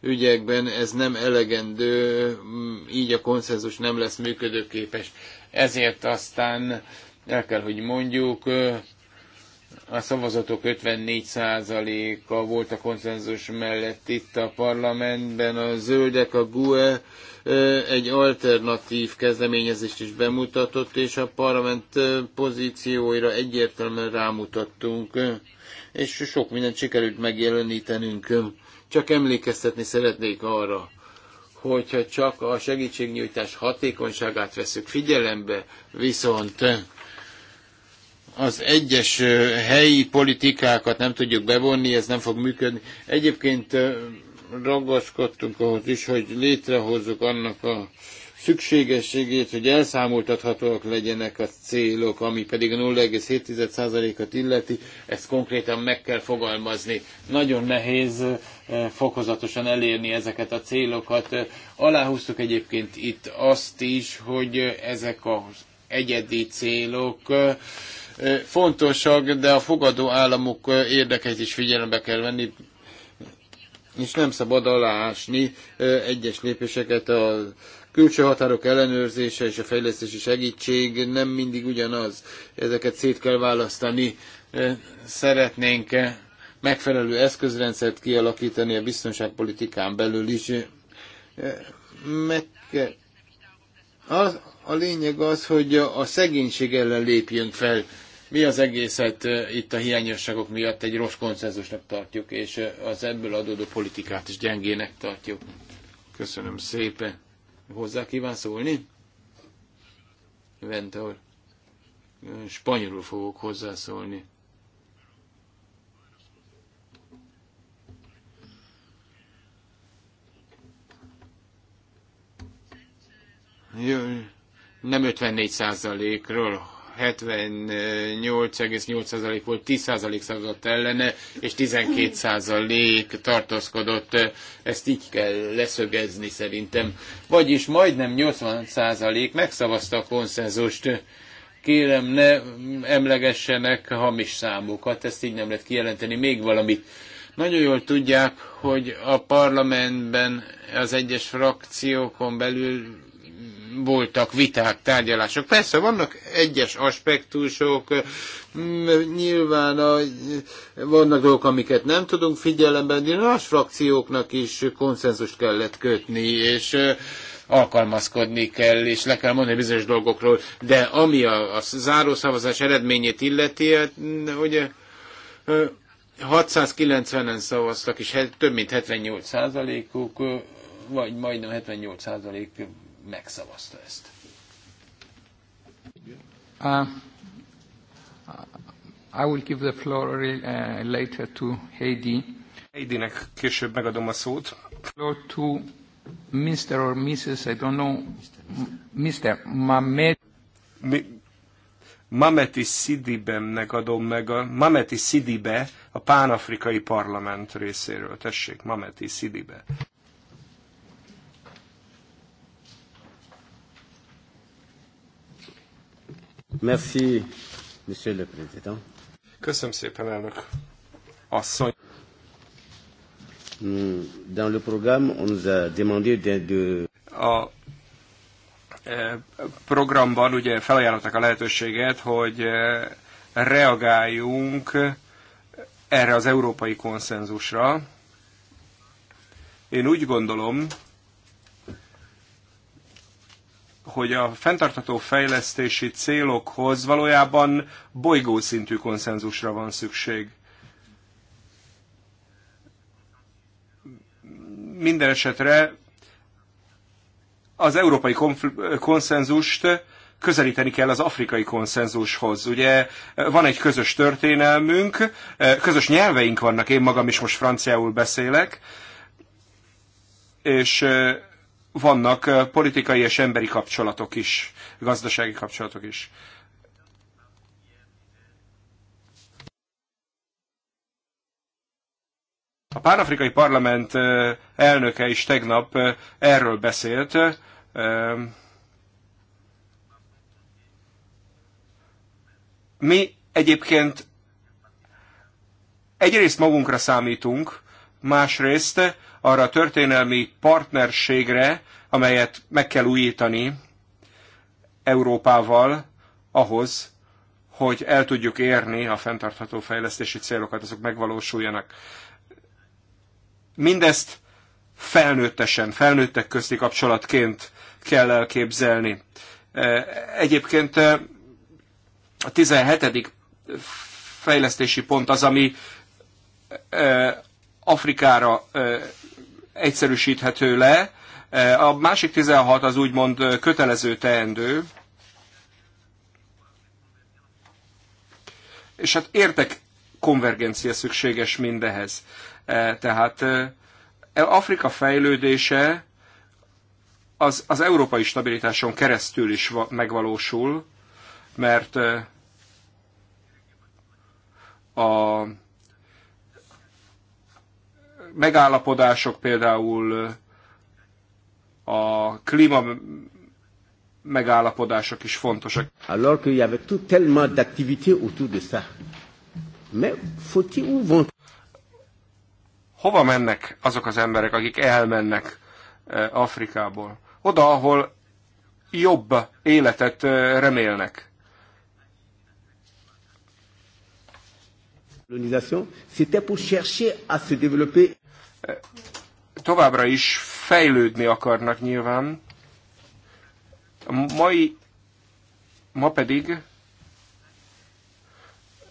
ügyekben, ez nem elegendő, mm, így a konszenzus nem lesz működőképes. Ezért aztán el kell, hogy mondjuk, a szavazatok 54%-a volt a konszenzus mellett itt a parlamentben, a zöldek, a GUE egy alternatív kezdeményezést is bemutatott, és a parlament pozícióira egyértelműen rámutattunk, és sok mindent sikerült megjelenítenünk. Csak emlékeztetni szeretnék arra, hogyha csak a segítségnyújtás hatékonyságát veszük figyelembe, viszont az egyes helyi politikákat nem tudjuk bevonni, ez nem fog működni. Egyébként ragaszkodtunk ahhoz is, hogy létrehozzuk annak a szükségességét, hogy elszámoltathatóak legyenek a célok, ami pedig a 0,7%-at illeti, ezt konkrétan meg kell fogalmazni. Nagyon nehéz eh, fokozatosan elérni ezeket a célokat. Aláhúztuk egyébként itt azt is, hogy ezek az egyedi célok eh, fontosak, de a fogadó államok eh, érdekeit is figyelembe kell venni, és nem szabad aláásni egyes lépéseket a külső határok ellenőrzése és a fejlesztési segítség nem mindig ugyanaz. Ezeket szét kell választani. Szeretnénk -e megfelelő eszközrendszert kialakítani a biztonságpolitikán belül is. Meg kell. Az, a lényeg az, hogy a szegénység ellen lépjünk fel mi az egészet itt a hiányosságok miatt egy rossz konszenzusnak tartjuk, és az ebből adódó politikát is gyengének tartjuk. Köszönöm szépen. Hozzá kíván szólni? Ventor. Spanyolul fogok hozzászólni. Jön. nem 54 ról 78,8% volt, 10% szavazott ellene, és 12% tartózkodott. Ezt így kell leszögezni szerintem. Vagyis majdnem 80% megszavazta a konszenzust. Kérem, ne emlegessenek hamis számokat, ezt így nem lehet kijelenteni. Még valamit nagyon jól tudják, hogy a parlamentben az egyes frakciókon belül voltak viták, tárgyalások. Persze vannak egyes aspektusok, mm, nyilván a, vannak dolgok, amiket nem tudunk figyelembe venni, a frakcióknak is konszenzust kellett kötni, és alkalmazkodni kell, és le kell mondani bizonyos dolgokról, de ami a, a zárószavazás eredményét illeti, hát, mm, ugye 690-en szavaztak, és több mint 78 százalékuk, vagy majdnem 78 százalék megszavazta ezt. Uh, uh, I will give the floor uh, later to Heidi. Heidi-nek később megadom a szót. Floor to Mr. or Mrs. I don't know. Mr. Mamet. Mameti Sidibemnek adom meg a Mameti Sidibe a pánafrikai parlament részéről. Tessék, Mameti Sidibe. Merci, Monsieur le Président. Köszönöm szépen, elnök asszony. Hmm, dans le programme, on nous a demandé de... de... A e, programban ugye felajánlották a lehetőséget, hogy e, reagáljunk erre az európai konszenzusra. Én úgy gondolom, hogy a fenntartható fejlesztési célokhoz valójában bolygószintű konszenzusra van szükség. Minden esetre az európai konszenzust közelíteni kell az afrikai konszenzushoz. Ugye van egy közös történelmünk, közös nyelveink vannak, én magam is most franciául beszélek, és vannak politikai és emberi kapcsolatok is, gazdasági kapcsolatok is. A Pánafrikai Parlament elnöke is tegnap erről beszélt. Mi egyébként egyrészt magunkra számítunk, másrészt arra a történelmi partnerségre, amelyet meg kell újítani Európával ahhoz, hogy el tudjuk érni a fenntartható fejlesztési célokat, azok megvalósuljanak. Mindezt felnőttesen, felnőttek közti kapcsolatként kell elképzelni. E, egyébként e, a 17. fejlesztési pont az, ami e, Afrikára egyszerűsíthető le. E, a másik 16 az úgymond e, kötelező teendő. És hát értek konvergencia szükséges mindehez. E, tehát Afrika fejlődése az, az európai stabilitáson keresztül is megvalósul, mert a megállapodások, például a klíma megállapodások is fontosak. Alors qu'il y avait tout tellement d'activités autour de ça. Mais faut-il où vont? Hova mennek azok az emberek, akik elmennek Afrikából? Oda, ahol jobb életet remélnek. C'était pour chercher à se développer továbbra is fejlődni akarnak nyilván. A mai, ma pedig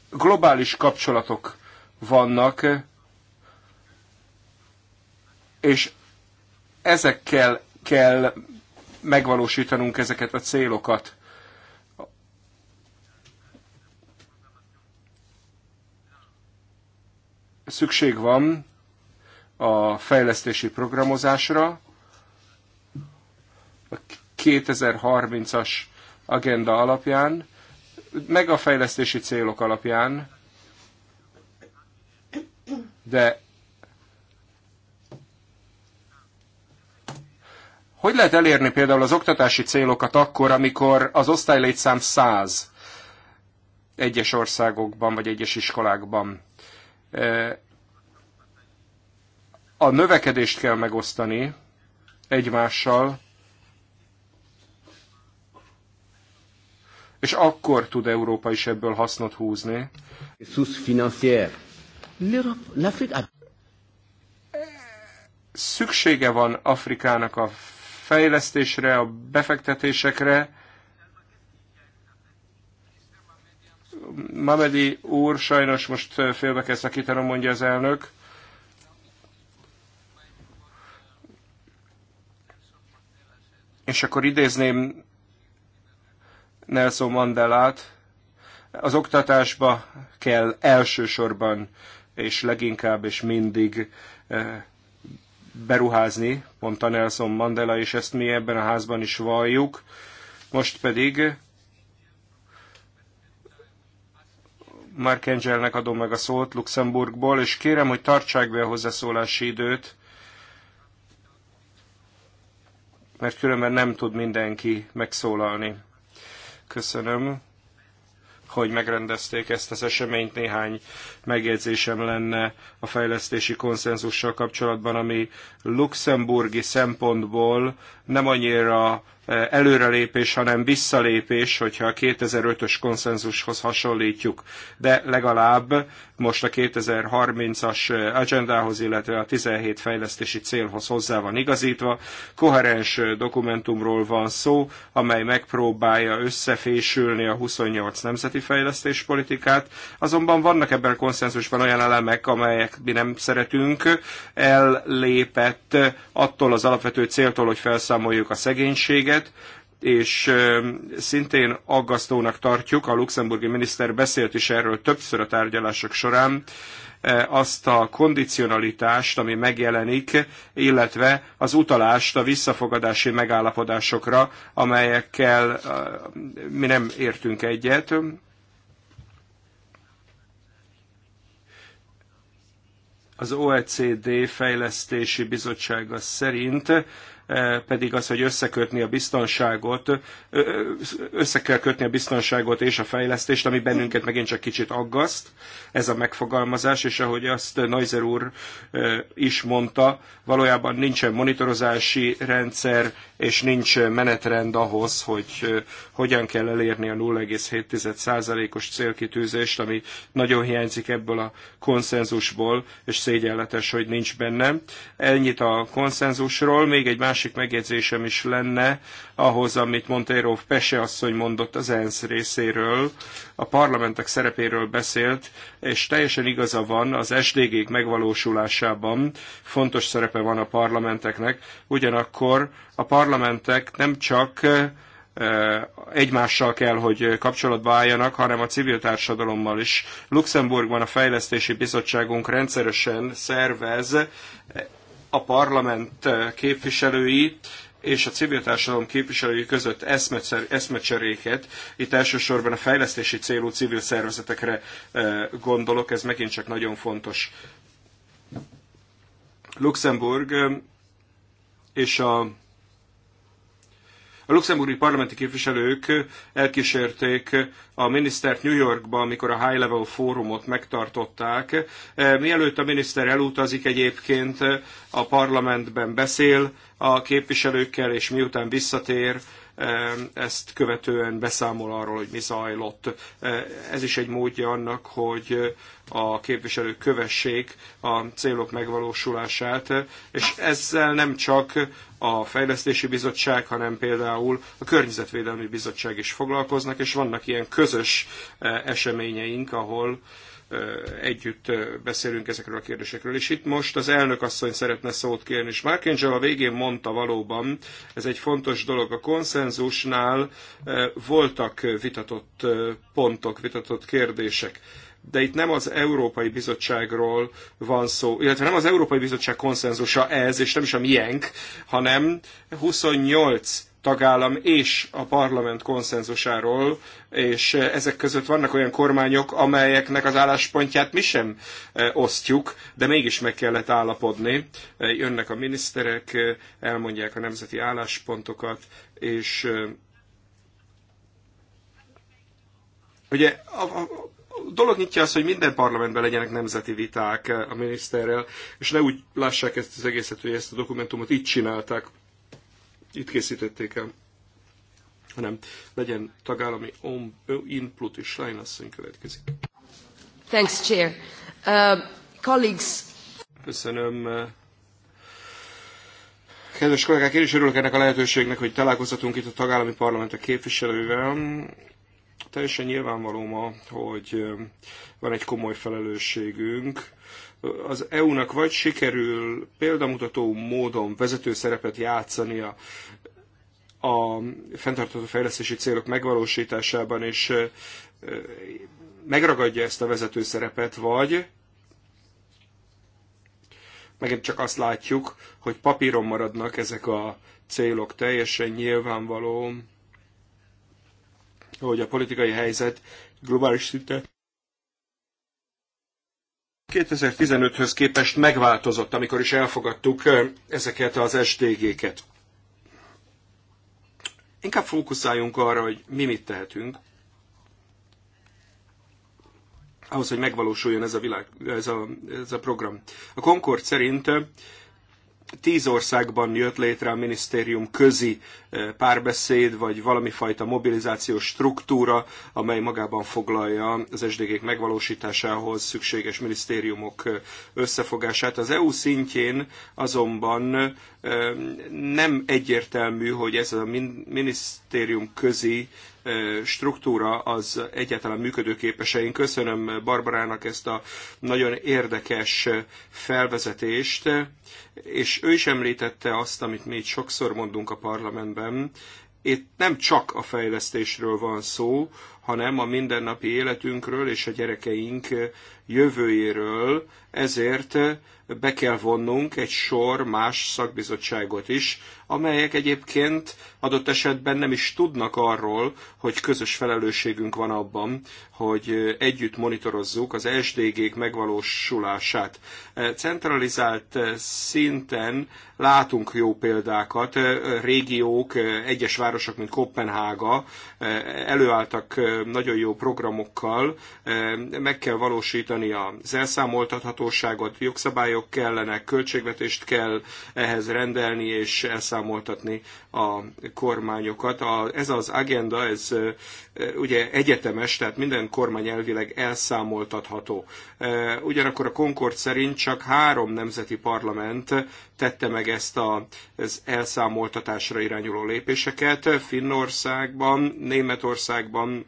globális kapcsolatok vannak, és ezekkel kell megvalósítanunk ezeket a célokat. Szükség van a fejlesztési programozásra, a 2030-as agenda alapján, meg a fejlesztési célok alapján, de hogy lehet elérni például az oktatási célokat akkor, amikor az osztálylétszám 100 egyes országokban vagy egyes iskolákban? a növekedést kell megosztani egymással, és akkor tud Európa is ebből hasznot húzni. Szüksége van Afrikának a fejlesztésre, a befektetésekre. Mamedi úr sajnos most félbe kell szakítanom, mondja az elnök. és akkor idézném Nelson Mandelát, az oktatásba kell elsősorban és leginkább és mindig eh, beruházni, mondta Nelson Mandela, és ezt mi ebben a házban is valljuk. Most pedig Mark Angelnek adom meg a szót Luxemburgból, és kérem, hogy tartsák be a hozzászólási időt, mert különben nem tud mindenki megszólalni. Köszönöm, hogy megrendezték ezt az eseményt. Néhány megjegyzésem lenne a fejlesztési konszenzussal kapcsolatban, ami luxemburgi szempontból nem annyira előrelépés, hanem visszalépés, hogyha a 2005-ös konszenzushoz hasonlítjuk, de legalább most a 2030-as agendához, illetve a 17 fejlesztési célhoz hozzá van igazítva. Koherens dokumentumról van szó, amely megpróbálja összefésülni a 28 nemzeti fejlesztéspolitikát, azonban vannak ebben a konszenzusban olyan elemek, amelyek mi nem szeretünk, ellépett attól az alapvető céltól, hogy felszámoljuk a szegénységet, ügyet, és szintén aggasztónak tartjuk, a luxemburgi miniszter beszélt is erről többször a tárgyalások során, azt a kondicionalitást, ami megjelenik, illetve az utalást a visszafogadási megállapodásokra, amelyekkel mi nem értünk egyet. Az OECD Fejlesztési Bizottsága szerint Eh, pedig az, hogy összekötni a biztonságot, eh, össze kell kötni a biztonságot és a fejlesztést, ami bennünket megint csak kicsit aggaszt, ez a megfogalmazás, és ahogy azt Neuser úr eh, is mondta, valójában nincsen monitorozási rendszer, és nincs menetrend ahhoz, hogy hogyan kell elérni a 0,7%-os célkitűzést, ami nagyon hiányzik ebből a konszenzusból, és szégyenletes, hogy nincs benne. Ennyit a konszenzusról, még egy másik másik megjegyzésem is lenne ahhoz, amit Montero Pese asszony mondott az ENSZ részéről, a parlamentek szerepéről beszélt, és teljesen igaza van, az SDG-k megvalósulásában fontos szerepe van a parlamenteknek, ugyanakkor a parlamentek nem csak egymással kell, hogy kapcsolatba álljanak, hanem a civil társadalommal is. Luxemburgban a Fejlesztési Bizottságunk rendszeresen szervez a parlament képviselői és a civil társadalom képviselői között eszmecseréket. Itt elsősorban a fejlesztési célú civil szervezetekre e, gondolok, ez megint csak nagyon fontos. Luxemburg e, és a a luxemburgi parlamenti képviselők elkísérték a minisztert New Yorkba, amikor a High Level fórumot megtartották. Eh, mielőtt a miniszter elutazik egyébként, eh, a parlamentben beszél a képviselőkkel, és miután visszatér, ezt követően beszámol arról, hogy mi zajlott. Ez is egy módja annak, hogy a képviselők kövessék a célok megvalósulását, és ezzel nem csak a Fejlesztési Bizottság, hanem például a Környezetvédelmi Bizottság is foglalkoznak, és vannak ilyen közös eseményeink, ahol együtt beszélünk ezekről a kérdésekről. És itt most az elnök asszony szeretne szót kérni, és Angel a végén mondta valóban, ez egy fontos dolog, a konszenzusnál voltak vitatott pontok, vitatott kérdések de itt nem az Európai Bizottságról van szó, illetve nem az Európai Bizottság konszenzusa ez, és nem is a miénk, hanem 28 tagállam és a parlament konszenzusáról, és ezek között vannak olyan kormányok, amelyeknek az álláspontját mi sem eh, osztjuk, de mégis meg kellett állapodni. Eh, jönnek a miniszterek, eh, elmondják a nemzeti álláspontokat, és ugye a, a, dolog nyitja az, hogy minden parlamentben legyenek nemzeti viták a miniszterrel, és ne úgy lássák ezt az egészet, hogy ezt a dokumentumot így csinálták itt készítették el, hanem legyen tagállami input is. Lány asszony következik. Thanks, Chair. Uh, colleagues. Köszönöm. Kedves kollégák, én is örülök ennek a lehetőségnek, hogy találkozhatunk itt a tagállami parlamentek képviselővel teljesen nyilvánvaló ma, hogy van egy komoly felelősségünk az EU-nak vagy sikerül példamutató módon vezető szerepet játszania a fenntartható fejlesztési célok megvalósításában, és megragadja ezt a vezető szerepet, vagy megint csak azt látjuk, hogy papíron maradnak ezek a célok teljesen nyilvánvaló, hogy a politikai helyzet globális szinten 2015-höz képest megváltozott, amikor is elfogadtuk ezeket az SDG-ket. Inkább fókuszáljunk arra, hogy mi mit tehetünk, ahhoz, hogy megvalósuljon ez a, világ, ez a, ez a program. A Concord szerint tíz országban jött létre a minisztérium közi eh, párbeszéd, vagy valami fajta mobilizációs struktúra, amely magában foglalja az SDG-k megvalósításához szükséges minisztériumok eh, összefogását. Az EU szintjén azonban eh, nem egyértelmű, hogy ez a minisztérium közi struktúra az egyáltalán működőképes. Én köszönöm Barbarának ezt a nagyon érdekes felvezetést, és ő is említette azt, amit mi itt sokszor mondunk a parlamentben, itt nem csak a fejlesztésről van szó, hanem a mindennapi életünkről és a gyerekeink jövőjéről. Ezért be kell vonnunk egy sor más szakbizottságot is, amelyek egyébként adott esetben nem is tudnak arról, hogy közös felelősségünk van abban, hogy együtt monitorozzuk az SDG-k megvalósulását. Centralizált szinten látunk jó példákat, régiók, egyes városok, mint Kopenhága előálltak nagyon jó programokkal eh, meg kell valósítani az elszámoltathatóságot, jogszabályok kellenek, költségvetést kell ehhez rendelni és elszámoltatni a kormányokat. A, ez az agenda, ez eh, ugye egyetemes, tehát minden kormány elvileg elszámoltatható. Eh, ugyanakkor a Concord szerint csak három nemzeti parlament tette meg ezt a, az elszámoltatásra irányuló lépéseket. Finnországban, Németországban,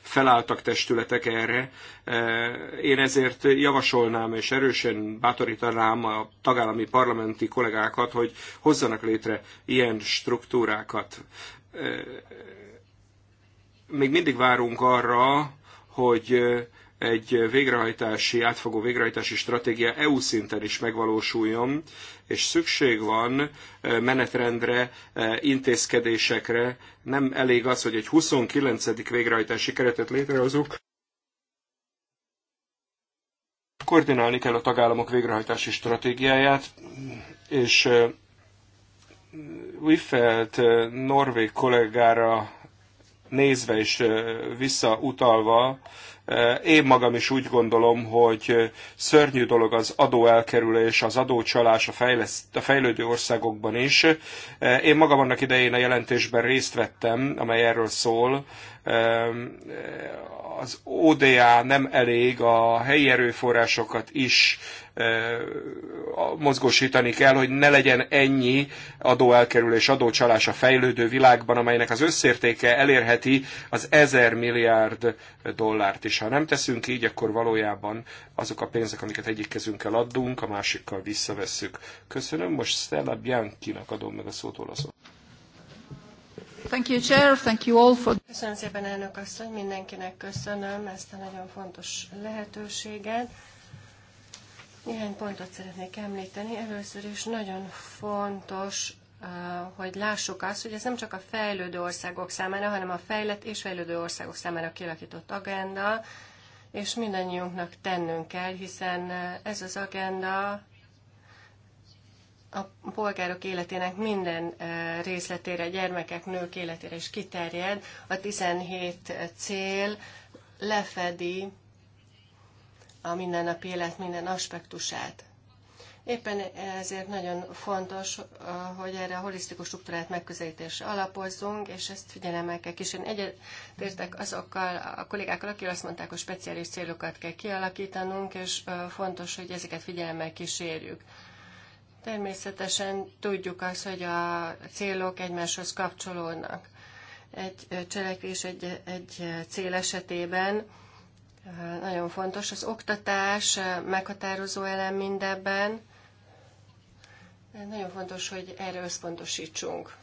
felálltak testületek erre. Én ezért javasolnám és erősen bátorítanám a tagállami parlamenti kollégákat, hogy hozzanak létre ilyen struktúrákat. Még mindig várunk arra, hogy egy végrehajtási, átfogó végrehajtási stratégia EU szinten is megvalósuljon, és szükség van eh, menetrendre, eh, intézkedésekre. Nem elég az, hogy egy 29. végrehajtási keretet létrehozunk, koordinálni kell a tagállamok végrehajtási stratégiáját, és eh, Wiffelt norvég kollégára nézve és visszautalva Eh, én magam is úgy gondolom, hogy eh, szörnyű dolog az adóelkerülés, az adócsalás a, fejleszt, a fejlődő országokban is. Eh, én magam annak idején a jelentésben részt vettem, amely erről szól, az ODA nem elég, a helyi erőforrásokat is mozgósítani kell, hogy ne legyen ennyi adóelkerülés, adócsalás a fejlődő világban, amelynek az összértéke elérheti az ezer milliárd dollárt is. Ha nem teszünk így, akkor valójában azok a pénzek, amiket egyik kezünkkel adunk, a másikkal visszavesszük. Köszönöm, most Stella Bianchi-nak adom meg a szót olaszok. Thank you, Chair. Thank you all for... Köszönöm szépen, elnök asszony, mindenkinek köszönöm ezt a nagyon fontos lehetőséget. Néhány pontot szeretnék említeni. Először is nagyon fontos, eh, hogy lássuk azt, hogy ez nem csak a fejlődő országok számára, hanem a fejlett és fejlődő országok számára kialakított agenda, és mindannyiunknak tennünk kell, hiszen eh, ez az agenda a polgárok életének minden részletére, gyermekek, nők életére is kiterjed. A 17 cél lefedi a mindennapi élet minden aspektusát. Éppen ezért nagyon fontos, hogy erre a holisztikus struktúrát megközelítésre alapozzunk, és ezt figyelemmel kell kísérni. Egyetértek azokkal a kollégákkal, akik azt mondták, hogy speciális célokat kell kialakítanunk, és fontos, hogy ezeket figyelemmel kísérjük. Természetesen tudjuk azt, hogy a célok egymáshoz kapcsolódnak. Egy cselekvés egy, egy cél esetében eh, nagyon fontos. Az oktatás eh, meghatározó elem mindebben. Eh, nagyon fontos, hogy erre összpontosítsunk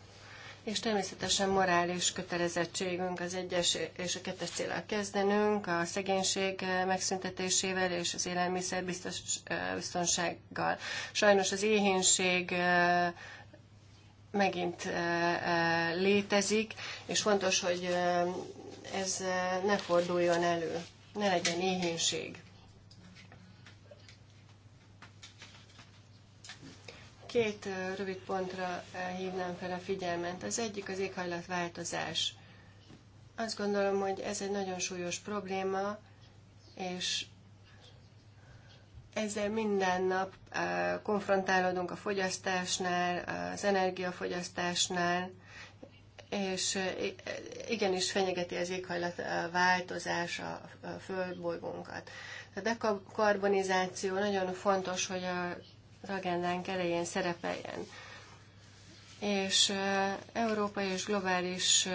és természetesen morális kötelezettségünk az egyes és a kettes célra kezdenünk, a szegénység eh, megszüntetésével és az élelmiszer eh, biztonsággal. Sajnos az éhénység eh, megint létezik, és fontos, hogy ez ne forduljon elő, ne legyen éhénység. Két rövid pontra hívnám fel a figyelmet. Az egyik az éghajlatváltozás. Azt gondolom, hogy ez egy nagyon súlyos probléma, és ezzel minden nap konfrontálódunk a fogyasztásnál, az energiafogyasztásnál, és igenis fenyegeti az éghajlatváltozás a földbolygónkat. A dekarbonizáció nagyon fontos, hogy a az agendánk elején szerepeljen. És európai és globális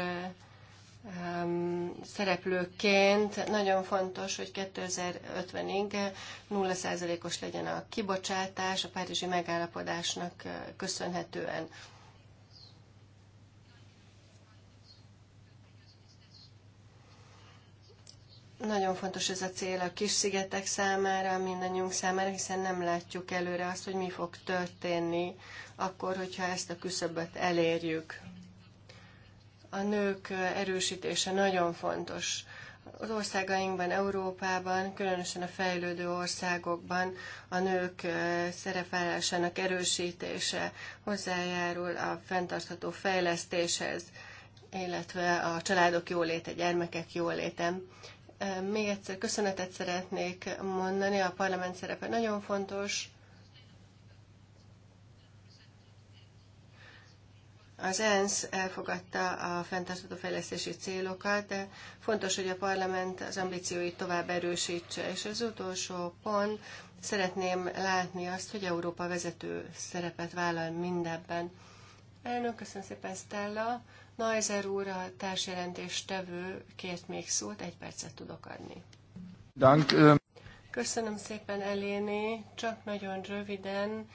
szereplőként nagyon fontos, hogy 2050-ig 0%-os legyen a kibocsátás a Párizsi megállapodásnak köszönhetően. Nagyon fontos ez a cél a kis szigetek számára, mindannyiunk számára, hiszen nem látjuk előre azt, hogy mi fog történni akkor, hogyha ezt a küszöböt elérjük. A nők erősítése nagyon fontos. Az országainkban, Európában, különösen a fejlődő országokban a nők eh, szerepállásának erősítése hozzájárul a fenntartható fejlesztéshez illetve a családok jóléte, gyermekek jóléte. Még egyszer köszönetet szeretnék mondani, a parlament szerepe nagyon fontos. Az ENSZ elfogadta a fenntartható fejlesztési célokat, de fontos, hogy a parlament az ambícióit tovább erősítse. És az utolsó pont, szeretném látni azt, hogy Európa vezető szerepet vállal mindebben. Elnök, köszönöm szépen, Stella. Neuser úr, a társjelentéstevő kért még szót, egy percet tudok adni. Dank. Köszönöm szépen, Eléni. Csak nagyon röviden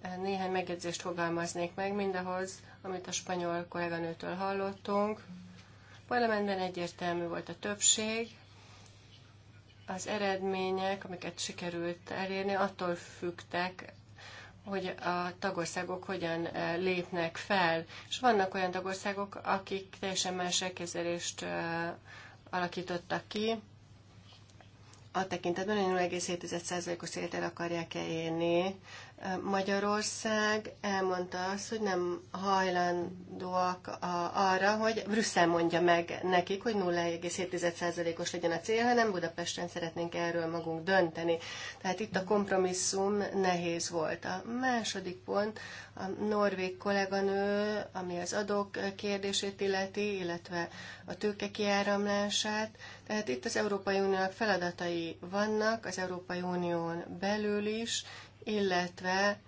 eh, néhány megjegyzést fogalmaznék meg mindahhoz, amit a spanyol kolléganőtől hallottunk. A parlamentben egyértelmű volt a többség. Az eredmények, amiket sikerült elérni, attól függtek, hogy a tagországok hogyan lépnek fel. És vannak olyan tagországok, akik teljesen más elképzelést alakítottak ki, a tekintetben, hogy 0,7%-os célt el akarják elérni. Magyarország elmondta azt, hogy nem hajlandóak a, arra, hogy Brüsszel mondja meg nekik, hogy 0,7%-os legyen a cél, hanem Budapesten szeretnénk erről magunk dönteni. Tehát itt a kompromisszum nehéz volt. A második pont, a norvég kolléganő, ami az adók kérdését illeti, illetve a tőke kiáramlását, tehát itt az Európai Uniónak feladatai vannak, az Európai Unión belül is, illetve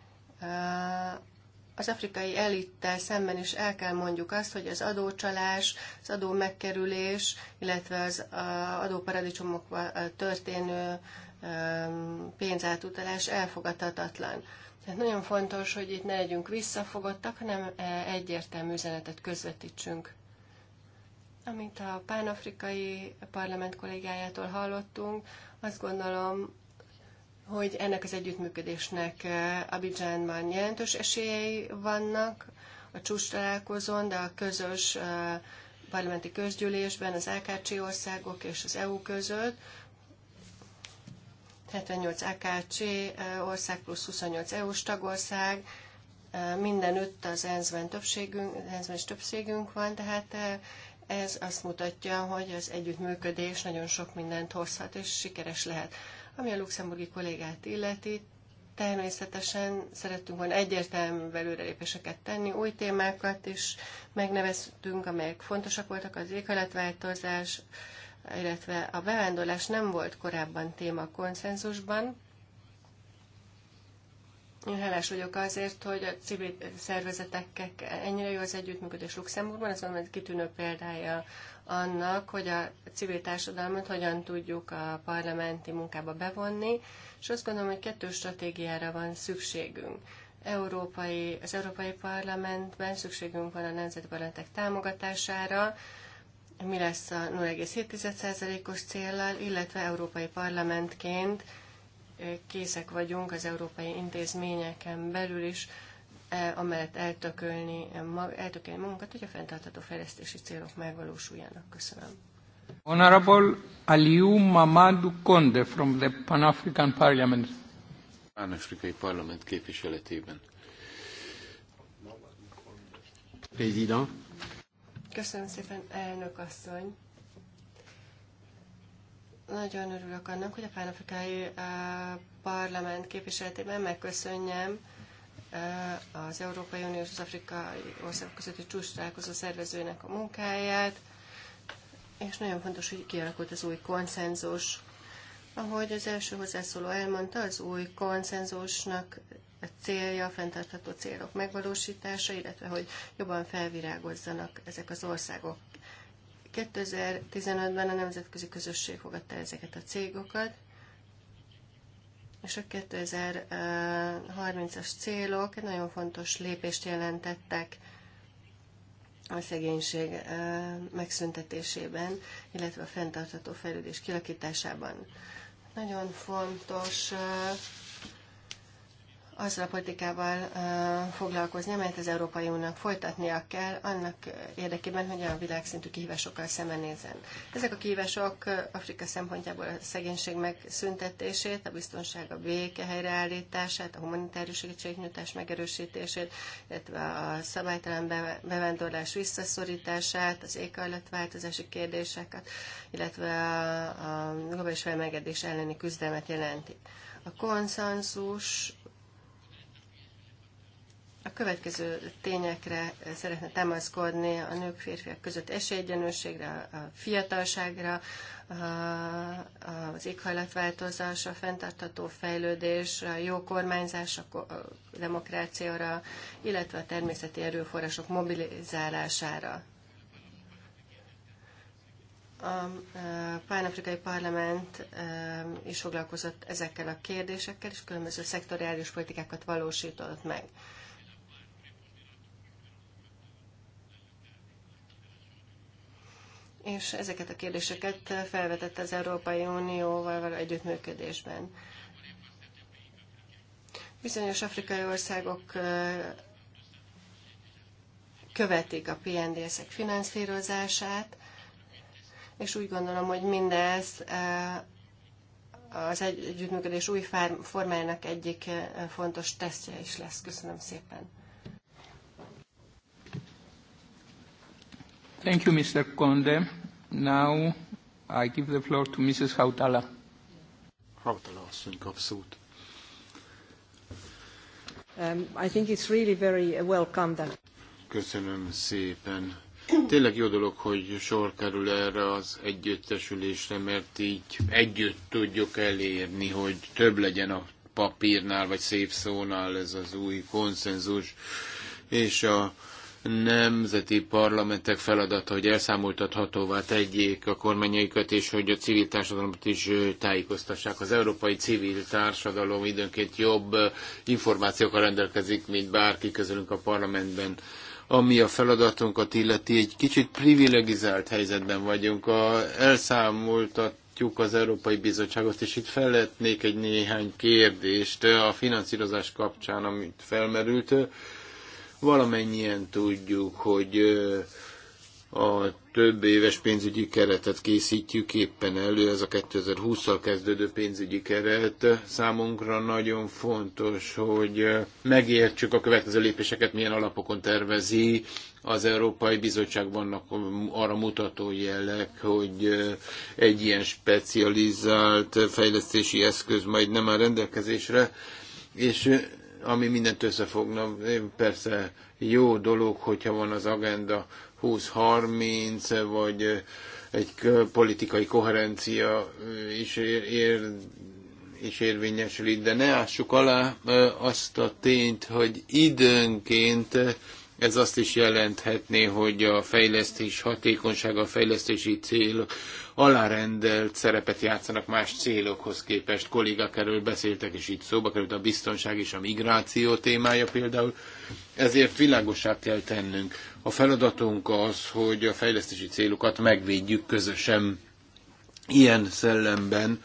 az afrikai elittel szemben is el kell mondjuk azt, hogy az adócsalás, az adó megkerülés, illetve az adóparadicsomokban történő pénzátutalás elfogadhatatlan. Tehát nagyon fontos, hogy itt ne legyünk visszafogottak, hanem egyértelmű üzenetet közvetítsünk. Amit a pánafrikai parlament kollégájától hallottunk, azt gondolom, hogy ennek az együttműködésnek eh, Abidjanban jelentős esélyei vannak a csúcs találkozón, de a közös eh, parlamenti közgyűlésben az AKC országok és az EU között, 78 AKC eh, ország plusz 28 EU-s tagország, mindenütt az ENSZ-ben többségünk, ENSZ-ben is többségünk van, tehát ez azt mutatja, hogy az együttműködés nagyon sok mindent hozhat, és sikeres lehet. Ami a luxemburgi kollégát illeti, természetesen szerettünk volna egyértelmű előrelépéseket tenni, új témákat is megneveztünk, amelyek fontosak voltak, az éghajlatváltozás, illetve a bevándorlás nem volt korábban téma a konszenzusban, én hálás vagyok azért, hogy a civil szervezetekkel ennyire jó az együttműködés Luxemburgban, ez van egy kitűnő példája annak, hogy a civil társadalmat hogyan tudjuk a parlamenti munkába bevonni, és azt gondolom, hogy kettő stratégiára van szükségünk. Európai, az Európai Parlamentben szükségünk van a nemzeti parlamentek támogatására, mi lesz a 0,7%-os céllal, illetve Európai Parlamentként készek vagyunk az európai intézményeken belül is, e, amellett eltökölni, e, eltökölni magunkat, hogy a fenntartható fejlesztési célok megvalósuljanak. Köszönöm. Honorable Aliou Mamadou Konde from the Pan-African Parliament. pan afrikai Parlament képviseletében. Président. Köszönöm szépen, elnök asszony. Nagyon örülök annak, hogy a pánafrikai eh, parlament képviseletében megköszönjem eh, az Európai Unió és az Afrikai országok közötti csúcs találkozó szervezőnek a munkáját, és nagyon fontos, hogy kialakult az új konszenzus. Ahogy az első hozzászóló elmondta, az új konszenzusnak a célja a fenntartható célok megvalósítása, illetve hogy jobban felvirágozzanak ezek az országok. 2015-ben a nemzetközi közösség fogadta ezeket a cégokat, és a 2030-as célok egy nagyon fontos lépést jelentettek a szegénység megszüntetésében, illetve a fenntartható fejlődés kilakításában. Nagyon fontos azzal a politikával foglalkozni, amelyet az Európai Uniónak folytatnia kell, annak érdekében, hogy a világszintű kihívásokkal szembenézzen. Ezek a kihívások Afrika szempontjából a szegénység megszüntetését, a biztonság, a béke helyreállítását, a humanitárius segítségnyújtás megerősítését, illetve a szabálytalan bevándorlás visszaszorítását, az éghajlatváltozási kérdéseket, illetve a globális felmelegedés elleni küzdelmet jelenti. A konszenzus a következő tényekre szeretne támaszkodni a nők férfiak között esélyegyenlőségre, a fiatalságra, az éghajlatváltozás, a fenntartható fejlődés, a jó kormányzás, a demokráciára, illetve a természeti erőforrások mobilizálására. A Pán-Afrikai Parlament e, is foglalkozott ezekkel a kérdésekkel, és különböző szektoriális politikákat valósított meg. és ezeket a kérdéseket felvetett az Európai Unióval való együttműködésben. Bizonyos afrikai országok követik a PNDS-ek finanszírozását, és úgy gondolom, hogy mindez az együttműködés új formájának egyik fontos tesztje is lesz. Köszönöm szépen. Thank you, Mr. Conde. Now I give the floor to Mrs. Hautala. Hautala asszony szót. Um, I think it's really very uh, welcome that... Köszönöm szépen. Tényleg jó dolog, hogy sor kerül erre az együttesülésre, mert így együtt tudjuk elérni, hogy több legyen a papírnál, vagy szép szónál ez az új konszenzus, és a nemzeti parlamentek feladata, hogy elszámoltathatóvá tegyék a kormányaikat, és hogy a civil társadalmat is tájékoztassák. Az európai civil társadalom időnként jobb információkkal rendelkezik, mint bárki közülünk a parlamentben ami a feladatunkat illeti, egy kicsit privilegizált helyzetben vagyunk. A, elszámoltat az Európai Bizottságot, és itt felletnék egy néhány kérdést a finanszírozás kapcsán, amit felmerült. Valamennyien tudjuk, hogy a több éves pénzügyi keretet készítjük éppen elő, ez a 2020-szal kezdődő pénzügyi keret. Számunkra nagyon fontos, hogy megértsük a következő lépéseket, milyen alapokon tervezi. Az Európai Bizottság vannak arra mutató jelek, hogy egy ilyen specializált fejlesztési eszköz majd nem áll rendelkezésre, és ami mindent összefogna. Persze jó dolog, hogyha van az agenda 20-30, vagy egy politikai koherencia is, ér, ér, is érvényesül itt, de ne ássuk alá azt a tényt, hogy időnként ez azt is jelenthetné, hogy a fejlesztés hatékonysága, a fejlesztési cél alárendelt szerepet játszanak más célokhoz képest. Kollégák erről beszéltek, és itt szóba került a biztonság és a migráció témája például. Ezért világosá kell tennünk. A feladatunk az, hogy a fejlesztési célokat megvédjük közösen. Ilyen szellemben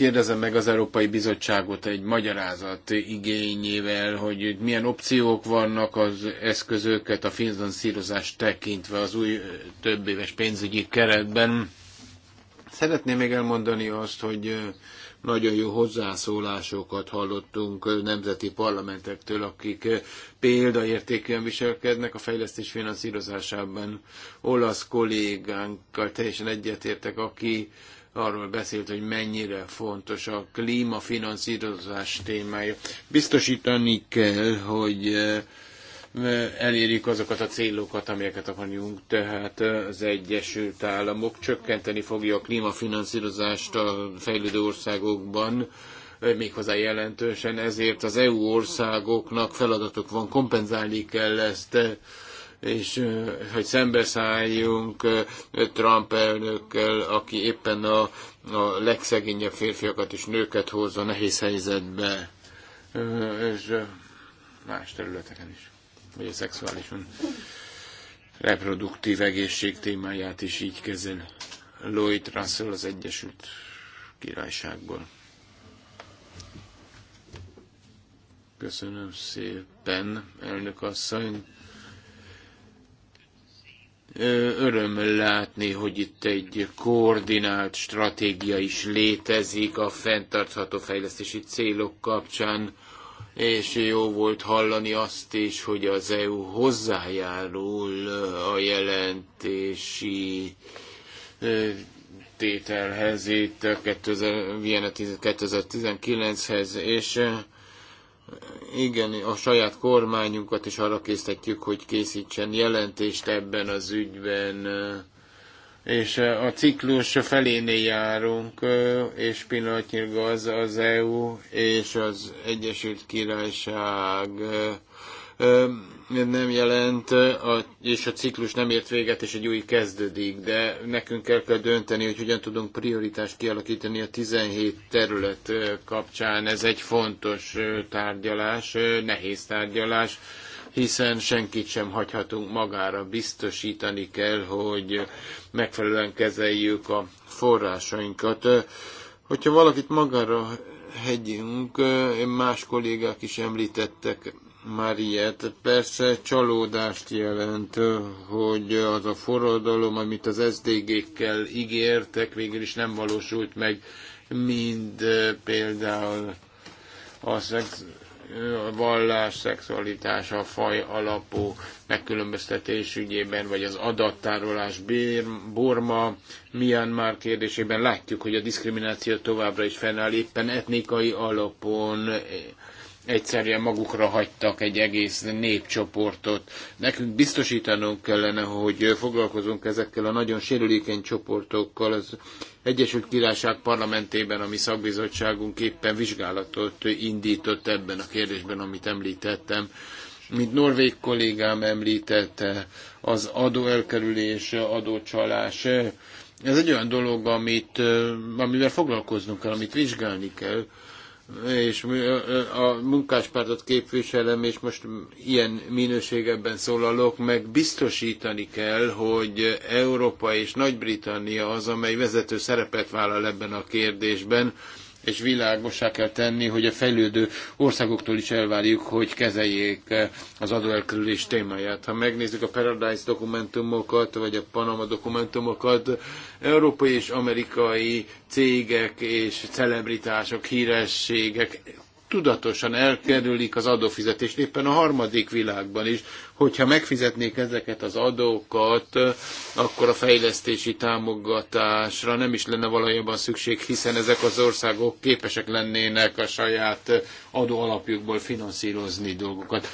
kérdezem meg az Európai Bizottságot egy magyarázat igényével, hogy milyen opciók vannak az eszközöket a finanszírozást tekintve az új több éves pénzügyi keretben. Szeretném még elmondani azt, hogy nagyon jó hozzászólásokat hallottunk nemzeti parlamentektől, akik példaértékűen viselkednek a fejlesztés finanszírozásában. Olasz kollégánkkal teljesen egyetértek, aki arról beszélt, hogy mennyire fontos a klímafinanszírozás témája. Biztosítani kell, hogy eh, elérjük azokat a célokat, amelyeket akarjunk, tehát eh, az Egyesült Államok csökkenteni fogja a klímafinanszírozást a fejlődő országokban, eh, méghozzá jelentősen, ezért az EU országoknak feladatok van, kompenzálni kell ezt és hogy szembeszálljunk Trump elnökkel, aki éppen a, a legszegényebb férfiakat és nőket hozza nehéz helyzetbe, és más területeken is, vagy a szexuális reproduktív egészség témáját is így kezel Lloyd Russell az Egyesült Királyságból. Köszönöm szépen, elnök asszony öröm látni, hogy itt egy koordinált stratégia is létezik a fenntartható fejlesztési célok kapcsán, és jó volt hallani azt is, hogy az EU hozzájárul a jelentési tételhez itt 2019-hez, és igen, a saját kormányunkat is arra készítjük, hogy készítsen jelentést ebben az ügyben, és a ciklus feléné járunk, és pillanatnyilag az, az EU és az Egyesült Királyság nem jelent, és a ciklus nem ért véget, és egy új kezdődik, de nekünk el kell dönteni, hogy hogyan tudunk prioritást kialakítani a 17 terület kapcsán. Ez egy fontos tárgyalás, nehéz tárgyalás, hiszen senkit sem hagyhatunk magára, biztosítani kell, hogy megfelelően kezeljük a forrásainkat. Hogyha valakit magára hegyünk, más kollégák is említettek Mariette, Persze csalódást jelent, hogy az a forradalom, amit az SZDG-kkel ígértek, végül is nem valósult meg, mind eh, például a, szex, a vallás, szexualitás, a faj alapú megkülönböztetés ügyében, vagy az adattárolás Bér, Burma, Myanmar kérdésében látjuk, hogy a diszkrimináció továbbra is fennáll éppen etnikai alapon egyszerűen magukra hagytak egy egész népcsoportot. Nekünk biztosítanunk kellene, hogy foglalkozunk ezekkel a nagyon sérülékeny csoportokkal. Az Egyesült Királyság parlamentében a mi szakbizottságunk éppen vizsgálatot indított ebben a kérdésben, amit említettem. Mint norvég kollégám említette, az adóelkerülés, adócsalás, ez egy olyan dolog, amit, amivel foglalkoznunk kell, amit vizsgálni kell és a munkáspártot képviselem, és most ilyen minőségebben szólalok, meg biztosítani kell, hogy Európa és Nagy-Britannia az, amely vezető szerepet vállal ebben a kérdésben, és világosá kell tenni, hogy a fejlődő országoktól is elvárjuk, hogy kezeljék eh, az adóelkerülés témáját. Ha megnézzük a Paradise dokumentumokat, vagy a Panama dokumentumokat, európai és amerikai cégek és celebritások, hírességek tudatosan elkerülik az adófizetést, éppen a harmadik világban is. Hogyha megfizetnék ezeket az adókat, akkor a fejlesztési támogatásra nem is lenne valójában szükség, hiszen ezek az országok képesek lennének a saját adóalapjukból finanszírozni dolgokat.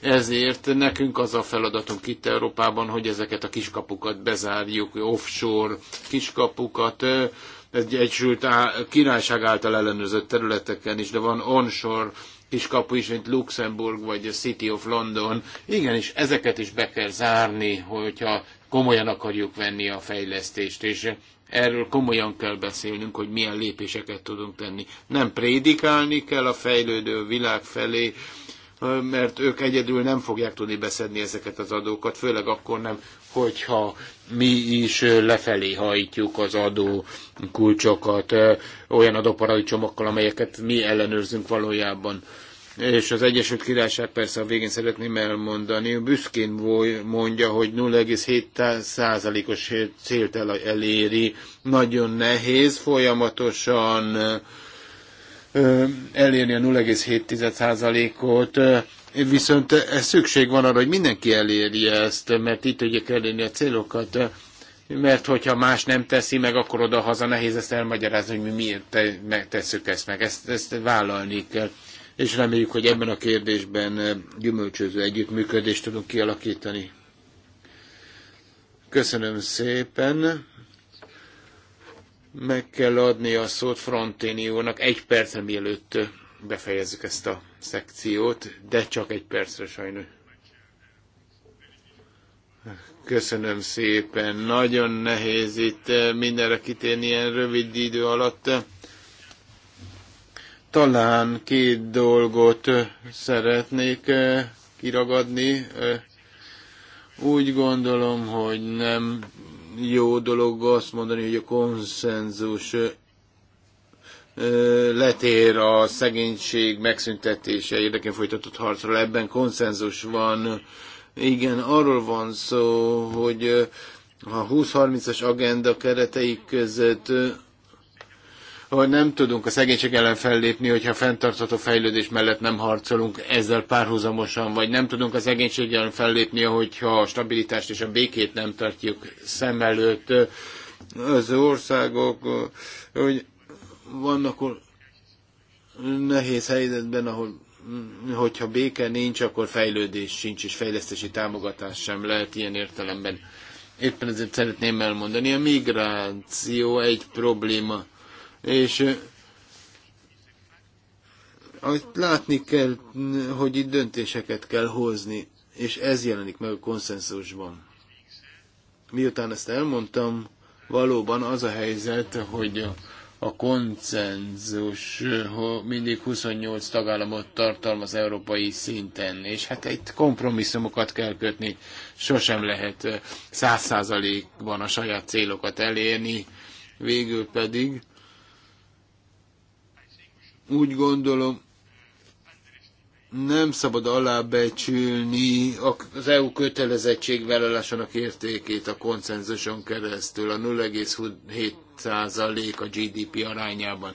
Ezért nekünk az a feladatunk itt Európában, hogy ezeket a kiskapukat bezárjuk, offshore kiskapukat, Egyesült Királyság által ellenőrzött területeken is, de van onshore kapu is, mint Luxemburg vagy a City of London. Igenis, ezeket is be kell zárni, hogyha komolyan akarjuk venni a fejlesztést, és erről komolyan kell beszélnünk, hogy milyen lépéseket tudunk tenni. Nem prédikálni kell a fejlődő világ felé, mert ők egyedül nem fogják tudni beszedni ezeket az adókat, főleg akkor nem, hogyha mi is lefelé hajtjuk az adó kulcsokat olyan adóparadicsomokkal, amelyeket mi ellenőrzünk valójában. És az Egyesült Királyság persze a végén szeretném elmondani, büszkén mondja, hogy 0,7%-os célt eléri. Nagyon nehéz folyamatosan elérni a 0,7%-ot viszont eh, szükség van arra, hogy mindenki elérje ezt, mert itt tudjuk elérni a célokat, eh, mert hogyha más nem teszi meg, akkor oda-haza nehéz ezt elmagyarázni, hogy mi miért te, tesszük ezt meg. Ezt, ezt vállalni kell. És reméljük, hogy ebben a kérdésben eh, gyümölcsöző együttműködést tudunk kialakítani. Köszönöm szépen. Meg kell adni a szót Fronténiónak úrnak egy percre mielőtt befejezzük ezt a szekciót, de csak egy percre sajnos. Köszönöm szépen. Nagyon nehéz itt eh, mindenre kitérni ilyen rövid idő alatt. Talán két dolgot eh, szeretnék eh, kiragadni. Úgy gondolom, hogy nem jó dolog azt mondani, hogy a konszenzus letér a szegénység megszüntetése érdekén folytatott harcról. Ebben konszenzus van. Igen, arról van szó, hogy a 20-30-as agenda keretei között hogy nem tudunk a szegénység ellen fellépni, hogyha fenntartható fejlődés mellett nem harcolunk ezzel párhuzamosan, vagy nem tudunk a szegénység ellen fellépni, hogyha a stabilitást és a békét nem tartjuk szem előtt. Az országok, hogy vannak nehéz helyzetben, ahol mm, hogyha béke nincs, akkor fejlődés sincs, és fejlesztési támogatás sem lehet ilyen értelemben. Éppen ezért szeretném elmondani, a migráció egy probléma, és látni kell, hogy itt döntéseket kell hozni, és ez jelenik meg a konszenzusban. Miután ezt elmondtam, valóban az a helyzet, hogy a a koncenzus mindig 28 tagállamot tartalmaz európai szinten, és hát itt kompromisszumokat kell kötni, sosem lehet száz százalékban a saját célokat elérni, végül pedig úgy gondolom, nem szabad alábecsülni az EU kötelezettségvállalásának értékét a konszenzuson keresztül. A százalék a GDP arányában.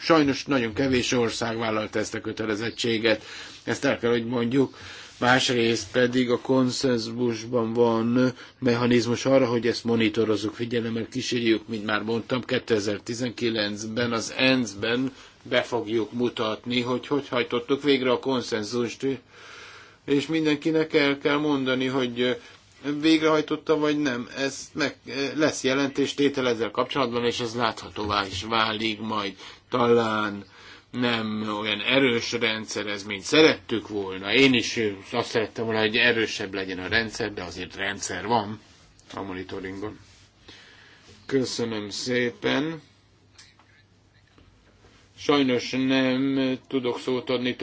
Sajnos nagyon kevés ország vállalta ezt a kötelezettséget, ezt el kell, hogy mondjuk. Másrészt pedig a konszenzusban van mechanizmus arra, hogy ezt monitorozzuk, figyelemmel kísérjük, mint már mondtam, 2019-ben az ENSZ-ben be fogjuk mutatni, hogy hogy hajtottuk végre a konszenzust, és mindenkinek el kell mondani, hogy végrehajtotta, vagy nem. Ez meg, lesz tétel ezzel kapcsolatban, és ez láthatóvá is válik majd. Talán nem olyan erős rendszer ez, mint szerettük volna. Én is azt szerettem volna, hogy erősebb legyen a rendszer, de azért rendszer van a monitoringon. Köszönöm szépen. Sajnos nem tudok szót adni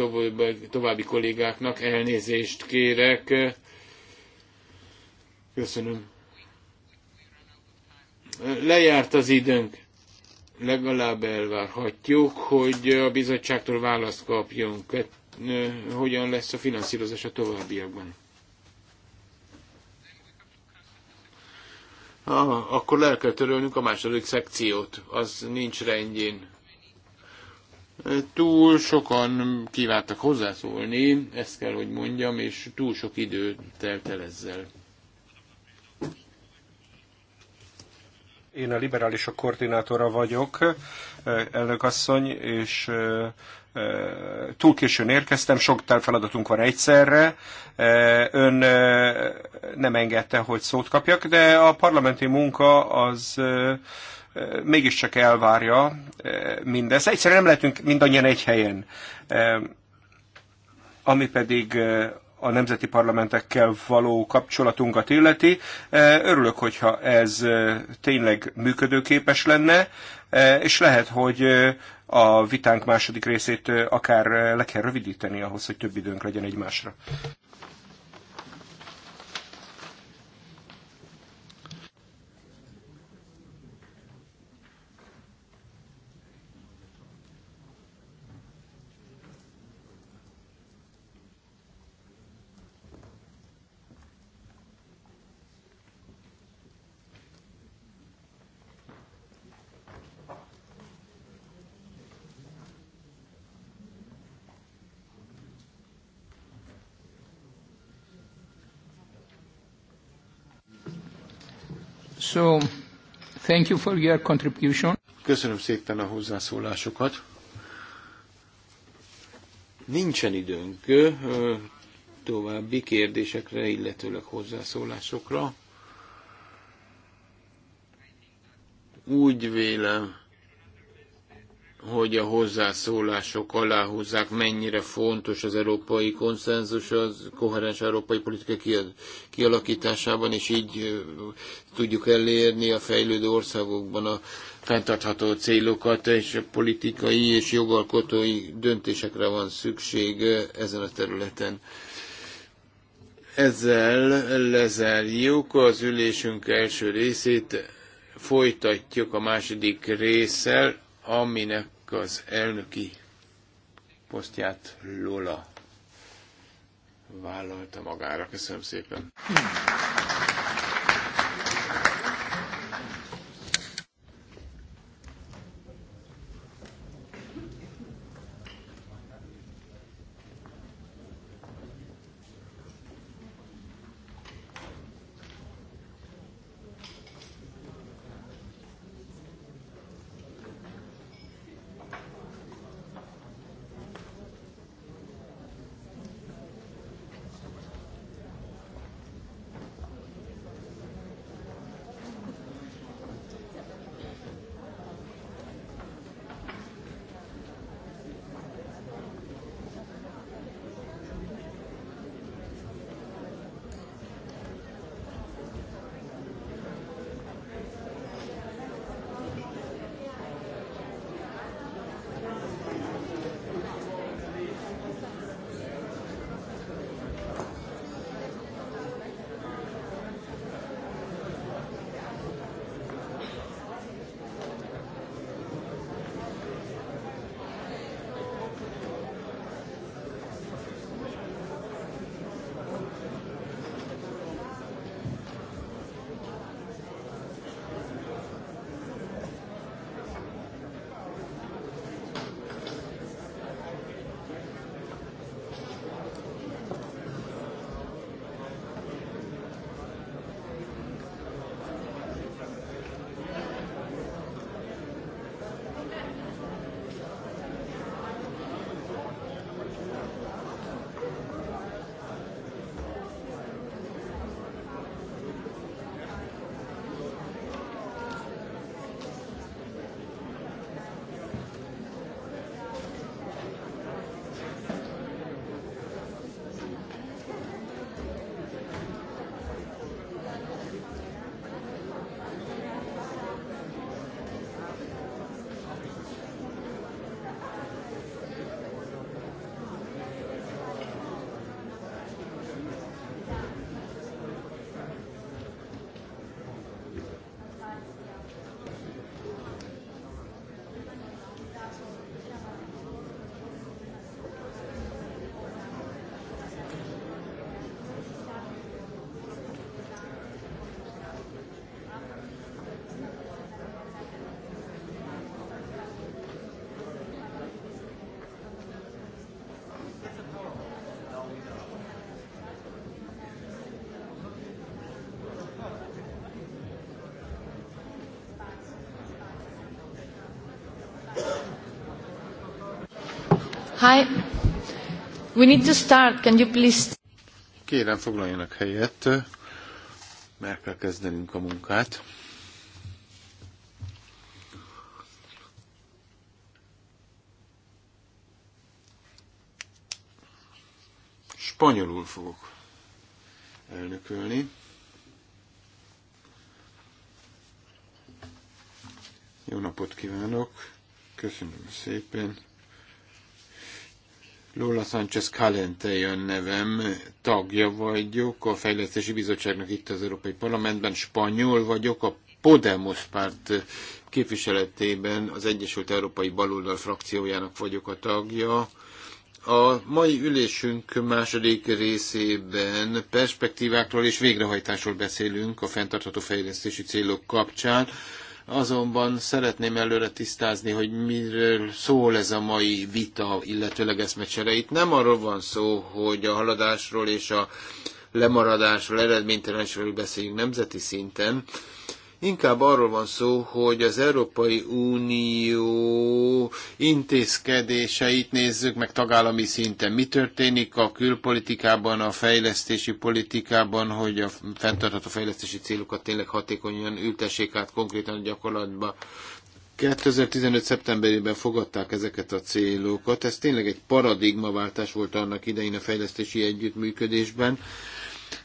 további kollégáknak, elnézést kérek Köszönöm. Lejárt az időnk. Legalább elvárhatjuk, hogy a bizottságtól választ kapjunk. Hogyan lesz a finanszírozás a továbbiakban? Ah, akkor le kell törölnünk a második szekciót. Az nincs rendjén. Túl sokan kívántak hozzászólni, ezt kell, hogy mondjam, és túl sok idő telt el ezzel. Én a liberálisok koordinátora vagyok, elnökasszony, és túl későn érkeztem, sok feladatunk van egyszerre. Ön nem engedte, hogy szót kapjak, de a parlamenti munka az mégiscsak elvárja mindezt. Egyszerűen nem lehetünk mindannyian egy helyen. Ami pedig a nemzeti parlamentekkel való kapcsolatunkat illeti. E, örülök, hogyha ez e, tényleg működőképes lenne, e, és lehet, hogy a vitánk második részét akár le kell rövidíteni ahhoz, hogy több időnk legyen egymásra. So, thank you for your contribution. Köszönöm szépen a hozzászólásokat. Nincsen időnk további kérdésekre, illetőleg hozzászólásokra. Úgy vélem, hogy a hozzászólások aláhúzzák, mennyire fontos az európai konszenzus, az koherens európai politika kialakításában, és így tudjuk elérni a fejlődő országokban a fenntartható célokat, és politikai és jogalkotói döntésekre van szükség ezen a területen. Ezzel lezárjuk az ülésünk első részét, folytatjuk a második résszel aminek az elnöki posztját Lola vállalta magára. Köszönöm szépen. Hmm. Hi. We need to start. Can you please... Kérem, foglaljanak helyet, mert kell kezdenünk a munkát. Spanyolul fogok elnökölni. Jó napot kívánok! Köszönöm szépen! Lola Sánchez Calente a nevem, tagja vagyok a Fejlesztési Bizottságnak itt az Európai Parlamentben, spanyol vagyok, a Podemos párt képviseletében az Egyesült Európai Baloldal frakciójának vagyok a tagja. A mai ülésünk második részében perspektívákról és végrehajtásról beszélünk a fenntartható fejlesztési célok kapcsán. Azonban szeretném előre tisztázni, hogy miről szól ez a mai vita, illetőleg eszmecsere. Itt nem arról van szó, hogy a haladásról és a lemaradásról, eredménytelenségről beszéljünk nemzeti szinten, Inkább arról van szó, hogy az Európai Unió intézkedéseit nézzük meg tagállami szinten. Mi történik a külpolitikában, a fejlesztési politikában, hogy a fenntartható fejlesztési célokat tényleg hatékonyan ültessék át konkrétan a gyakorlatba. 2015. szeptemberében fogadták ezeket a célokat. Ez tényleg egy paradigmaváltás volt annak idején a fejlesztési együttműködésben,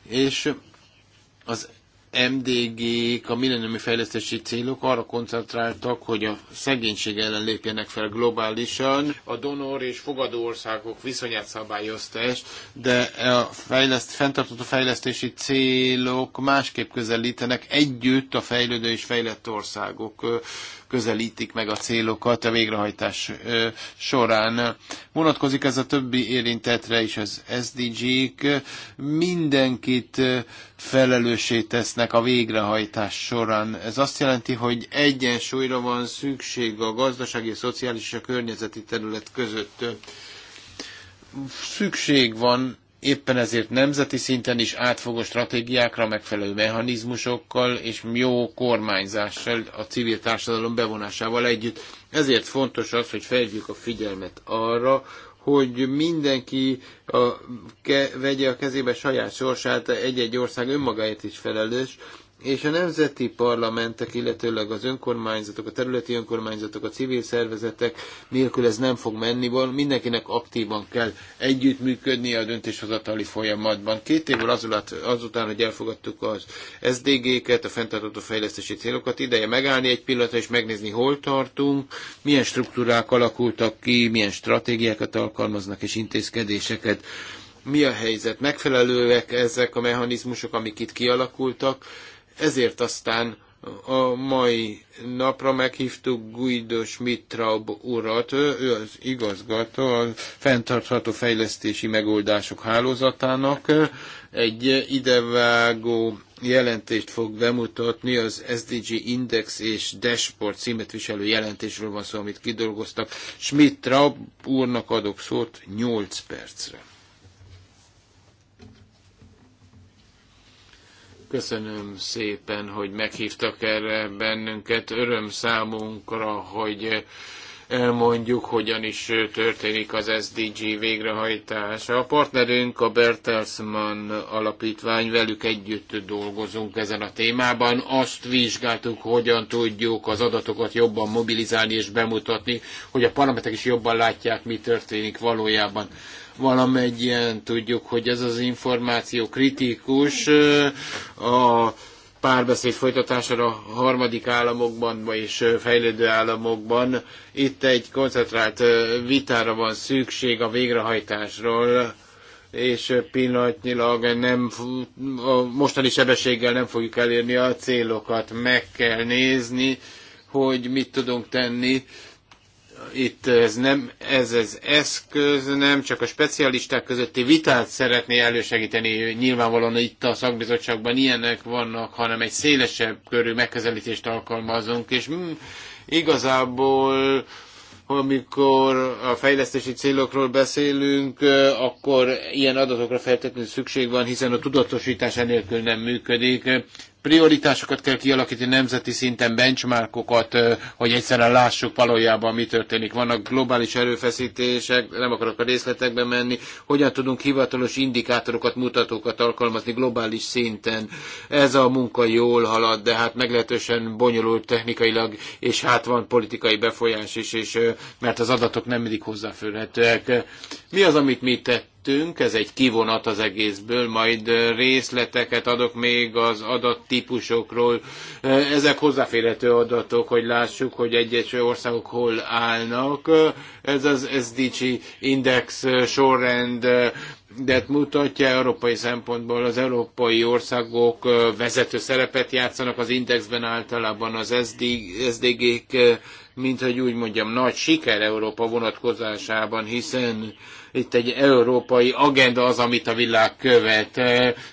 és az MDG-k, a millenniumi fejlesztési célok arra koncentráltak, hogy a szegénység ellen lépjenek fel globálisan. A donor és fogadó országok viszonyát szabályozta de a fejleszt, fenntartató fejlesztési célok másképp közelítenek együtt a fejlődő és fejlett országok közelítik meg a célokat a végrehajtás során. Vonatkozik ez a többi érintetre is, az SDG-k mindenkit felelőssé tesznek a végrehajtás során. Ez azt jelenti, hogy egyensúlyra van szükség a gazdasági, a szociális és a környezeti terület között szükség van Éppen ezért nemzeti szinten is átfogó stratégiákra, megfelelő mechanizmusokkal és jó kormányzással, a civil társadalom bevonásával együtt. Ezért fontos az, hogy felhívjuk a figyelmet arra, hogy mindenki a, ke, vegye a kezébe saját sorsát, egy-egy ország önmagáért is felelős, és a nemzeti parlamentek, illetőleg az önkormányzatok, a területi önkormányzatok, a civil szervezetek nélkül ez nem fog menni, mindenkinek aktívan kell együttműködni a döntéshozatali folyamatban. Két évvel azután, hogy elfogadtuk az SDG-ket, a fenntartható fejlesztési célokat, ideje megállni egy pillanatra és megnézni, hol tartunk, milyen struktúrák alakultak ki, milyen stratégiákat alkalmaznak és intézkedéseket mi a helyzet? Megfelelőek ezek a mechanizmusok, amik itt kialakultak? Ezért aztán a mai napra meghívtuk Guido Schmidtraub urat, ő, ő az igazgató a fenntartható fejlesztési megoldások hálózatának. Egy idevágó jelentést fog bemutatni, az SDG Index és Dashboard címet viselő jelentésről van szó, amit kidolgoztak. Schmidtraub úrnak adok szót 8 percre. Köszönöm szépen, hogy meghívtak erre bennünket. Öröm számunkra, hogy elmondjuk, hogyan is történik az SDG végrehajtása. A partnerünk a Bertelsmann alapítvány, velük együtt dolgozunk ezen a témában. Azt vizsgáltuk, hogyan tudjuk az adatokat jobban mobilizálni és bemutatni, hogy a parlamentek is jobban látják, mi történik valójában valamennyien tudjuk, hogy ez az információ kritikus a párbeszéd folytatására a harmadik államokban és fejlődő államokban. Itt egy koncentrált vitára van szükség a végrehajtásról, és pillanatnyilag nem, a mostani sebességgel nem fogjuk elérni a célokat, meg kell nézni, hogy mit tudunk tenni itt ez, nem, ez az eszköz nem csak a specialisták közötti vitát szeretné elősegíteni, nyilvánvalóan itt a szakbizottságban ilyenek vannak, hanem egy szélesebb körű megközelítést alkalmazunk, és mm, igazából amikor a fejlesztési célokról beszélünk, akkor ilyen adatokra feltétlenül szükség van, hiszen a tudatosítás enélkül nem működik prioritásokat kell kialakítani nemzeti szinten, benchmarkokat, hogy egyszerűen lássuk valójában mi történik. Vannak globális erőfeszítések, nem akarok a részletekbe menni, hogyan tudunk hivatalos indikátorokat, mutatókat alkalmazni globális szinten. Ez a munka jól halad, de hát meglehetősen bonyolult technikailag, és hát van politikai befolyás is, és, mert az adatok nem mindig hozzáférhetőek. Mi az, amit mi tettünk? tettünk, ez egy kivonat az egészből, majd részleteket adok még az adattípusokról. Ezek hozzáférhető adatok, hogy lássuk, hogy egyes országok hol állnak. Ez az SDG Index sorrend de mutatja európai szempontból az európai országok vezető szerepet játszanak az indexben általában az SDG-k, mint hogy úgy mondjam, nagy siker Európa vonatkozásában, hiszen itt egy európai agenda az, amit a világ követ.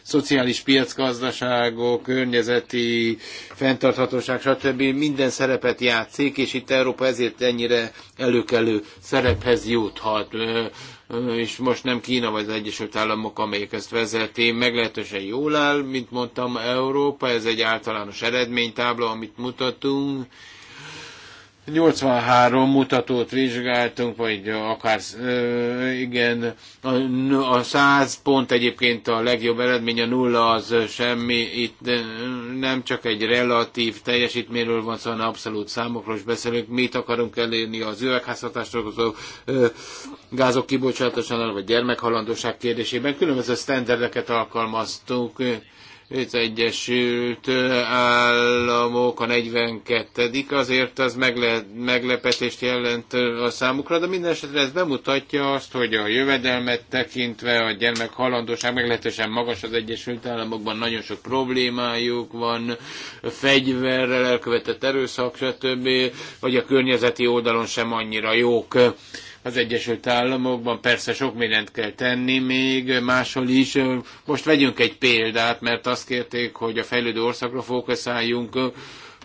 Szociális piacgazdaságok, környezeti fenntarthatóság, stb. minden szerepet játszik, és itt Európa ezért ennyire előkelő szerephez juthat és most nem Kína vagy az Egyesült Államok, amelyek ezt vezeti, meglehetősen jól áll, mint mondtam, Európa, ez egy általános eredménytábla, amit mutatunk, 83 mutatót vizsgáltunk, vagy akár igen, a 100 pont egyébként a legjobb eredmény, a nulla az semmi, itt nem csak egy relatív teljesítményről van szó, hanem abszolút számokról is beszélünk, mit akarunk elérni az üvegházhatásról, az gázok kibocsátásánál, vagy gyermekhalandóság kérdésében. Különböző sztenderdeket alkalmaztunk, az Egyesült Államok a 42 azért az megle, meglepetést jelent a számukra, de minden esetre ez bemutatja azt, hogy a jövedelmet tekintve a gyermek halandóság meglehetősen magas az Egyesült Államokban, nagyon sok problémájuk van, fegyverrel elkövetett erőszak, stb. vagy a környezeti oldalon sem annyira jók az Egyesült Államokban. Persze sok mindent kell tenni még máshol is. Most vegyünk egy példát, mert azt kérték, hogy a fejlődő országra fókuszáljunk,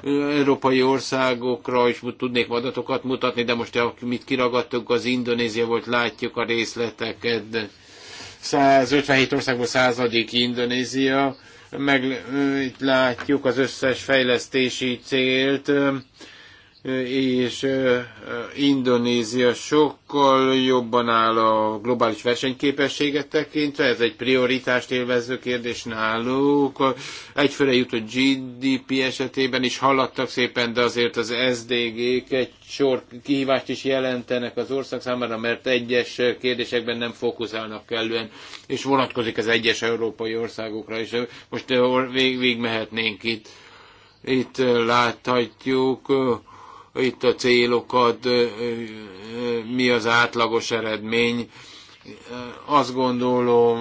európai országokra is tudnék adatokat mutatni, de most amit kiragadtunk, az Indonézia volt, látjuk a részleteket. 157 országból századik Indonézia, meg itt látjuk az összes fejlesztési célt, és Indonézia sokkal jobban áll a globális versenyképességet tekintve, ez egy prioritást élvező kérdés náluk. Egyfőre jutott GDP esetében is haladtak szépen, de azért az SDG-k egy sor kihívást is jelentenek az ország számára, mert egyes kérdésekben nem fókuszálnak kellően, és vonatkozik az egyes európai országokra is. Most vég, itt. Itt láthatjuk, itt a célokat, mi az átlagos eredmény. Azt gondolom,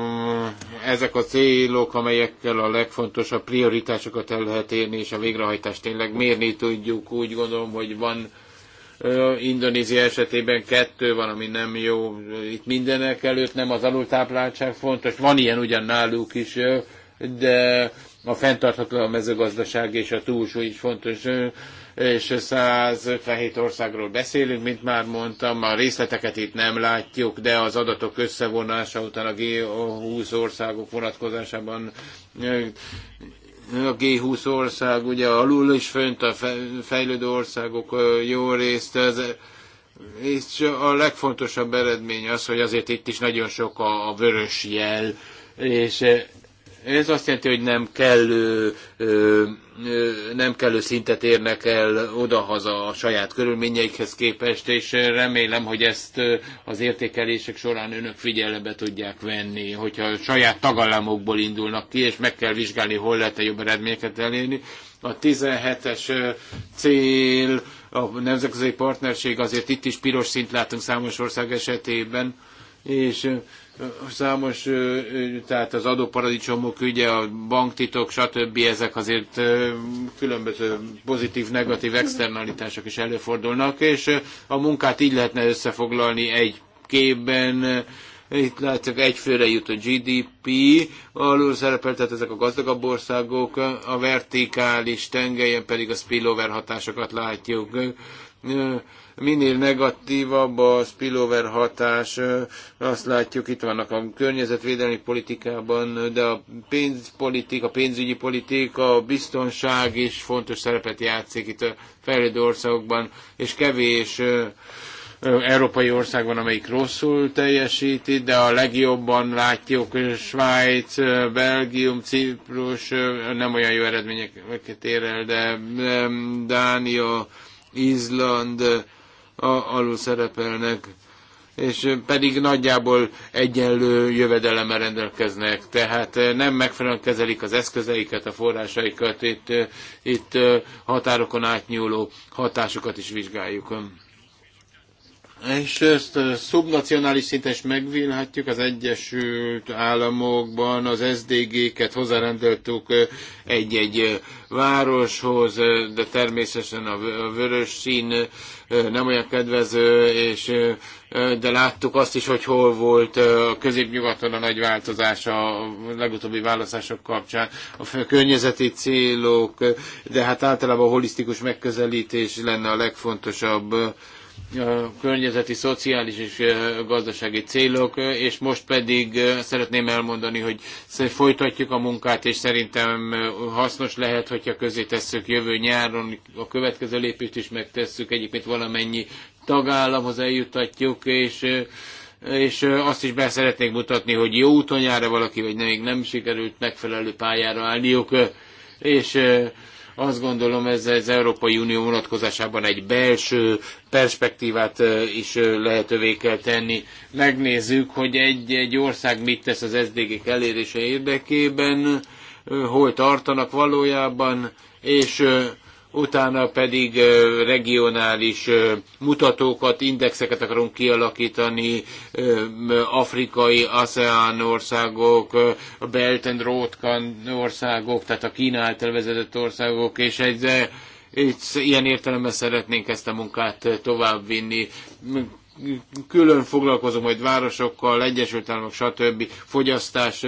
ezek a célok, amelyekkel a legfontosabb prioritásokat el lehet érni, és a végrehajtást tényleg mérni tudjuk. Úgy gondolom, hogy van Indonézia esetében kettő van, ami nem jó. Itt mindenek előtt nem az alultápláltság fontos. Van ilyen ugyan náluk is, de a fenntartható a mezőgazdaság és a túlsúly is fontos és 157 országról beszélünk, mint már mondtam, a részleteket itt nem látjuk, de az adatok összevonása után a G20 országok vonatkozásában a G20 ország, ugye alul is fönt a fejlődő országok jó részt, ez, és a legfontosabb eredmény az, hogy azért itt is nagyon sok a, a vörös jel, és ez azt jelenti, hogy nem kellő, nem kellő szintet érnek el odahaza a saját körülményeikhez képest, és remélem, hogy ezt az értékelések során önök figyelembe tudják venni, hogyha a saját tagállamokból indulnak ki, és meg kell vizsgálni, hol lehet a jobb eredményeket elérni. A 17-es cél, a nemzetközi partnerség, azért itt is piros szint látunk számos ország esetében, és számos, tehát az adóparadicsomok ügye, a banktitok, stb. ezek azért különböző pozitív, negatív externalitások is előfordulnak, és a munkát így lehetne összefoglalni egy képben, itt látszik egyfőre jut a GDP, alul szerepel, tehát ezek a gazdagabb országok, a vertikális tengelyen pedig a spillover hatásokat látjuk minél negatívabb a spillover hatás, azt látjuk, itt vannak a környezetvédelmi politikában, de a pénzpolitika, a pénzügyi politika, a biztonság is fontos szerepet játszik itt a fejlődő országokban, és kevés európai ország van, amelyik rosszul teljesíti, de a legjobban látjuk Svájc, Belgium, Ciprus nem olyan jó eredményeket ér el, de Dánia, Izland, a, alul szerepelnek, és pedig nagyjából egyenlő jövedelemmel rendelkeznek, tehát eh, nem megfelelően kezelik az eszközeiket, a forrásaikat, itt, eh, itt eh, határokon átnyúló hatásokat is vizsgáljuk és ezt eh, szubnacionális szinten is megvélhetjük az Egyesült Államokban, az SDG-ket hozzárendeltük eh, egy-egy eh, városhoz, de természetesen a vörös szín nem olyan kedvező, és, de láttuk azt is, hogy hol volt a középnyugaton a nagy változás a legutóbbi választások kapcsán, a környezeti célok, de hát általában a holisztikus megközelítés lenne a legfontosabb környezeti, szociális és gazdasági célok, és most pedig szeretném elmondani, hogy folytatjuk a munkát, és szerintem hasznos lehet, hogyha közé tesszük jövő nyáron, a következő lépést is megtesszük, egyébként valamennyi tagállamhoz eljutatjuk, és és azt is be szeretnék mutatni, hogy jó úton jár -e valaki, vagy még nem sikerült megfelelő pályára állniuk, és azt gondolom ez az Európai Unió vonatkozásában egy belső perspektívát is lehetővé kell tenni. Megnézzük, hogy egy-egy ország mit tesz az SZDG elérése érdekében, hol tartanak valójában, és utána pedig regionális mutatókat, indexeket akarunk kialakítani, afrikai, ASEAN országok, a Belt and Road országok, tehát a Kína által vezetett országok, és egy ilyen értelemben szeretnénk ezt a munkát továbbvinni. Külön foglalkozom, majd városokkal, Egyesült Államok, stb. fogyasztás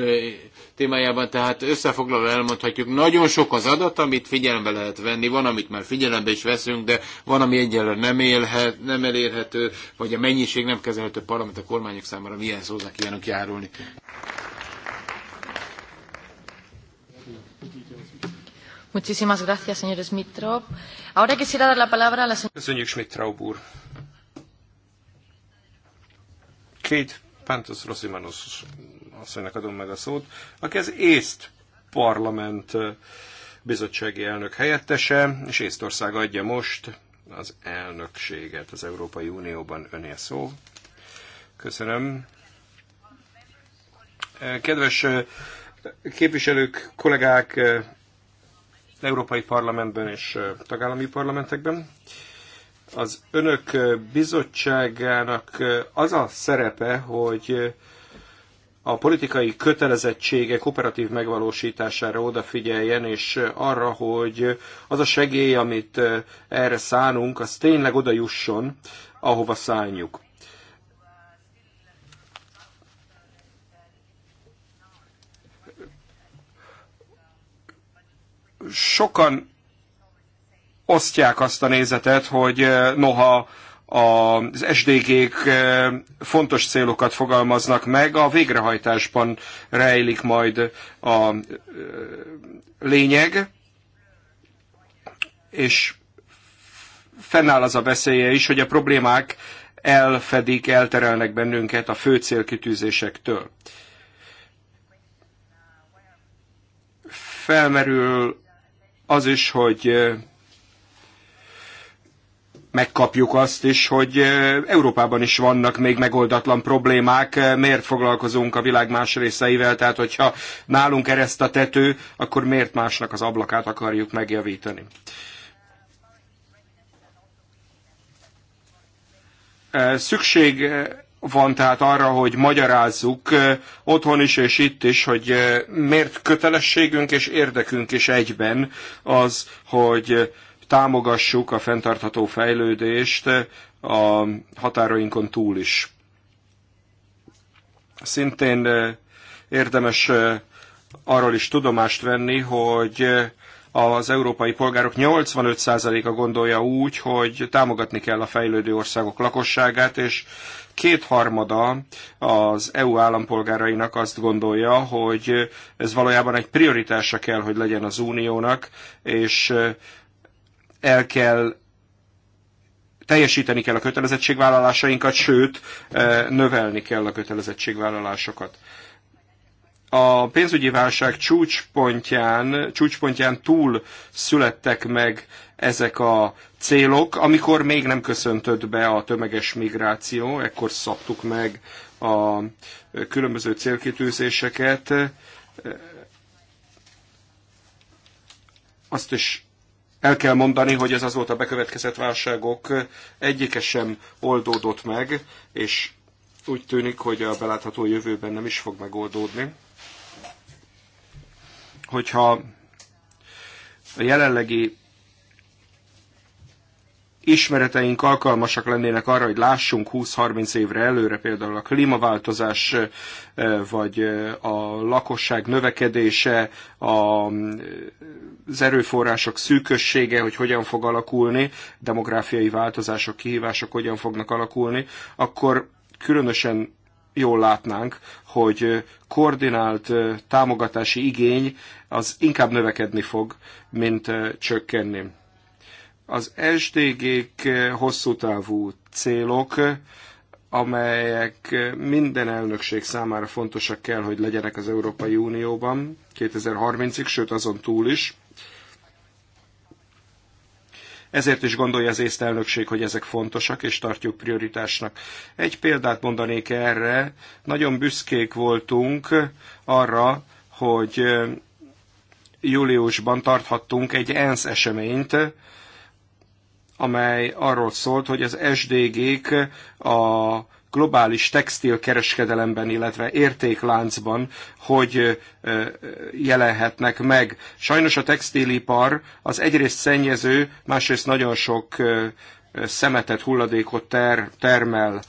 témájában, tehát összefoglalva elmondhatjuk, nagyon sok az adat, amit figyelembe lehet venni, van, amit már figyelembe is veszünk, de van, ami egyelőre nem, élhet, nem elérhető, vagy a mennyiség nem kezelhető parlament a kormányok számára, milyen szóznak kívánunk járulni. Muchísimas gracias, señor Smitrov. Ahora quisiera dar la palabra a la señora... Köszönjük, Smitrov úr. Két Pantos Rosimanos asszonynak adom meg a szót, aki az észt parlament bizottsági elnök helyettese, és Észtország adja most az elnökséget az Európai Unióban önél szó. Köszönöm. Kedves képviselők, kollégák, Európai Parlamentben és tagállami parlamentekben. Az önök bizottságának az a szerepe, hogy a politikai kötelezettségek operatív megvalósítására odafigyeljen, és arra, hogy az a segély, amit eh, erre szánunk, az tényleg oda jusson, ahova szánjuk. Sokan osztják azt a nézetet, hogy eh, noha az SDG-k eh, fontos célokat fogalmaznak meg, a végrehajtásban rejlik majd a eh, lényeg, és fennáll az a veszélye is, hogy a problémák elfedik, elterelnek bennünket a fő célkitűzésektől. Felmerül az is, hogy eh, megkapjuk azt is, hogy Európában is vannak még megoldatlan problémák, miért foglalkozunk a világ más részeivel, tehát hogyha nálunk ereszt a tető, akkor miért másnak az ablakát akarjuk megjavítani. Szükség van tehát arra, hogy magyarázzuk otthon is és itt is, hogy miért kötelességünk és érdekünk is egyben az, hogy támogassuk a fenntartható fejlődést a határainkon túl is. Szintén eh, érdemes eh, arról is tudomást venni, hogy eh, az európai polgárok 85%-a gondolja úgy, hogy támogatni kell a fejlődő országok lakosságát, és kétharmada az EU állampolgárainak azt gondolja, hogy ez valójában egy prioritása kell, hogy legyen az uniónak, és el kell teljesíteni kell a kötelezettségvállalásainkat, sőt, e, növelni kell a kötelezettségvállalásokat. A pénzügyi válság csúcspontján, csúcspontján túl születtek meg ezek a célok, amikor még nem köszöntött be a tömeges migráció, ekkor szabtuk meg a különböző célkitűzéseket. Azt is el kell mondani, hogy ez azóta bekövetkezett válságok egyike sem oldódott meg, és úgy tűnik, hogy a belátható jövőben nem is fog megoldódni. Hogyha a jelenlegi ismereteink alkalmasak lennének arra, hogy lássunk 20-30 évre előre például a klímaváltozás, vagy a lakosság növekedése, az erőforrások szűkössége, hogy hogyan fog alakulni, demográfiai változások, kihívások hogyan fognak alakulni, akkor különösen jól látnánk, hogy koordinált támogatási igény az inkább növekedni fog, mint csökkenni. Az SDG-k hosszú távú célok, amelyek minden elnökség számára fontosak kell, hogy legyenek az Európai Unióban 2030-ig, sőt azon túl is. Ezért is gondolja az észt elnökség, hogy ezek fontosak, és tartjuk prioritásnak. Egy példát mondanék erre. Nagyon büszkék voltunk arra, hogy júliusban tarthattunk egy ENSZ eseményt, amely arról szólt, hogy az SDG-k a globális textilkereskedelemben, illetve értékláncban, hogy jelenhetnek meg. Sajnos a textilipar az egyrészt szennyező, másrészt nagyon sok szemetet, hulladékot ter, termel.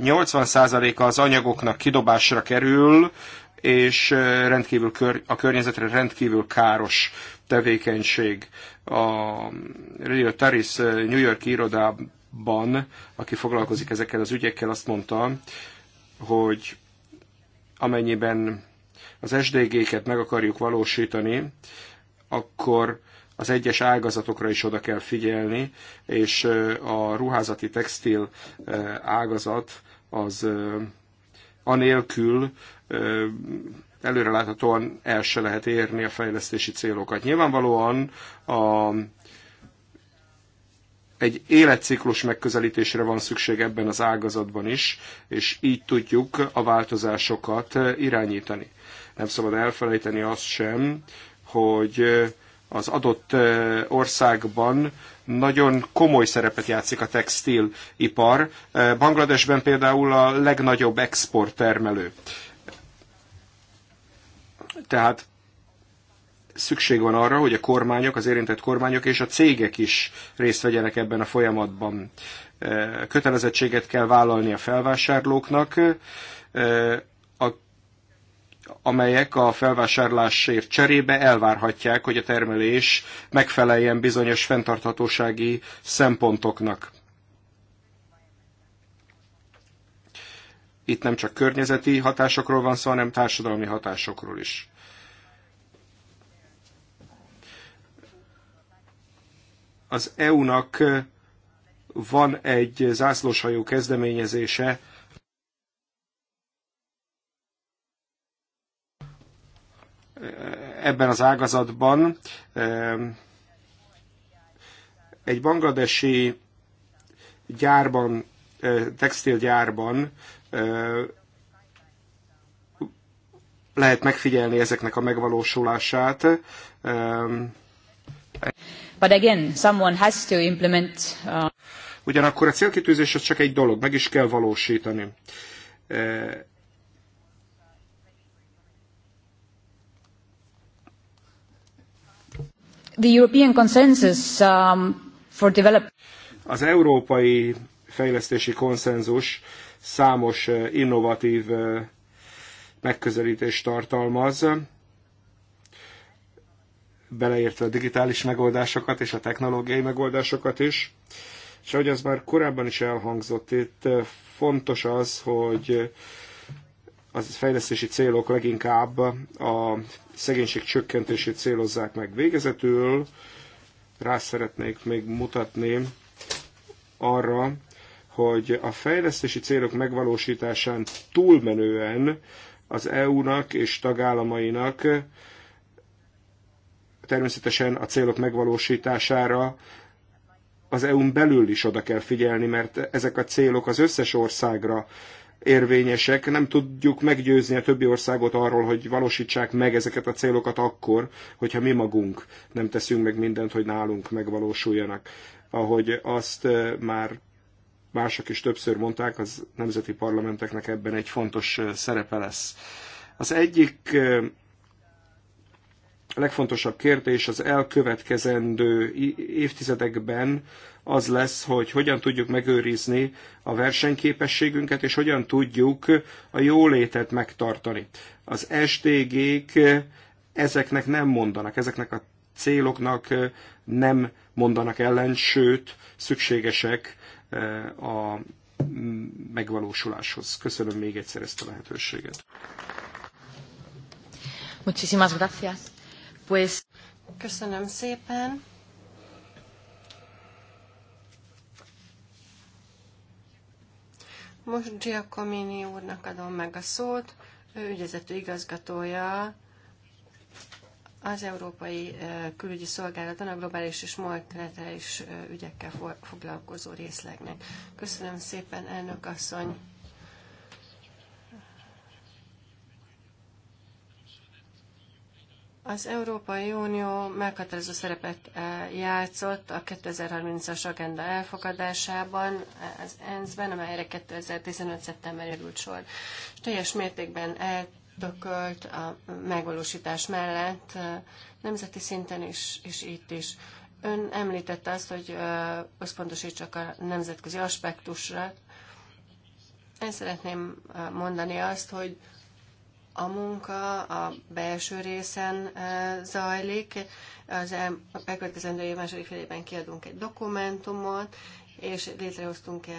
80%-a az anyagoknak kidobásra kerül, és rendkívül kör, a környezetre rendkívül káros tevékenység a Radio Taris eh, New York irodában, aki foglalkozik ezekkel az ügyekkel, azt mondta, hogy amennyiben az SDG-ket meg akarjuk valósítani, akkor az egyes ágazatokra is oda kell figyelni, és eh, a ruházati textil eh, ágazat az anélkül előreláthatóan el se lehet érni a fejlesztési célokat. Nyilvánvalóan a, egy életciklus megközelítésre van szükség ebben az ágazatban is, és így tudjuk a változásokat irányítani. Nem szabad elfelejteni azt sem, hogy az adott országban nagyon komoly szerepet játszik a textilipar. Bangladesben például a legnagyobb exporttermelő. termelő tehát szükség van arra, hogy a kormányok, az érintett kormányok és a cégek is részt vegyenek ebben a folyamatban. E, kötelezettséget kell vállalni a felvásárlóknak, e, amelyek a felvásárlásért cserébe elvárhatják, hogy a termelés megfeleljen bizonyos fenntarthatósági szempontoknak. Itt nem csak környezeti hatásokról van szó, hanem társadalmi hatásokról is. Az EU-nak van egy zászlóshajó kezdeményezése, ebben az ágazatban egy bangladesi gyárban textilgyárban lehet megfigyelni ezeknek a megvalósulását. But again, someone has to implement, uh... Ugyanakkor a célkitűzés az csak egy dolog, meg is kell valósítani. The European consensus um, for development. Az európai fejlesztési konszenzus számos eh, innovatív eh, megközelítést tartalmaz, beleértve a digitális megoldásokat és a technológiai megoldásokat is. És ahogy az már korábban is elhangzott, itt eh, fontos az, hogy az fejlesztési célok leginkább a szegénység csökkentését célozzák meg. Végezetül rá szeretnék még mutatni arra, hogy a fejlesztési célok megvalósításán túlmenően az EU-nak és tagállamainak természetesen a célok megvalósítására az EU-n belül is oda kell figyelni, mert ezek a célok az összes országra érvényesek. Nem tudjuk meggyőzni a többi országot arról, hogy valósítsák meg ezeket a célokat akkor, hogyha mi magunk nem teszünk meg mindent, hogy nálunk megvalósuljanak. Ahogy azt eh, már mások is többször mondták, az nemzeti parlamenteknek ebben egy fontos szerepe lesz. Az egyik legfontosabb kérdés az elkövetkezendő évtizedekben az lesz, hogy hogyan tudjuk megőrizni a versenyképességünket, és hogyan tudjuk a jólétet megtartani. Az SDG-k ezeknek nem mondanak, ezeknek a céloknak nem mondanak ellen, sőt, szükségesek a megvalósuláshoz. Köszönöm még egyszer ezt a lehetőséget. Muchísimas gracias. Pues... Köszönöm szépen. Most Giacomini úrnak adom meg a szót, ő ügyezető igazgatója az Európai Külügyi Szolgálaton a globális és multilaterális ügyekkel foglalkozó részlegnek. Köszönöm szépen, elnök asszony! Az Európai Unió meghatározó szerepet játszott a 2030-as agenda elfogadásában, az ENSZ-ben, amelyre 2015. szeptember került sor. Teljes mértékben el dökölt a megvalósítás mellett, nemzeti szinten is, és itt is. Ön említette azt, hogy összpontosítsak a nemzetközi aspektusra. Én szeretném mondani azt, hogy a munka a belső részen zajlik. Az elkövetkezendő év második felében kiadunk egy dokumentumot, és létrehoztunk e,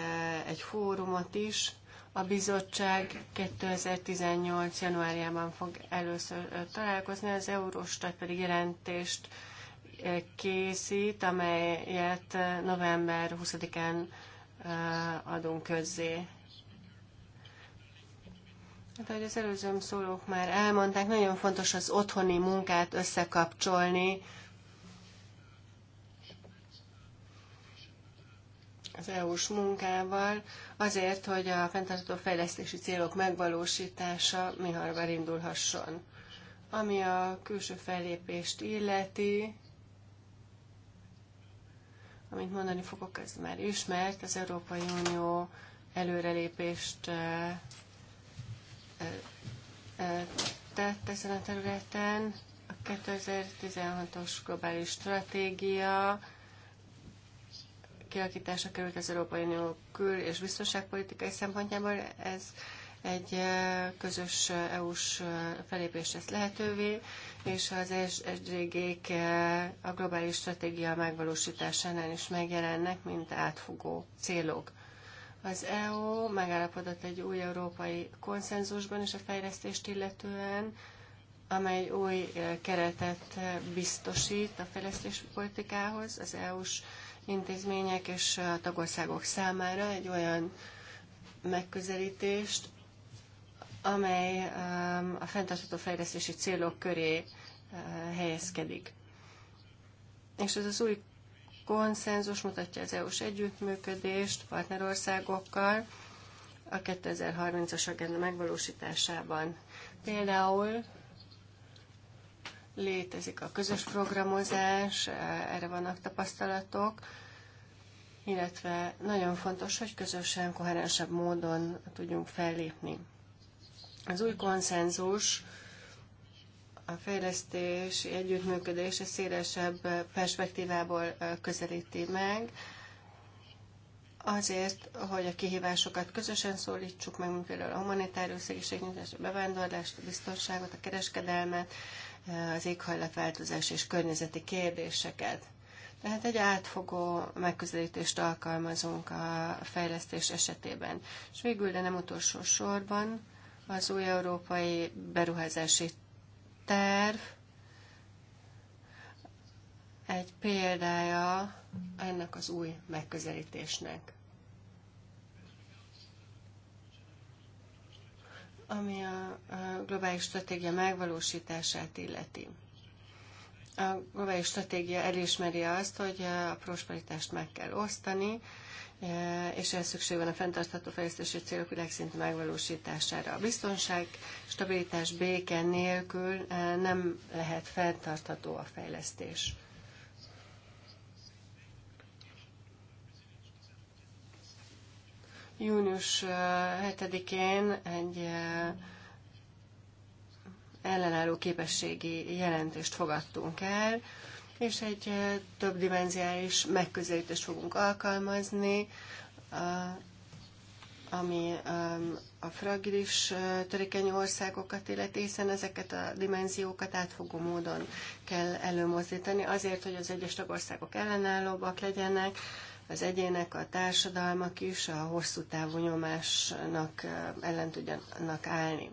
egy fórumot is, a bizottság 2018. januárjában fog először találkozni, az Eurostat pedig jelentést készít, amelyet november 20-án adunk közzé. Hát, ahogy az előzőm szólók már elmondták, nagyon fontos az otthoni munkát összekapcsolni az EU-s munkával, azért, hogy a fenntartható fejlesztési célok megvalósítása mihamarabb indulhasson. Ami a külső fellépést illeti, amit mondani fogok, ez már ismert, az Európai Unió előrelépést eh, eh, eh, tett ezen a területen. A 2016-os globális stratégia kialakítása került az Európai Unió kül- és biztonságpolitikai szempontjából. Ez egy közös EU-s felépést tesz lehetővé, és az sdg a globális stratégia megvalósításánál is megjelennek, mint átfogó célok. Az EU megállapodott egy új európai konszenzusban is a fejlesztést illetően, amely új keretet biztosít a fejlesztés politikához, az EU-s intézmények és a tagországok számára egy olyan megközelítést, amely um, a fenntartható fejlesztési célok köré uh, helyezkedik. És ez az új konszenzus mutatja az EU-s együttműködést partnerországokkal a 2030-as agenda megvalósításában. Például létezik a közös programozás, e, erre vannak tapasztalatok, illetve nagyon fontos, hogy közösen, koherensebb módon tudjunk fellépni. Az új konszenzus a fejlesztés együttműködése szélesebb perspektívából e, közelíti meg, azért, hogy a kihívásokat közösen szólítsuk meg, mint például a humanitárius segítségnyújtást, a bevándorlást, a biztonságot, a kereskedelmet, az éghajlatváltozás és környezeti kérdéseket. Tehát egy átfogó megközelítést alkalmazunk a fejlesztés esetében. És végül, de nem utolsó sorban, az új európai beruházási terv egy példája ennek az új megközelítésnek. ami a, globális stratégia megvalósítását illeti. A globális stratégia elismeri azt, hogy a prosperitást meg kell osztani, e, és ez szükség van a fenntartható fejlesztési célok világszintű megvalósítására. A biztonság, stabilitás, béke nélkül e, nem lehet fenntartható a fejlesztés. Június 7-én egy ellenálló képességi jelentést fogadtunk el, és egy több dimenziális megközelítést fogunk alkalmazni, ami a fragilis törékeny országokat illeti, hiszen ezeket a dimenziókat átfogó módon kell előmozdítani, azért, hogy az egyes tagországok ellenállóbbak legyenek, az egyének, a társadalmak is a hosszú távú nyomásnak ellen tudjanak állni.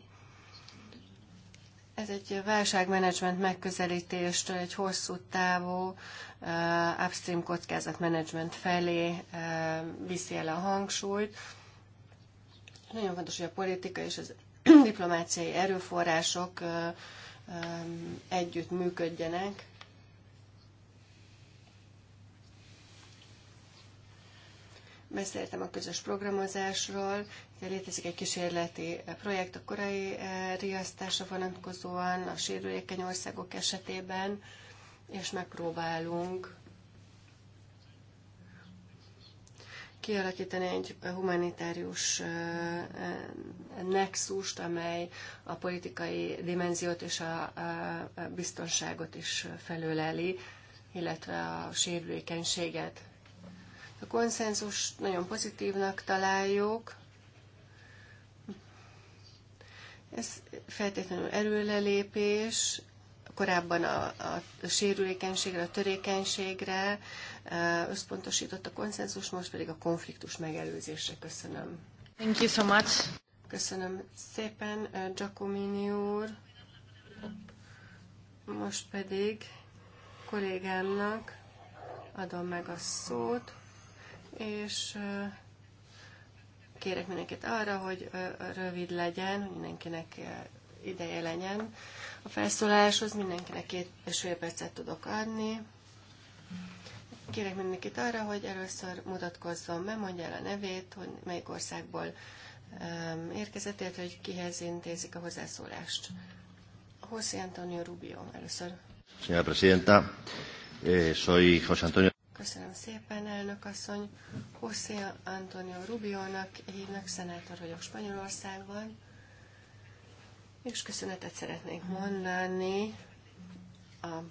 Ez egy válságmenedzsment megközelítést, egy hosszú távú uh, upstream kockázatmenedzsment felé uh, viszi el a hangsúlyt. Nagyon fontos, hogy a politika és az <clears throat> diplomáciai erőforrások uh, um, együtt működjenek, Beszéltem a közös programozásról, létezik egy kísérleti projekt a korai eh, riasztása vonatkozóan a sérülékeny országok esetében, és megpróbálunk kialakítani egy humanitárius eh, eh, nexust, amely a politikai dimenziót és a biztonságot is felöleli, illetve a sérülékenységet. A konszenzus nagyon pozitívnak találjuk. Ez feltétlenül erőlelépés, korábban a, a, sérülékenységre, a törékenységre összpontosított a konszenzus, most pedig a konfliktus megelőzésre. Köszönöm. Thank you so much. Köszönöm szépen, Giacomini úr. Most pedig kollégámnak adom meg a szót és kérek mindenkit arra, hogy rövid legyen, hogy mindenkinek ideje legyen a felszóláshoz, mindenkinek két és fél percet tudok adni. Kérek mindenkit arra, hogy először mutatkozzon be, mondja el a nevét, hogy melyik országból érkezett, illetve hogy kihez intézik a hozzászólást. José Antonio Rubio először. Señora Presidenta, eh, soy José Antonio. Köszönöm szépen, elnök asszony. José Antonio nak hívnak, szenátor vagyok Spanyolországban, és köszönetet szeretnék mondani a, a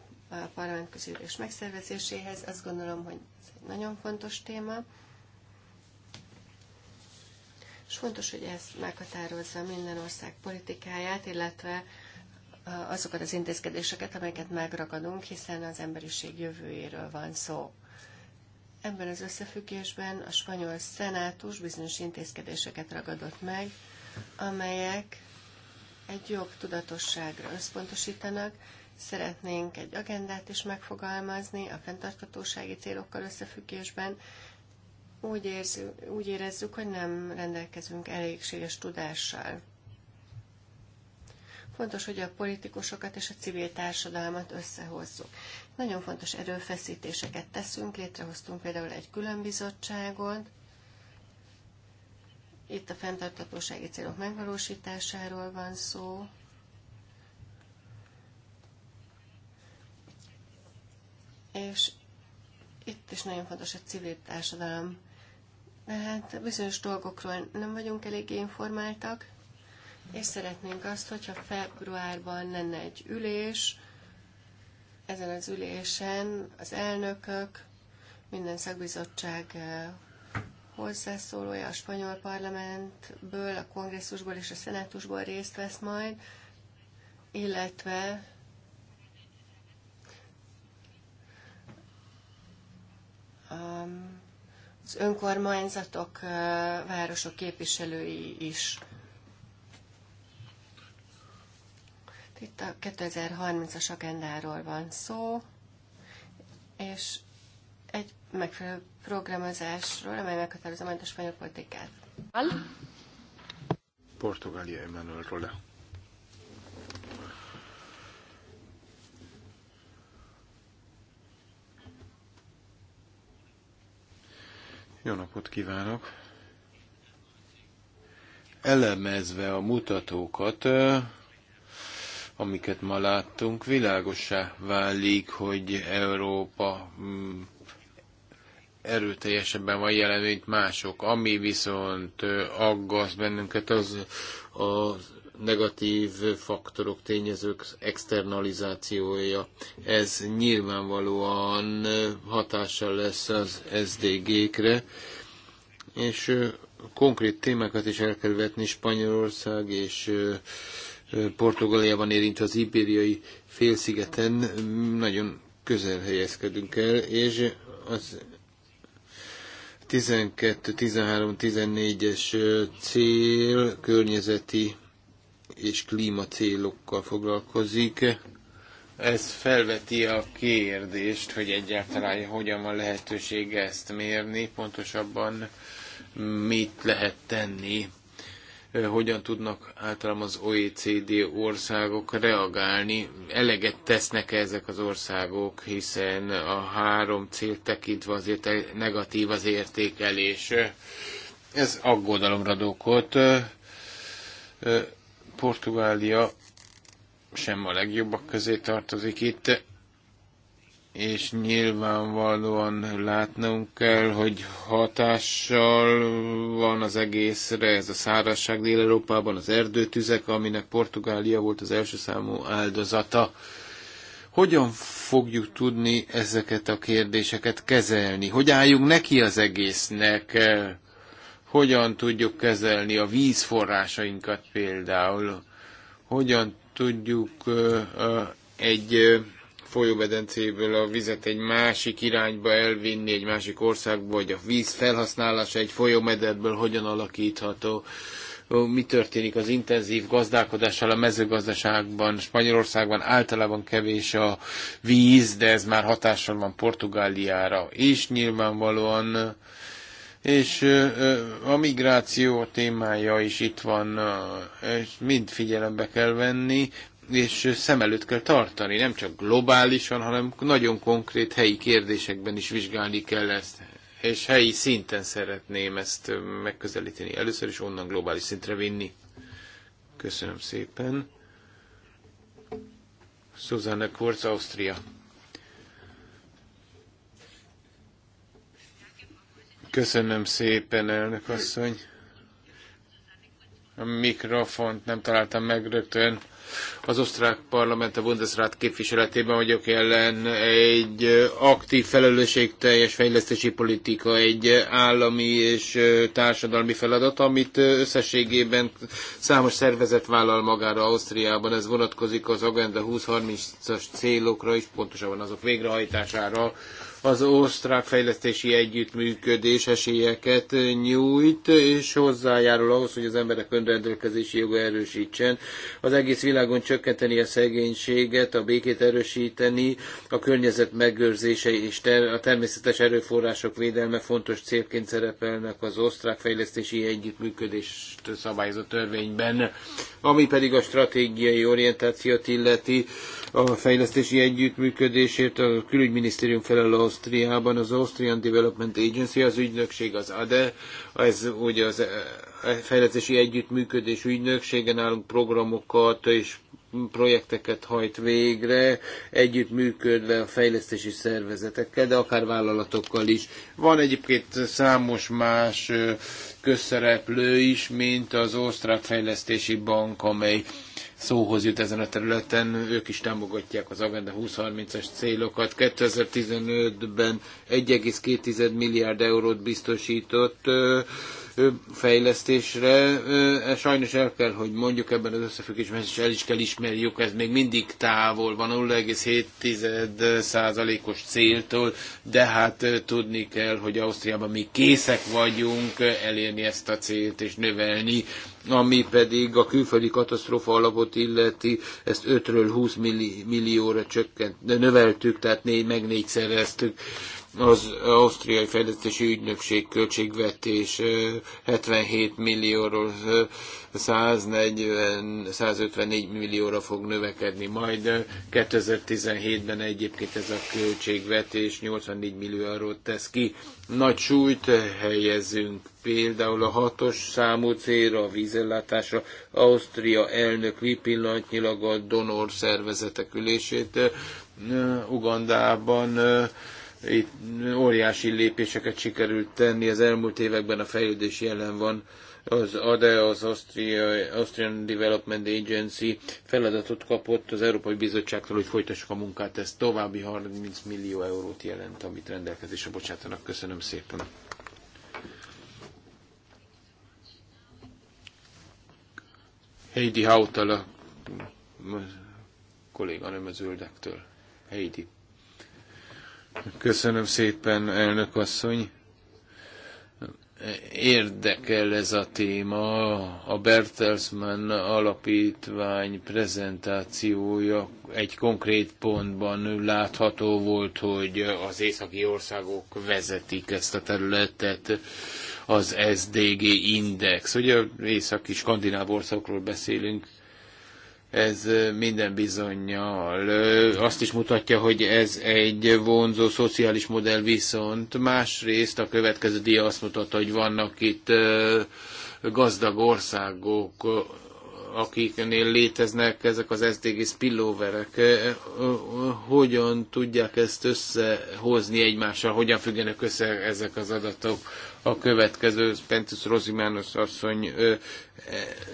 parlament közülés megszervezéséhez. Azt gondolom, hogy ez egy nagyon fontos téma, és fontos, hogy ez meghatározza minden ország politikáját, illetve azokat az intézkedéseket, amelyeket megragadunk, hiszen az emberiség jövőjéről van szó. Ebben az összefüggésben a spanyol szenátus bizonyos intézkedéseket ragadott meg, amelyek egy tudatosságra összpontosítanak, szeretnénk egy agendát is megfogalmazni a fenntarthatósági célokkal összefüggésben. Úgy, érzünk, úgy érezzük, hogy nem rendelkezünk elégséges tudással. Fontos, hogy a politikusokat és a civil társadalmat összehozzuk. Nagyon fontos erőfeszítéseket teszünk, létrehoztunk például egy bizottságot, itt a fenntartatósági célok megvalósításáról van szó. És itt is nagyon fontos a civil társadalom. hát bizonyos dolgokról nem vagyunk eléggé informáltak, és szeretnénk azt, hogyha februárban lenne egy ülés, ezen az ülésen az elnökök, minden szakbizottság eh, hozzászólója a spanyol parlamentből, a kongresszusból és a szenátusból részt vesz majd, illetve az önkormányzatok, eh, városok képviselői is Itt a 2030-as agendáról van szó, és egy megfelelő programozásról, amely meghatározza majd a spanyol politikát. Portugália Emmanuel Rolle. Jó napot kívánok! Elemezve a mutatókat, amiket ma láttunk, világosá válik, hogy Európa mm, erőteljesebben van jelen, mint mások. Ami viszont aggaszt bennünket, az a negatív faktorok, tényezők externalizációja. Ez nyilvánvalóan hatással lesz az SDG-kre, és konkrét témákat is el kell vetni Spanyolország és Portugáliában érint az ibériai félszigeten mm, nagyon közel helyezkedünk el, és az 12-13-14-es cél környezeti és klímacélokkal foglalkozik. Ez felveti a kérdést, hogy egyáltalán hogyan van lehetőség ezt mérni, pontosabban mit lehet tenni Eh, hogyan tudnak általában az OECD országok reagálni. Eleget tesznek -e ezek az országok, hiszen a három cél tekintve azért negatív az értékelés. Ez aggodalomra okot. Eh, Portugália sem a legjobbak közé tartozik itt és nyilvánvalóan látnunk kell, hogy hatással van az egészre ez a szárazság Dél-Európában, az erdőtüzek, aminek Portugália volt az első számú áldozata. Hogyan fogjuk tudni ezeket a kérdéseket kezelni? Hogy álljunk neki az egésznek? Hogyan tudjuk kezelni a vízforrásainkat például? Hogyan tudjuk egy folyómedencéből a vizet egy másik irányba elvinni, egy másik országba, vagy a víz felhasználása egy folyómedetből hogyan alakítható, mi történik az intenzív gazdálkodással a mezőgazdaságban. Spanyolországban általában kevés a víz, de ez már hatással van Portugáliára is nyilvánvalóan. És a migráció témája is itt van, és mind figyelembe kell venni és szem előtt kell tartani, nem csak globálisan, hanem nagyon konkrét helyi kérdésekben is vizsgálni kell ezt, és helyi szinten szeretném ezt megközelíteni. Először is onnan globális szintre vinni. Köszönöm szépen. Susanne Kurz, Ausztria. Köszönöm szépen, elnök asszony. A mikrofont nem találtam meg rögtön az osztrák parlament a Bundesrat képviseletében vagyok ellen egy aktív felelősségteljes fejlesztési politika, egy állami és társadalmi feladat, amit összességében számos szervezet vállal magára Ausztriában. Ez vonatkozik az Agenda 2030-as célokra is, pontosabban azok végrehajtására, az osztrák fejlesztési együttműködés esélyeket nyújt, és hozzájárul ahhoz, hogy az emberek önrendelkezési joga erősítsen. Az egész világon csökkenteni a szegénységet, a békét erősíteni, a környezet megőrzése és a természetes erőforrások védelme fontos célként szerepelnek az osztrák fejlesztési együttműködést szabályozó törvényben. Ami pedig a stratégiai orientációt illeti, a fejlesztési együttműködésért. A külügyminisztérium felel Ausztriában, az Austrian Development Agency, az ügynökség, az ADE, ez ugye az e, e, fejlesztési együttműködés ügynöksége, nálunk programokat és projekteket hajt végre, együttműködve a fejlesztési szervezetekkel, de akár vállalatokkal is. Van egyébként számos más közszereplő is, mint az Osztrák Fejlesztési Bank, amely szóhoz jut ezen a területen. Ők is támogatják az Agenda 2030-as célokat. 2015-ben 1,2 milliárd eurót biztosított fejlesztésre. E, sajnos el kell, hogy mondjuk ebben az összefüggésben, és el is kell ismerjük, ez még mindig távol van 0,7 százalékos céltól, de hát tudni kell, hogy Ausztriában mi készek vagyunk elérni ezt a célt és növelni ami pedig a külföldi katasztrófa alapot illeti, ezt 5-ről 20 millióra csökkent, növeltük, tehát négy, meg négyszereztük az Ausztriai Fejlesztési Ügynökség költségvetés 77 millióról 140, 154 millióra fog növekedni majd. 2017-ben egyébként ez a költségvetés 84 millióról tesz ki. Nagy súlyt helyezünk például a hatos számú célra, a vízellátásra. Ausztria elnök vipillantnyilag a donor szervezetek ülését Ugandában itt óriási lépéseket sikerült tenni, az elmúlt években a fejlődés jelen van. Az ADE, az Austria, Austrian Development Agency feladatot kapott az Európai Bizottságtól, hogy folytassuk a munkát. Ez további 30 millió eurót jelent, amit rendelkezésre bocsátanak. Köszönöm szépen. Heidi Hautala, kolléganőm nem zöldektől. Heidi. Köszönöm szépen, elnök asszony. Érdekel ez a téma. A Bertelsmann alapítvány prezentációja egy konkrét pontban látható volt, hogy az északi országok vezetik ezt a területet az SDG index. Ugye északi skandináv országokról beszélünk, ez minden bizonyal azt is mutatja, hogy ez egy vonzó szociális modell, viszont másrészt a következő dia azt mutatta, hogy vannak itt gazdag országok, akiknél léteznek ezek az SDG spillóverek, hogyan tudják ezt összehozni egymással, hogyan függenek össze ezek az adatok. A következő Pentus Rosimánus asszony ö,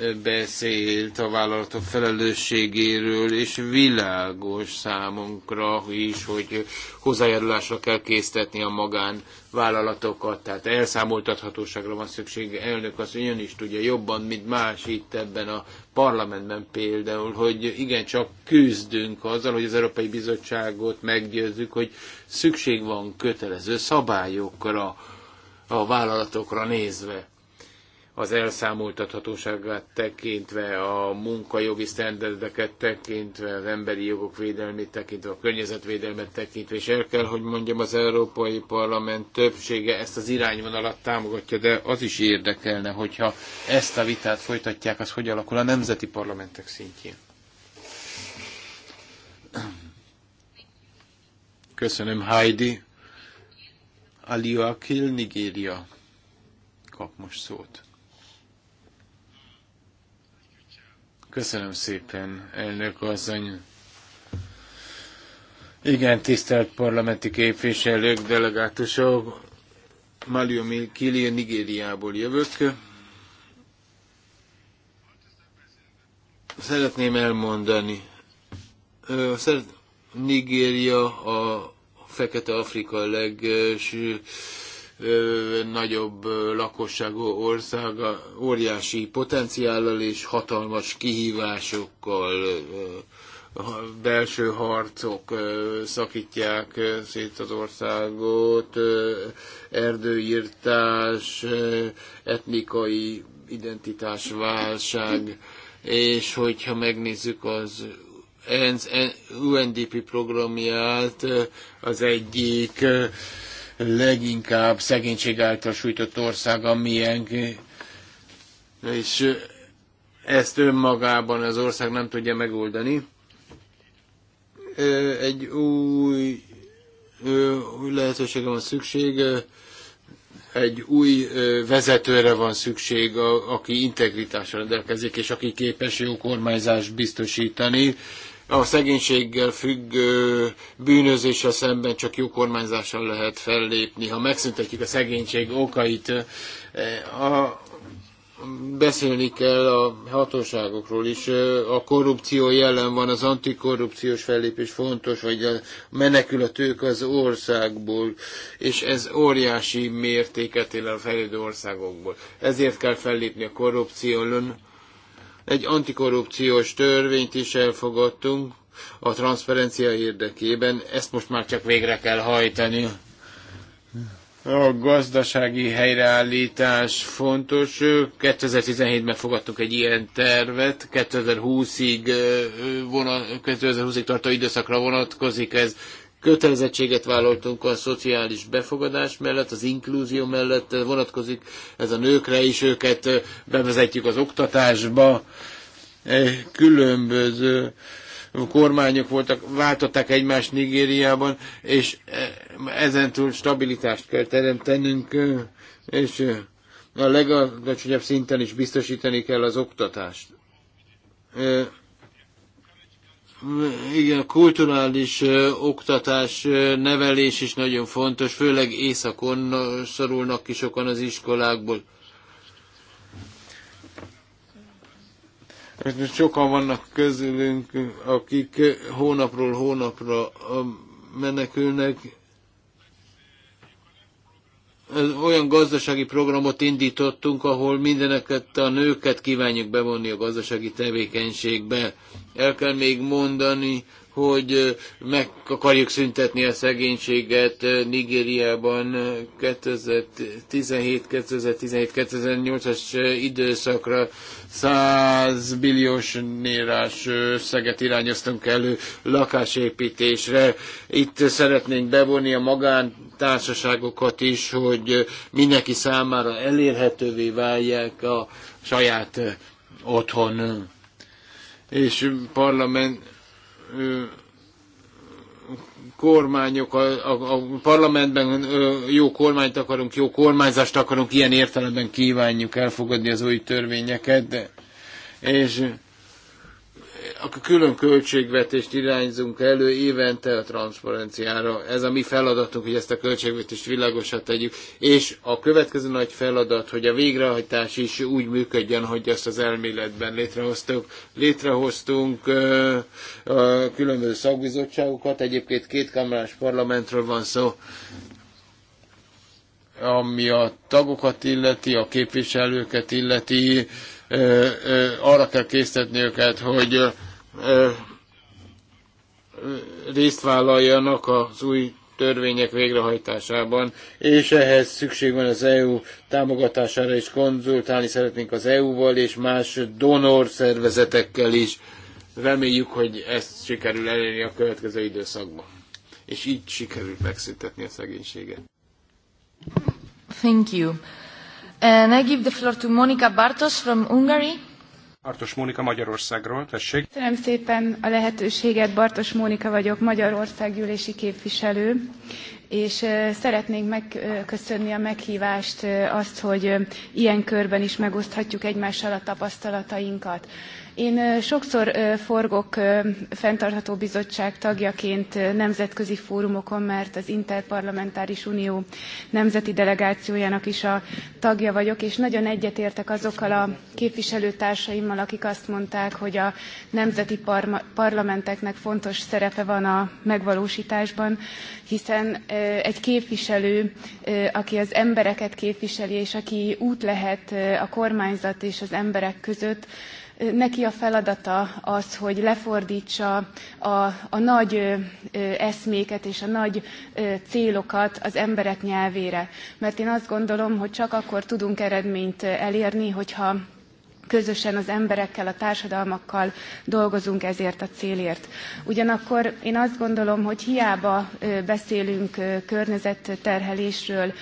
ö, beszélt a vállalatok felelősségéről, és világos számunkra is, hogy hozzájárulásra kell késztetni a magán vállalatokat, tehát elszámoltathatóságra van szükség. Elnök azt ön is tudja jobban, mint más itt ebben a parlamentben például, hogy igen, csak küzdünk azzal, hogy az Európai Bizottságot meggyőzzük, hogy szükség van kötelező szabályokra a vállalatokra nézve, az elszámoltathatóságát tekintve, a munkajogi sztenderdeket tekintve, az emberi jogok védelmét tekintve, a környezetvédelmet tekintve, és el kell, hogy mondjam, az Európai Parlament többsége ezt az irányvonalat támogatja, de az is érdekelne, hogyha ezt a vitát folytatják, az hogy alakul a nemzeti parlamentek szintjén. Köszönöm, Heidi. Ali Akil, Nigéria kap most szót. Köszönöm szépen, elnök asszony. Igen, tisztelt parlamenti képviselők, delegátusok, Malium Kili Nigériából jövök. Szeretném elmondani, Nigéria a Fekete Afrika legnagyobb lakosságú országa óriási potenciállal és hatalmas kihívásokkal belső harcok szakítják szét az országot, erdőírtás, etnikai identitásválság, és hogyha megnézzük az UNDP programját az egyik leginkább szegénység által sújtott ország a miénk, és ezt önmagában az ország nem tudja megoldani. Egy új lehetősége van szükség, egy új vezetőre van szükség, aki integritással rendelkezik, és aki képes jó kormányzást biztosítani a szegénységgel függő bűnözéssel szemben csak jó kormányzással lehet fellépni, ha megszüntetjük a szegénység okait. A, beszélni kell a hatóságokról is. A korrupció jelen van, az antikorrupciós fellépés fontos, hogy a menekülötők az országból, és ez óriási mértéket él a fejlődő országokból. Ezért kell fellépni a korrupción egy antikorrupciós törvényt is elfogadtunk a transzferencia érdekében, ezt most már csak végre kell hajtani. A gazdasági helyreállítás fontos. 2017-ben fogadtunk egy ilyen tervet, 2020-ig, 2020-ig tartó időszakra vonatkozik ez kötelezettséget vállaltunk a szociális befogadás mellett, az inklúzió mellett, vonatkozik ez a nőkre is, őket bevezetjük az oktatásba, e, különböző kormányok voltak, váltották egymást Nigériában, és e, ezentúl stabilitást kell teremtenünk, e, és a legalacsonyabb szinten is biztosítani kell az oktatást igen, a kulturális ö, oktatás, ö, nevelés is nagyon fontos, főleg északon szorulnak ki sokan az iskolákból. Sokan vannak közülünk, akik hónapról hónapra menekülnek, olyan gazdasági programot indítottunk, ahol mindeneket a nőket kívánjuk bevonni a gazdasági tevékenységbe. El kell még mondani, hogy meg akarjuk szüntetni a szegénységet Nigériában 2017-2018-as időszakra 100 billiós nérás összeget irányoztunk elő lakásépítésre. Itt szeretnénk bevonni a magántársaságokat is, hogy mindenki számára elérhetővé válják a saját otthon. És parlament, kormányok, a, a, a parlamentben jó kormányt akarunk, jó kormányzást akarunk, ilyen értelemben kívánjuk elfogadni az új törvényeket, de, és akkor külön költségvetést irányzunk elő évente a transzparenciára. Ez a mi feladatunk, hogy ezt a költségvetést világosat tegyük. És a következő nagy feladat, hogy a végrehajtás is úgy működjön, hogy azt az elméletben létrehoztuk. Létrehoztunk ö, ö, különböző szakbizottságokat, egyébként kétkamerás parlamentről van szó, ami a tagokat illeti, a képviselőket illeti, arra kell késztetni őket, hogy részt vállaljanak az új törvények végrehajtásában, és ehhez szükség van az EU támogatására is konzultálni szeretnénk az EU-val és más donor szervezetekkel is. Reméljük, hogy ezt sikerül elérni a következő időszakban. És így sikerül megszüntetni a szegénységet. Thank you. And I give the floor to Monica Bartos from Hungary. Bartos Mónika Magyarországról, tessék. Köszönöm szépen a lehetőséget, Bartos Mónika vagyok, Magyarország gyűlési képviselő, és szeretnénk megköszönni a meghívást, azt, hogy ilyen körben is megoszthatjuk egymással a tapasztalatainkat. Én sokszor forgok fenntartható bizottság tagjaként nemzetközi fórumokon, mert az Interparlamentáris Unió nemzeti delegációjának is a tagja vagyok, és nagyon egyetértek azokkal a képviselőtársaimmal, akik azt mondták, hogy a nemzeti parlamenteknek fontos szerepe van a megvalósításban, hiszen egy képviselő, aki az embereket képviseli, és aki út lehet a kormányzat és az emberek között, neki a feladata az, hogy lefordítsa a, a nagy eszméket és a nagy célokat az emberek nyelvére. Mert én azt gondolom, hogy csak akkor tudunk eredményt elérni, hogyha közösen az emberekkel, a társadalmakkal dolgozunk ezért a célért. Ugyanakkor én azt gondolom, hogy hiába beszélünk környezetterhelésről,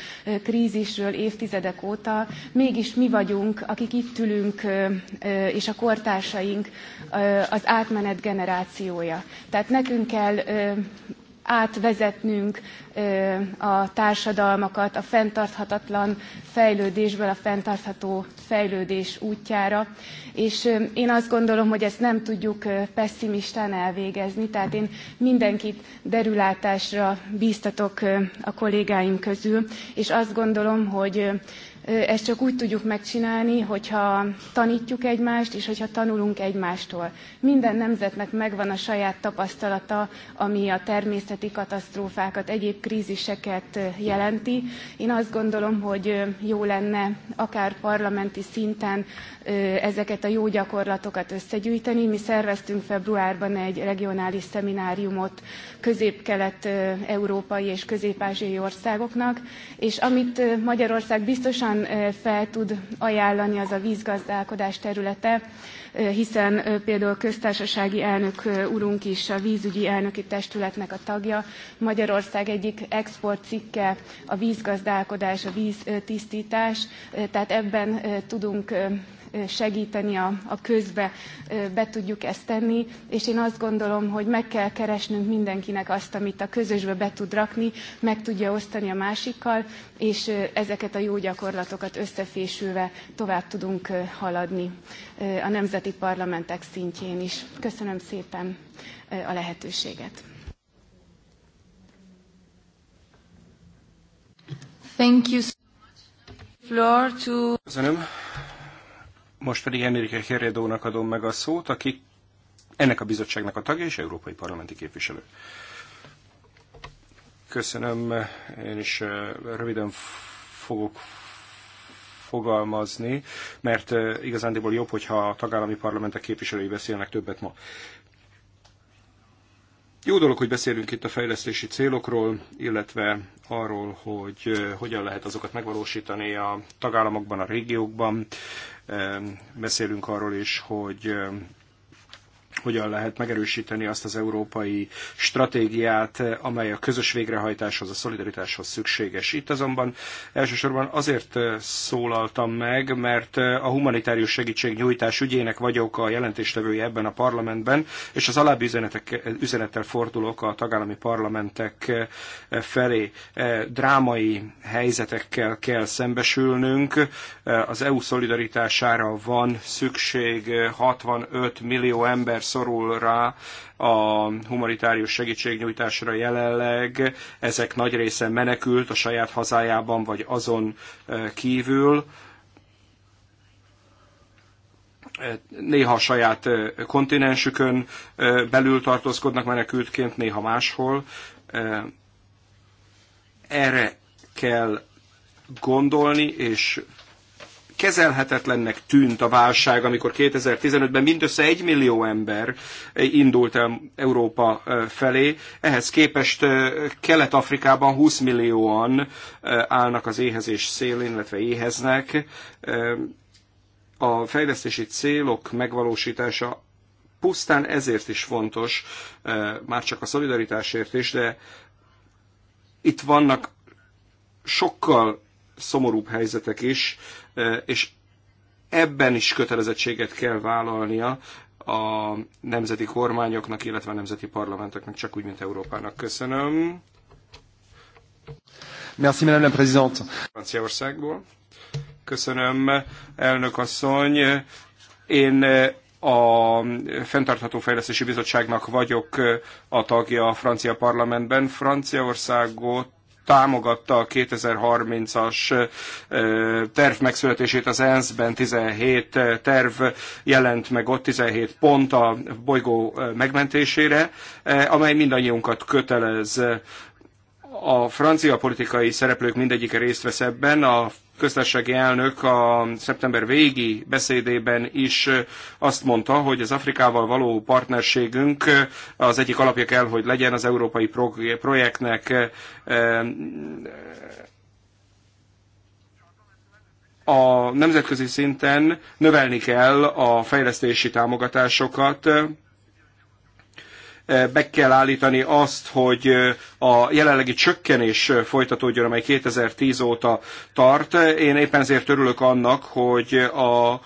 krízisről évtizedek óta, mégis mi vagyunk, akik itt ülünk, és a kortársaink az átmenet generációja. Tehát nekünk kell átvezetnünk a társadalmakat a fenntarthatatlan fejlődésből a fenntartható fejlődés útjára. És én azt gondolom, hogy ezt nem tudjuk pessimistán elvégezni, tehát én mindenkit derülátásra bíztatok a kollégáim közül, és azt gondolom, hogy ezt csak úgy tudjuk megcsinálni, hogyha tanítjuk egymást, és hogyha tanulunk egymástól. Minden nemzetnek megvan a saját tapasztalata, ami a természeti katasztrófákat, egyéb kríziseket jelenti. Én azt gondolom, hogy jó lenne akár parlamenti szinten ezeket a jó gyakorlatokat összegyűjteni. Mi szerveztünk februárban egy regionális szemináriumot közép-kelet-európai és közép-ázsiai országoknak, és amit Magyarország biztosan jobban fel tud ajánlani, az a vízgazdálkodás területe, hiszen például köztársasági elnök urunk is a vízügyi elnöki testületnek a tagja. Magyarország egyik exportcikke a vízgazdálkodás, a víztisztítás, tehát ebben tudunk segíteni a, a közbe, be tudjuk ezt tenni, és én azt gondolom, hogy meg kell keresnünk mindenkinek azt, amit a közösbe be tud rakni, meg tudja osztani a másikkal, és ezeket a jó gyakorlatokat összefésülve tovább tudunk haladni a nemzeti parlamentek szintjén is. Köszönöm szépen a lehetőséget. Thank you. Floor to... Köszönöm. Most pedig Enrique Heredónak adom meg a szót, aki ennek a bizottságnak a tagja és európai parlamenti képviselő. Köszönöm, én is eh, röviden fogok fogalmazni, mert eh, igazándiból jobb, hogyha a tagállami parlamentek képviselői beszélnek többet ma. Jó dolog, hogy beszélünk itt a fejlesztési célokról, illetve arról, hogy eh, hogyan lehet azokat megvalósítani a tagállamokban, a régiókban. Beszélünk arról is, hogy hogyan lehet megerősíteni azt az európai stratégiát, amely a közös végrehajtáshoz, a szolidaritáshoz szükséges. Itt azonban elsősorban azért szólaltam meg, mert a humanitárius segítségnyújtás ügyének vagyok a jelentéstevője ebben a parlamentben, és az alábbi üzenetek, üzenettel fordulok a tagállami parlamentek felé. Drámai helyzetekkel kell szembesülnünk, az EU szolidaritására van szükség 65 millió ember szorul rá a humanitárius segítségnyújtásra jelenleg. Ezek nagy része menekült a saját hazájában, vagy azon kívül néha a saját kontinensükön belül tartózkodnak menekültként, néha máshol. Erre kell gondolni, és kezelhetetlennek tűnt a válság, amikor 2015-ben mindössze egy millió ember indult el Európa felé. Ehhez képest Kelet-Afrikában 20 millióan állnak az éhezés szélén, illetve éheznek. A fejlesztési célok megvalósítása pusztán ezért is fontos, már csak a szolidaritásért is, de itt vannak sokkal szomorúbb helyzetek is, e, és ebben is kötelezettséget kell vállalnia a nemzeti kormányoknak, illetve a nemzeti parlamentoknak, csak úgy, mint Európának. Köszönöm. Merci, Madame la Présidente. Franciaországból. Köszönöm, elnök asszony. Én a Fentartható Fejlesztési Bizottságnak vagyok a tagja a francia parlamentben. Franciaországot támogatta a 2030-as terv megszületését az ENSZ-ben, 17 terv jelent meg ott, 17 pont a bolygó megmentésére, amely mindannyiunkat kötelez a francia politikai szereplők mindegyike részt vesz ebben, a köztársasági elnök a szeptember végi beszédében is azt mondta, hogy az Afrikával való partnerségünk az egyik alapja kell, hogy legyen az európai projektnek a nemzetközi szinten növelni kell a fejlesztési támogatásokat, meg kell állítani azt, hogy a jelenlegi csökkenés folytatódjon, amely 2010 óta tart. Én éppen ezért örülök annak, hogy a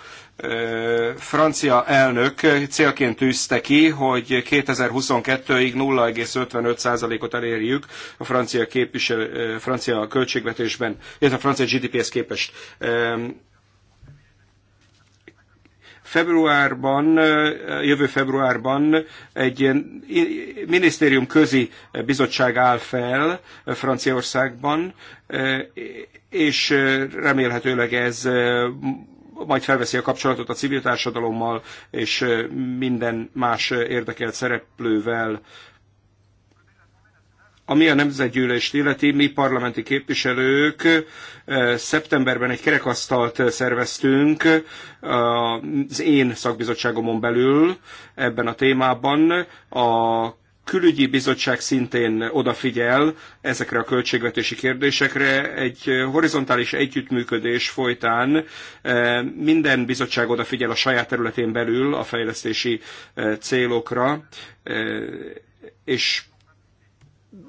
francia elnök célként tűzte ki, hogy 2022-ig 0,55%-ot elérjük a francia, képvisel, francia költségvetésben, illetve a francia GDP-hez képest. Februárban, jövő februárban egy ilyen minisztérium közi bizottság áll fel Franciaországban, és remélhetőleg ez majd felveszi a kapcsolatot a civil társadalommal és minden más érdekelt szereplővel ami a nemzetgyűlést illeti, mi parlamenti képviselők eh, szeptemberben egy kerekasztalt szerveztünk az én szakbizottságomon belül ebben a témában. A külügyi bizottság szintén odafigyel ezekre a költségvetési kérdésekre. Egy horizontális együttműködés folytán eh, minden bizottság odafigyel a saját területén belül a fejlesztési eh, célokra, és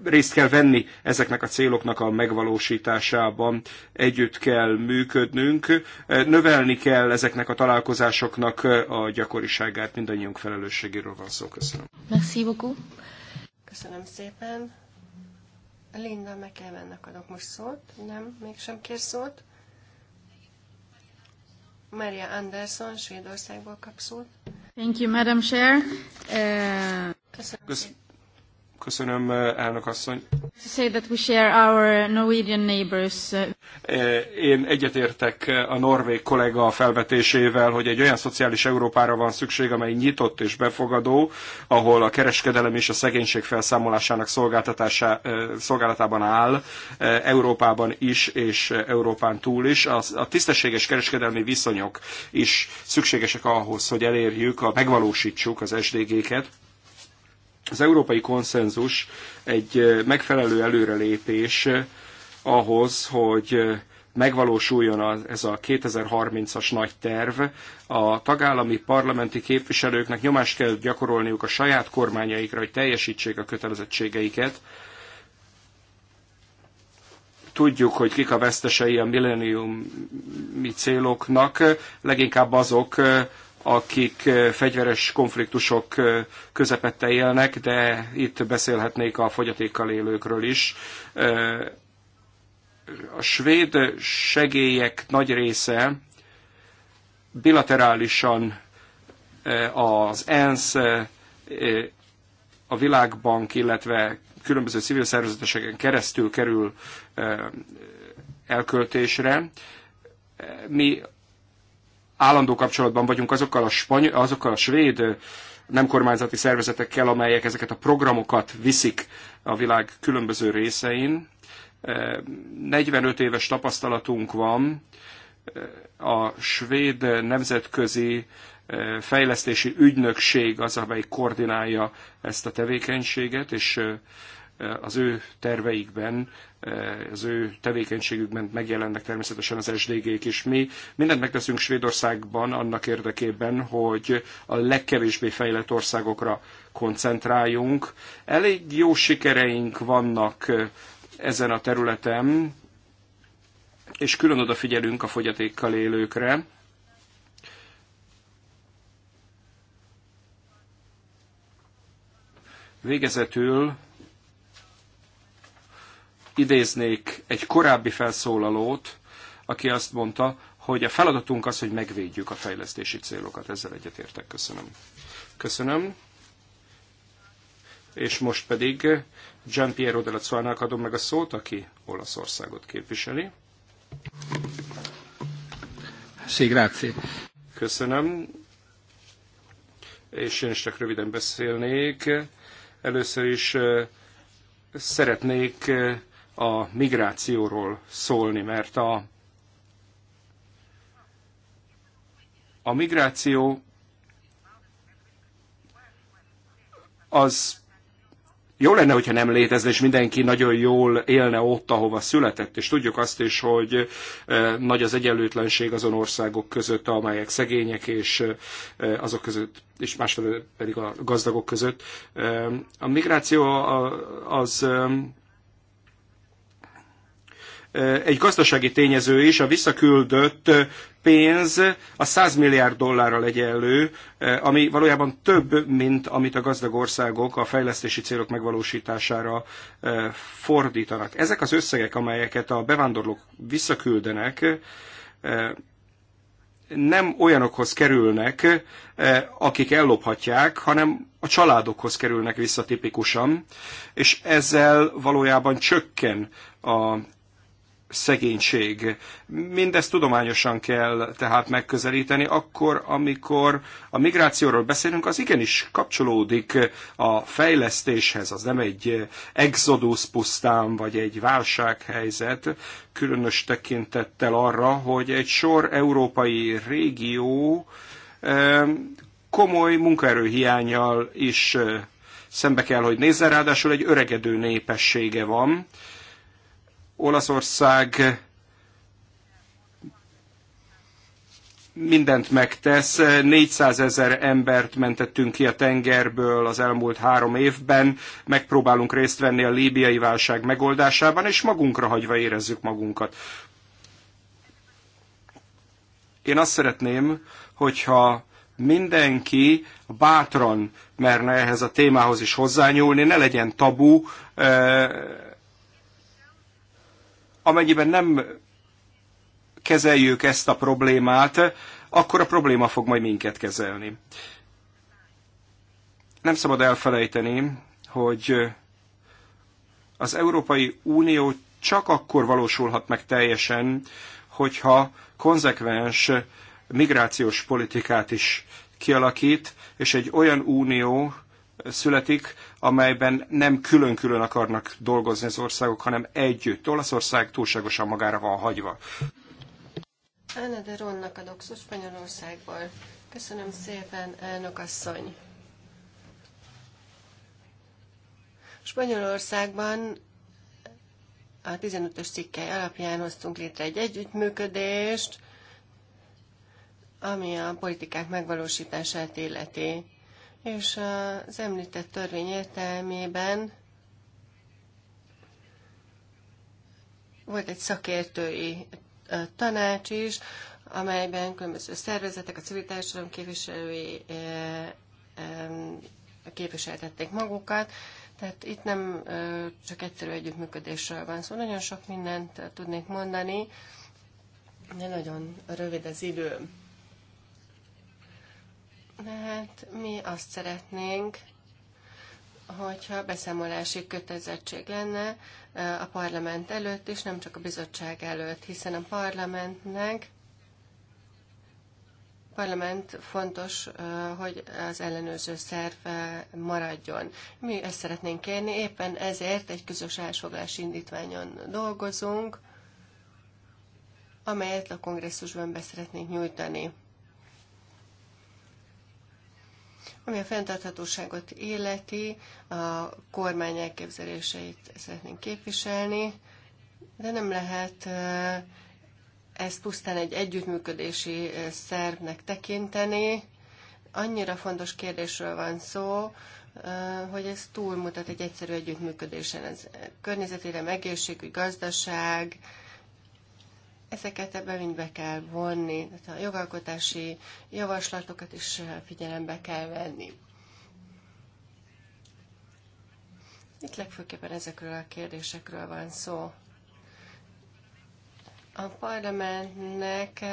részt kell venni ezeknek a céloknak a megvalósításában, együtt kell működnünk, növelni kell ezeknek a találkozásoknak a gyakoriságát, mindannyiunk felelősségéről van szó. Köszönöm. Merci beaucoup. Köszönöm szépen. Linda vennek adok most szót, nem, mégsem kér szót. Maria Anderson, Svédországból kap szót. Thank you, Madam Chair. Uh... Köszönöm. Köszönöm. Köszönöm, elnök asszony. Say that we share our Norwegian neighbors. Uh, e, én egyetértek e, a norvég kollega felvetésével, hogy egy olyan szociális Európára van szükség, amely nyitott és befogadó, ahol a kereskedelem és a szegénység felszámolásának szolgáltatása, e, szolgálatában áll, Európában is és Európán túl is. A tisztességes kereskedelmi viszonyok is szükségesek ahhoz, hogy elérjük, a, megvalósítsuk az SDG-ket az európai konszenzus egy megfelelő előrelépés ahhoz, hogy megvalósuljon ez a 2030-as nagy terv, a tagállami parlamenti képviselőknek nyomást kell gyakorolniuk a saját kormányaikra, hogy teljesítsék a kötelezettségeiket. Tudjuk, hogy kik a vesztesei a milleniumi céloknak, leginkább azok, akik fegyveres konfliktusok közepette élnek, de itt beszélhetnék a fogyatékkal élőkről is. A svéd segélyek nagy része bilaterálisan az ENSZ, a Világbank, illetve különböző civil szervezeteseken keresztül kerül elköltésre. Mi állandó kapcsolatban vagyunk azokkal a, spany- azokkal a svéd nem kormányzati szervezetekkel, amelyek ezeket a programokat viszik a világ különböző részein. 45 éves tapasztalatunk van a svéd nemzetközi fejlesztési ügynökség az, amely koordinálja ezt a tevékenységet, és Eh, az ő terveikben, eh, az ő tevékenységükben megjelennek természetesen az SDG-k is. Mi mindent megteszünk Svédországban annak érdekében, hogy a legkevésbé fejlett országokra koncentráljunk. Elég jó sikereink vannak eh, ezen a területen, és külön odafigyelünk a fogyatékkal élőkre. Végezetül idéznék egy korábbi felszólalót, aki azt mondta, hogy a feladatunk az, hogy megvédjük a fejlesztési célokat. Ezzel egyetértek. Köszönöm. Köszönöm. És most pedig Gian Piero della Zuanának adom meg a szót, aki Olaszországot képviseli. Sí, grazie. Köszönöm. És én is csak röviden beszélnék. Először is eh, szeretnék eh, a migrációról szólni, mert a, a migráció az jó lenne, hogyha nem létezne, és mindenki nagyon jól élne ott, ahova született, és tudjuk azt is, hogy e, nagy az egyenlőtlenség azon országok között, amelyek szegények, és e, azok között, és másfelől pedig a gazdagok között. E, a migráció az egy gazdasági tényező is, a visszaküldött pénz a 100 milliárd dollárral egyenlő, ami valójában több, mint amit a gazdag országok a fejlesztési célok megvalósítására fordítanak. Ezek az összegek, amelyeket a bevándorlók visszaküldenek, nem olyanokhoz kerülnek, akik ellophatják, hanem a családokhoz kerülnek vissza tipikusan, és ezzel valójában csökken a szegénység. Mindezt tudományosan kell tehát megközelíteni, akkor, amikor a migrációról beszélünk, az igenis kapcsolódik a fejlesztéshez, az nem egy exodus pusztán, vagy egy válsághelyzet, különös tekintettel arra, hogy egy sor európai régió eh, komoly munkaerőhiányjal is eh, szembe kell, hogy nézzen, ráadásul egy öregedő népessége van, Olaszország mindent megtesz. 400 ezer embert mentettünk ki a tengerből az elmúlt három évben, megpróbálunk részt venni a líbiai válság megoldásában, és magunkra hagyva érezzük magunkat. Én azt szeretném, hogyha mindenki bátran merne ehhez a témához is hozzányúlni, ne legyen tabu, eh, amennyiben nem kezeljük ezt a problémát, akkor a probléma fog majd minket kezelni. Nem szabad elfelejteni, hogy az Európai Unió csak akkor valósulhat meg teljesen, hogyha konzekvens migrációs politikát is kialakít, és egy olyan unió születik, amelyben nem külön-külön akarnak dolgozni az országok, hanem együtt. Olaszország túlságosan magára van hagyva. Anna de Ronnak adok szó Spanyolországból. Köszönöm szépen, elnök asszony. Spanyolországban a 15-ös cikkely alapján hoztunk létre egy együttműködést, ami a politikák megvalósítását illeti és az említett törvény értelmében volt egy szakértői tanács is, amelyben különböző szervezetek, a civil társadalom képviselői képviseltették magukat, tehát itt nem csak egyszerű együttműködésről van szó, szóval nagyon sok mindent tudnék mondani, de nagyon rövid az idő. De hát mi azt szeretnénk, hogyha beszámolási kötelezettség lenne eh, a parlament előtt, és nem csak a bizottság előtt, hiszen a parlamentnek parlament fontos, eh, hogy az ellenőrző szerv maradjon. Mi ezt szeretnénk kérni, éppen ezért egy közös elsoglási indítványon dolgozunk, amelyet a kongresszusban be szeretnénk nyújtani. Ami a fenntarthatóságot illeti, a kormány elképzeléseit szeretnénk képviselni, de nem lehet ezt pusztán egy együttműködési szervnek tekinteni. Annyira fontos kérdésről van szó, hogy ez túlmutat egy egyszerű együttműködésen. Ez környezetére, egészségügy, gazdaság, ezeket ebben mind be kell vonni, tehát a jogalkotási javaslatokat is figyelembe kell venni. Itt legfőképpen ezekről a kérdésekről van szó. A parlamentnek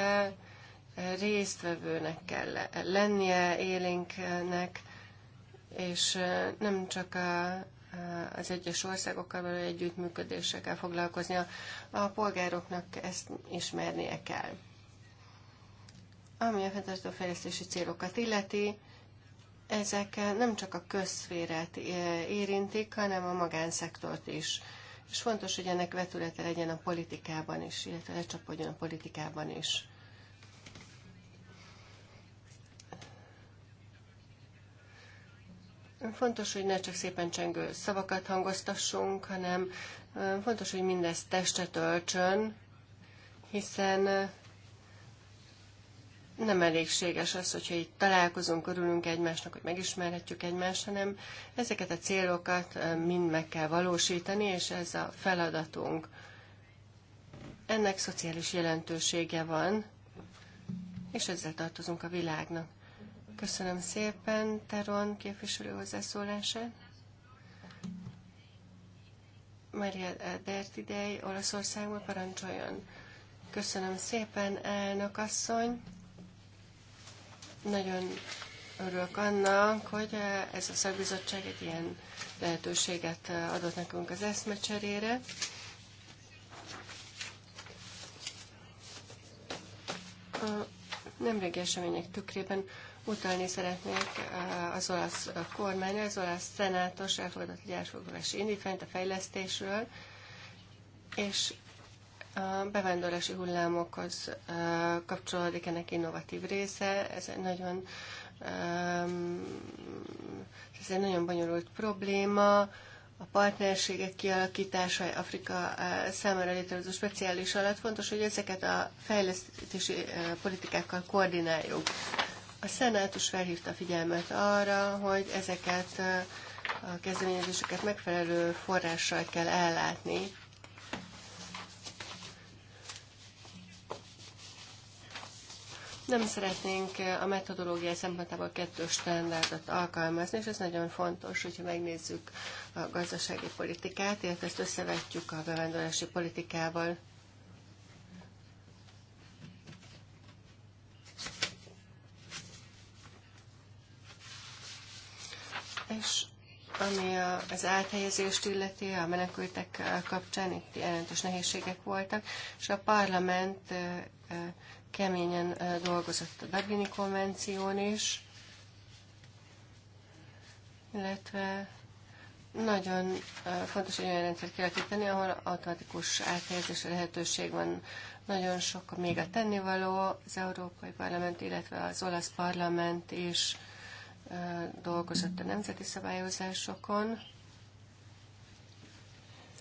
résztvevőnek kell lennie, élénknek, és nem csak a az egyes országokkal való együttműködéssel kell foglalkoznia, a polgároknak ezt ismernie kell. Ami a fenntartó fejlesztési célokat illeti, ezek nem csak a közszférát érintik, hanem a magánszektort is. És fontos, hogy ennek vetülete legyen a politikában is, illetve lecsapodjon a politikában is. Fontos, hogy ne csak szépen csengő szavakat hangoztassunk, hanem fontos, hogy mindez testet öltsön, hiszen nem elégséges az, hogyha itt találkozunk, örülünk egymásnak, hogy megismerhetjük egymást, hanem ezeket a célokat mind meg kell valósítani, és ez a feladatunk. Ennek szociális jelentősége van, és ezzel tartozunk a világnak. Köszönöm szépen Teron képviselő hozzászólását. Maria Dertidei Olaszországból parancsoljon. Köszönöm szépen, elnök asszony. Nagyon örülök annak, hogy ez a szakbizottság egy ilyen lehetőséget adott nekünk az eszmecserére. A nemrég események tükrében Utalni szeretnék eh, az olasz kormány, az olasz szenátos elfogadott egy elfogadási indítványt a fejlesztésről, és a bevándorlási hullámokhoz eh, kapcsolódik ennek innovatív része. Ez egy nagyon, ez egy nagyon bonyolult probléma. A partnerségek kialakítása Afrika eh, számára létrehozó speciális alatt fontos, hogy ezeket a fejlesztési politikákkal koordináljuk. A szenátus felhívta figyelmet arra, hogy ezeket a kezdeményezéseket megfelelő forrással kell ellátni. Nem szeretnénk a metodológiai szempontából kettős standardot alkalmazni, és ez nagyon fontos, hogyha megnézzük a gazdasági politikát, illetve ezt összevetjük a bevándorlási politikával. és ami az áthelyezést illeti, a menekültek eh, kapcsán itt jelentős nehézségek voltak, és a parlament eh, eh, keményen dolgozott a Dublini konvención is, illetve nagyon fontos egy olyan rendszert kialakítani, ahol automatikus áthelyezésre lehetőség van. Nagyon sok még a tennivaló az Európai Parlament, illetve az olasz parlament is dolgozott a nemzeti szabályozásokon,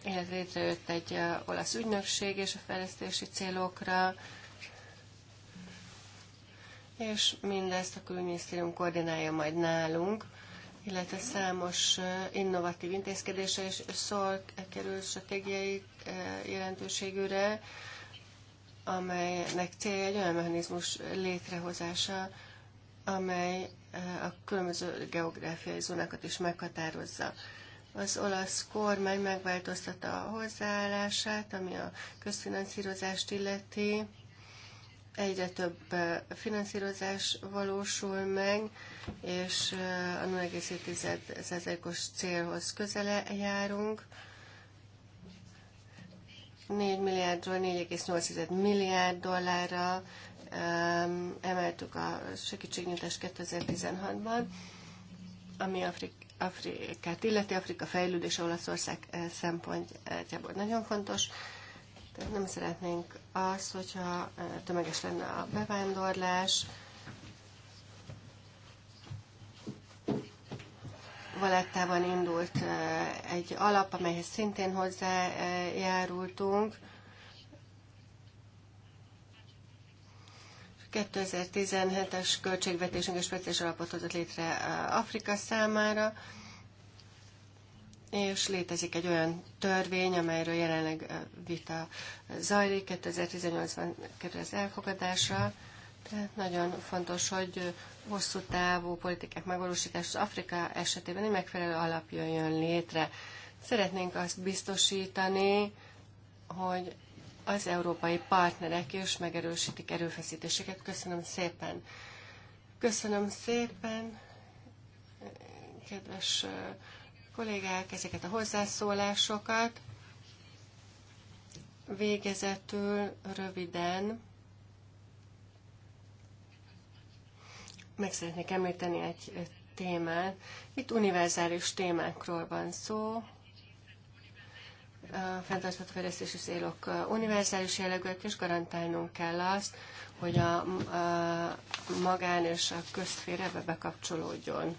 illetve létrejött egy olasz ügynökség és a fejlesztési célokra, és mindezt a külügyminisztérium koordinálja majd nálunk, illetve számos innovatív intézkedése és szor kerül stratégiai jelentőségűre, amelynek célja egy olyan mechanizmus létrehozása, amely a különböző geográfiai zónákat is meghatározza. Az olasz kormány megváltoztatta a hozzáállását, ami a közfinanszírozást illeti. Egyre több finanszírozás valósul meg, és a 0,7%-os célhoz közele járunk. 4 milliárdról 4,8 milliárd dollárra emeltük a segítségnyújtás 2016-ban, ami Afrik, Afrikát illeti, Afrika fejlődése Olaszország eh, szempontjából nagyon fontos. Tehát nem szeretnénk azt, hogyha eh, tömeges lenne a bevándorlás, Valettában indult eh, egy alap, amelyhez szintén hozzájárultunk, 2017-es költségvetésünk és speciális alapot hozott létre eh, Afrika számára, és létezik egy olyan törvény, amelyről jelenleg eh, vita zajlik, 2018-ban kerül az elfogadásra. Tehát nagyon fontos, hogy hosszú távú politikák megvalósítás az Afrika esetében egy megfelelő alap jön létre. Szeretnénk azt biztosítani, hogy az európai partnerek is megerősítik erőfeszítéseket. Köszönöm szépen. Köszönöm szépen, kedves kollégák, ezeket a hozzászólásokat. Végezetül röviden meg szeretnék említeni egy témát. Itt univerzális témákról van szó, a fenntartható fejlesztési célok univerzális jellegűek, és garantálnunk kell azt, hogy a, a magán és a közszféra bekapcsolódjon.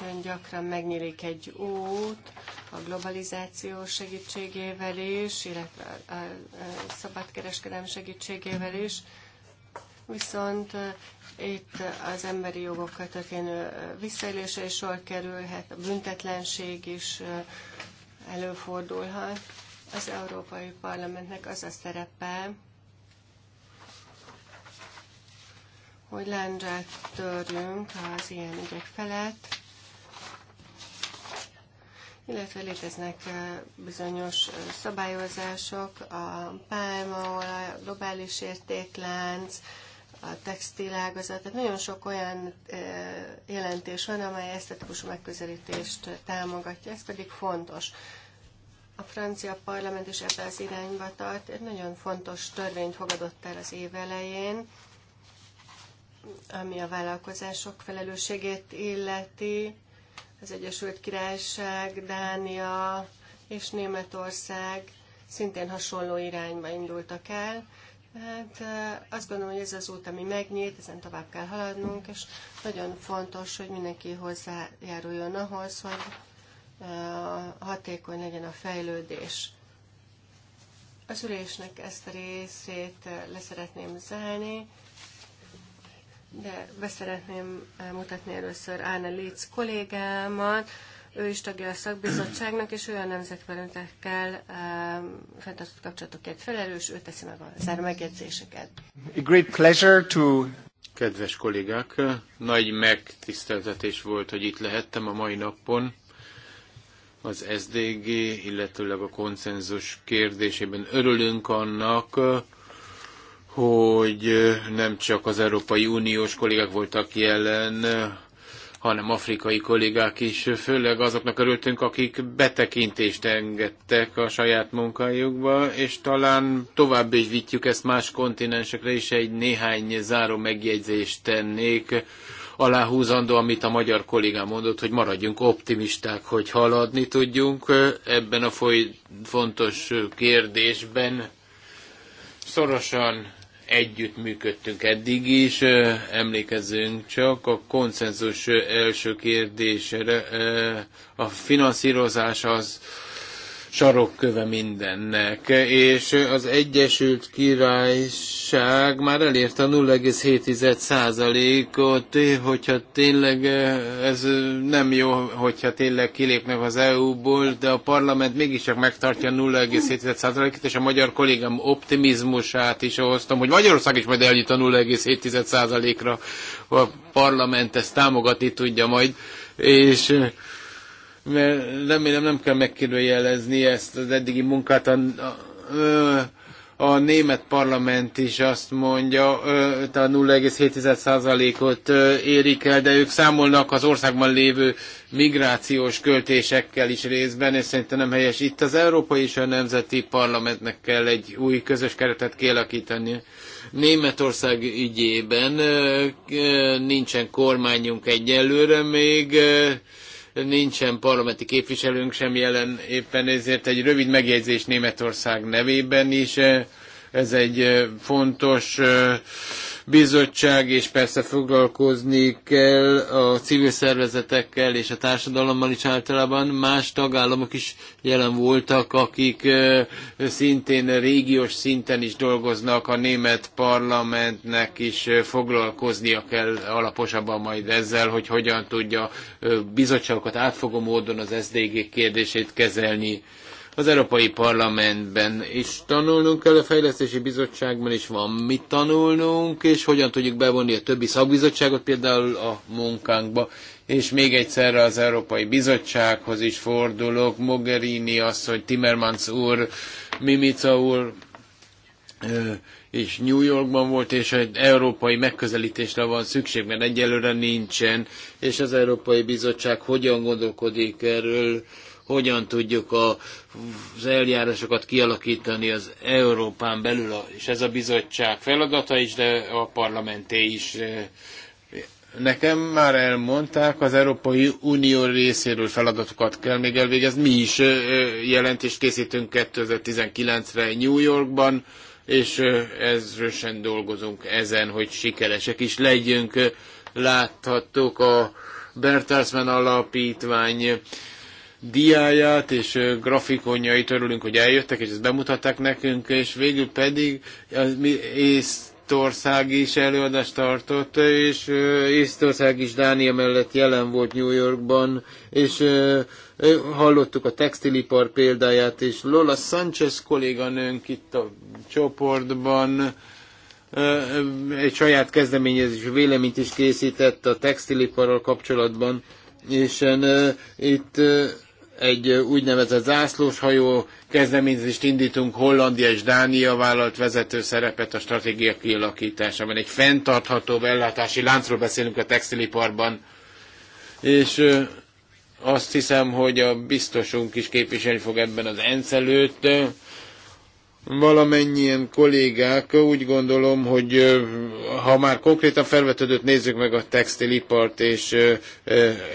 Nagyon gyakran megnyílik egy út a globalizáció segítségével is, illetve a, a szabadkereskedelem segítségével is, viszont itt az emberi jogokkal történő visszaélése is sor kerülhet, a büntetlenség is előfordulhat. Az Európai Parlamentnek az a szerepe, hogy lendzsát törjünk az ilyen ügyek felett, illetve léteznek bizonyos szabályozások, a pálmaolaj, a globális értéklánc, a textilágazat, tehát nagyon sok olyan jelentés van, amely esztetikus megközelítést támogatja, ez pedig fontos. A francia parlament is ebbe az irányba tart. Egy nagyon fontos törvényt fogadott el az év elején, ami a vállalkozások felelősségét illeti. Az Egyesült Királyság, Dánia és Németország szintén hasonló irányba indultak el. Hát azt gondolom, hogy ez az út, ami megnyílt, ezen tovább kell haladnunk, és nagyon fontos, hogy mindenki hozzájáruljon ahhoz, hogy hatékony legyen a fejlődés. A szülésnek ezt a részét leszeretném zárni, de beszeretném mutatni először Áne Litz kollégámat, ő is tagja a szakbizottságnak, és olyan nemzetvelőtekkel um, fenntartott kapcsolatokért felelős, ő teszi meg a záró megjegyzéseket. A great pleasure to... Kedves kollégák, nagy megtiszteltetés volt, hogy itt lehettem a mai napon az SDG, illetőleg a konszenzus kérdésében örülünk annak, hogy nem csak az Európai Uniós kollégák voltak jelen, hanem afrikai kollégák is, főleg azoknak örültünk, akik betekintést engedtek a saját munkájukba, és talán tovább is vitjük ezt más kontinensekre is, egy néhány záró megjegyzést tennék aláhúzandó, amit a magyar kollégám mondott, hogy maradjunk optimisták, hogy haladni tudjunk ebben a foly fontos kérdésben. Szorosan együttműködtünk eddig is, emlékezzünk csak a konszenzus első kérdésre. A finanszírozás az sarokköve mindennek, és az Egyesült Királyság már elérte a 0,7%-ot, hogyha tényleg eh, ez nem jó, hogyha tényleg kilépnek az EU-ból, de a parlament mégiscsak megtartja 0,7%-ot, és a magyar kollégám optimizmusát is osztom, hogy Magyarország is majd eljut a 0,7%-ra, a parlament ezt támogatni tudja majd, és eh, mert remélem nem kell megkérdőjelezni ezt az eddigi munkát. A, a, a német parlament is azt mondja, a 0,7%-ot érik el, de ők számolnak az országban lévő migrációs költésekkel is részben, és szerintem nem helyes. Itt az Európai és a Nemzeti Parlamentnek kell egy új közös keretet kialakítani. Németország ügyében nincsen kormányunk egyelőre még, nincsen parlamenti képviselőnk sem jelen, éppen ezért egy rövid megjegyzés Németország nevében is. Ez egy fontos bizottság, és persze foglalkozni kell a civil szervezetekkel és a társadalommal is általában. Más tagállamok is jelen voltak, akik szintén régiós szinten is dolgoznak, a német parlamentnek is foglalkoznia kell alaposabban majd ezzel, hogy hogyan tudja bizottságokat átfogó módon az SDG kérdését kezelni az Európai Parlamentben is tanulnunk kell, a Fejlesztési Bizottságban is van mit tanulnunk, és hogyan tudjuk bevonni a többi szakbizottságot például a munkánkba. És még egyszer az Európai Bizottsághoz is fordulok, Mogherini asszony, Timmermans úr, Mimica úr, és New Yorkban volt, és egy európai megközelítésre van szükség, mert egyelőre nincsen, és az Európai Bizottság hogyan gondolkodik erről, hogyan tudjuk a, az eljárásokat kialakítani az Európán belül, és ez a bizottság feladata is, de a parlamenté is. Eh, Nekem már elmondták, az Európai Unió részéről feladatokat kell még elvégezni. Mi is eh, jelentést készítünk 2019-re New Yorkban, és eh, ezrősen dolgozunk ezen, hogy sikeresek is legyünk. Láthattuk a Bertelsmann alapítvány diáját és grafikonjait örülünk, hogy eljöttek, és ezt bemutatták nekünk, és végül pedig az mi Észtország is előadást tartott, és Észtország is Dánia mellett jelen volt New Yorkban, és hallottuk a textilipar példáját, és Lola Sanchez kolléganőnk itt a csoportban, egy saját kezdeményezés véleményt is készített a textiliparral kapcsolatban, és uh, itt uh, egy úgynevezett zászlós hajó kezdeményezést indítunk, Hollandia és Dánia vállalt vezető szerepet a stratégia kialakításában. Egy fenntartható ellátási láncról beszélünk a textiliparban, és azt hiszem, hogy a biztosunk is képviselni fog ebben az ENSZ előtt valamennyien kollégák, úgy gondolom, hogy ha már konkrétan felvetődött, nézzük meg a textilipart, és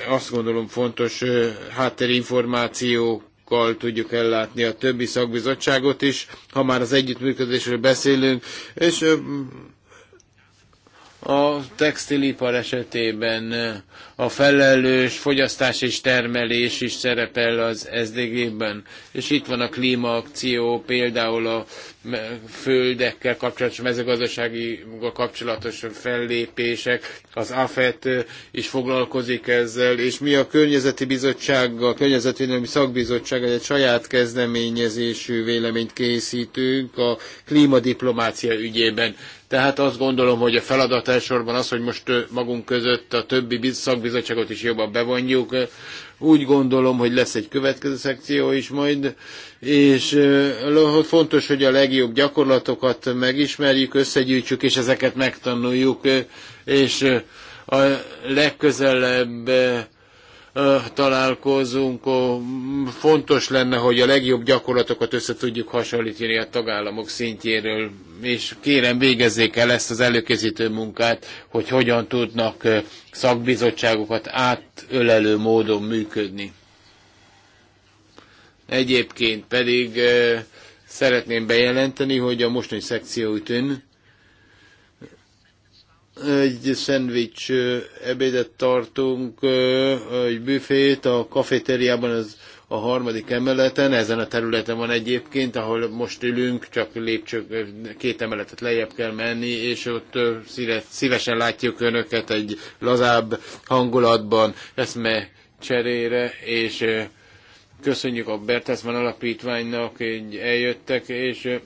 azt gondolom fontos háttérinformációk kollégákkal tudjuk ellátni a többi szakbizottságot is, ha már az együttműködésről beszélünk, és a textilipar esetében eh, a felelős fogyasztás és termelés is szerepel az SDG-ben, és itt van a klímaakció, például a földekkel kapcsolatos, mezőgazdasági kapcsolatos fellépések, az AFET eh, is foglalkozik ezzel, és mi a Környezeti bizottság a Környezetvédelmi szakbizottság egy saját kezdeményezésű véleményt készítünk a klímadiplomácia ügyében. Tehát azt gondolom, hogy a feladat elsősorban az, hogy most magunk között a többi szakbizottságot is jobban bevonjuk. Úgy gondolom, hogy lesz egy következő szekció is majd, és fontos, hogy a legjobb gyakorlatokat megismerjük, összegyűjtsük, és ezeket megtanuljuk, és a legközelebb találkozunk, fontos lenne, hogy a legjobb gyakorlatokat össze tudjuk hasonlítani a tagállamok szintjéről, és kérem végezzék el ezt az előkészítő munkát, hogy hogyan tudnak szakbizottságokat átölelő módon működni. Egyébként pedig szeretném bejelenteni, hogy a mostani szekció ütön egy szendvics ebédet tartunk, egy büfét a kafetériában, az a harmadik emeleten, ezen a területen van egyébként, ahol most ülünk, csak lépcsők, két emeletet lejjebb kell menni, és ott szívesen látjuk önöket egy lazább hangulatban, eszme cserére, és köszönjük a Bertelsmann alapítványnak, hogy eljöttek, és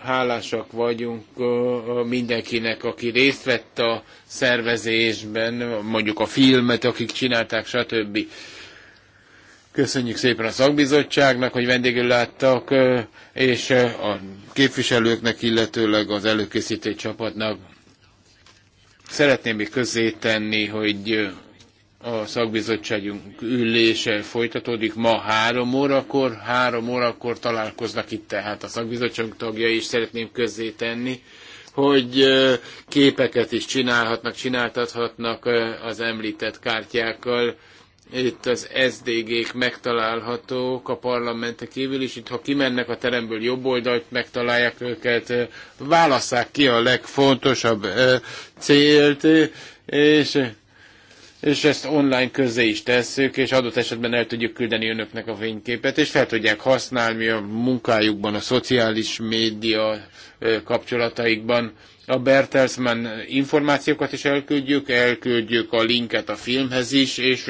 hálásak vagyunk mindenkinek, aki részt vett a szervezésben, mondjuk a filmet, akik csinálták, stb. Köszönjük szépen a szakbizottságnak, hogy vendégül láttak, és a képviselőknek, illetőleg az előkészítő csapatnak. Szeretném még közzétenni, hogy a szakbizottságunk ülése folytatódik ma három órakor. Három órakor találkoznak itt tehát a szakbizottságunk tagjai, is szeretném közzétenni, hogy képeket is csinálhatnak, csináltathatnak az említett kártyákkal. Itt az SDG-k megtalálhatók a parlamentek kívül is. Itt, ha kimennek a teremből jobb oldalt, megtalálják őket, válasszák ki a legfontosabb célt, és és ezt online közé is tesszük, és adott esetben el tudjuk küldeni önöknek a fényképet, és fel tudják használni a munkájukban, a szociális média kapcsolataikban. A Bertelsmann információkat is elküldjük, elküldjük a linket a filmhez is, és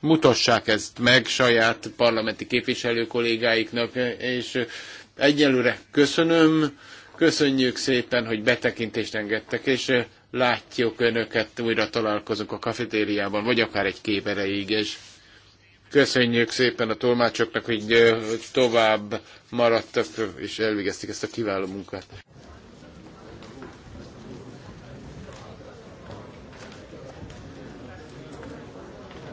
mutassák ezt meg saját parlamenti képviselő kollégáiknak, és egyelőre köszönöm, köszönjük szépen, hogy betekintést engedtek, és látjuk önöket, újra találkozunk a kafetériában, vagy akár egy képereig, és köszönjük szépen a tolmácsoknak, hogy tovább maradtak, és elvégezték ezt a kiváló munkát.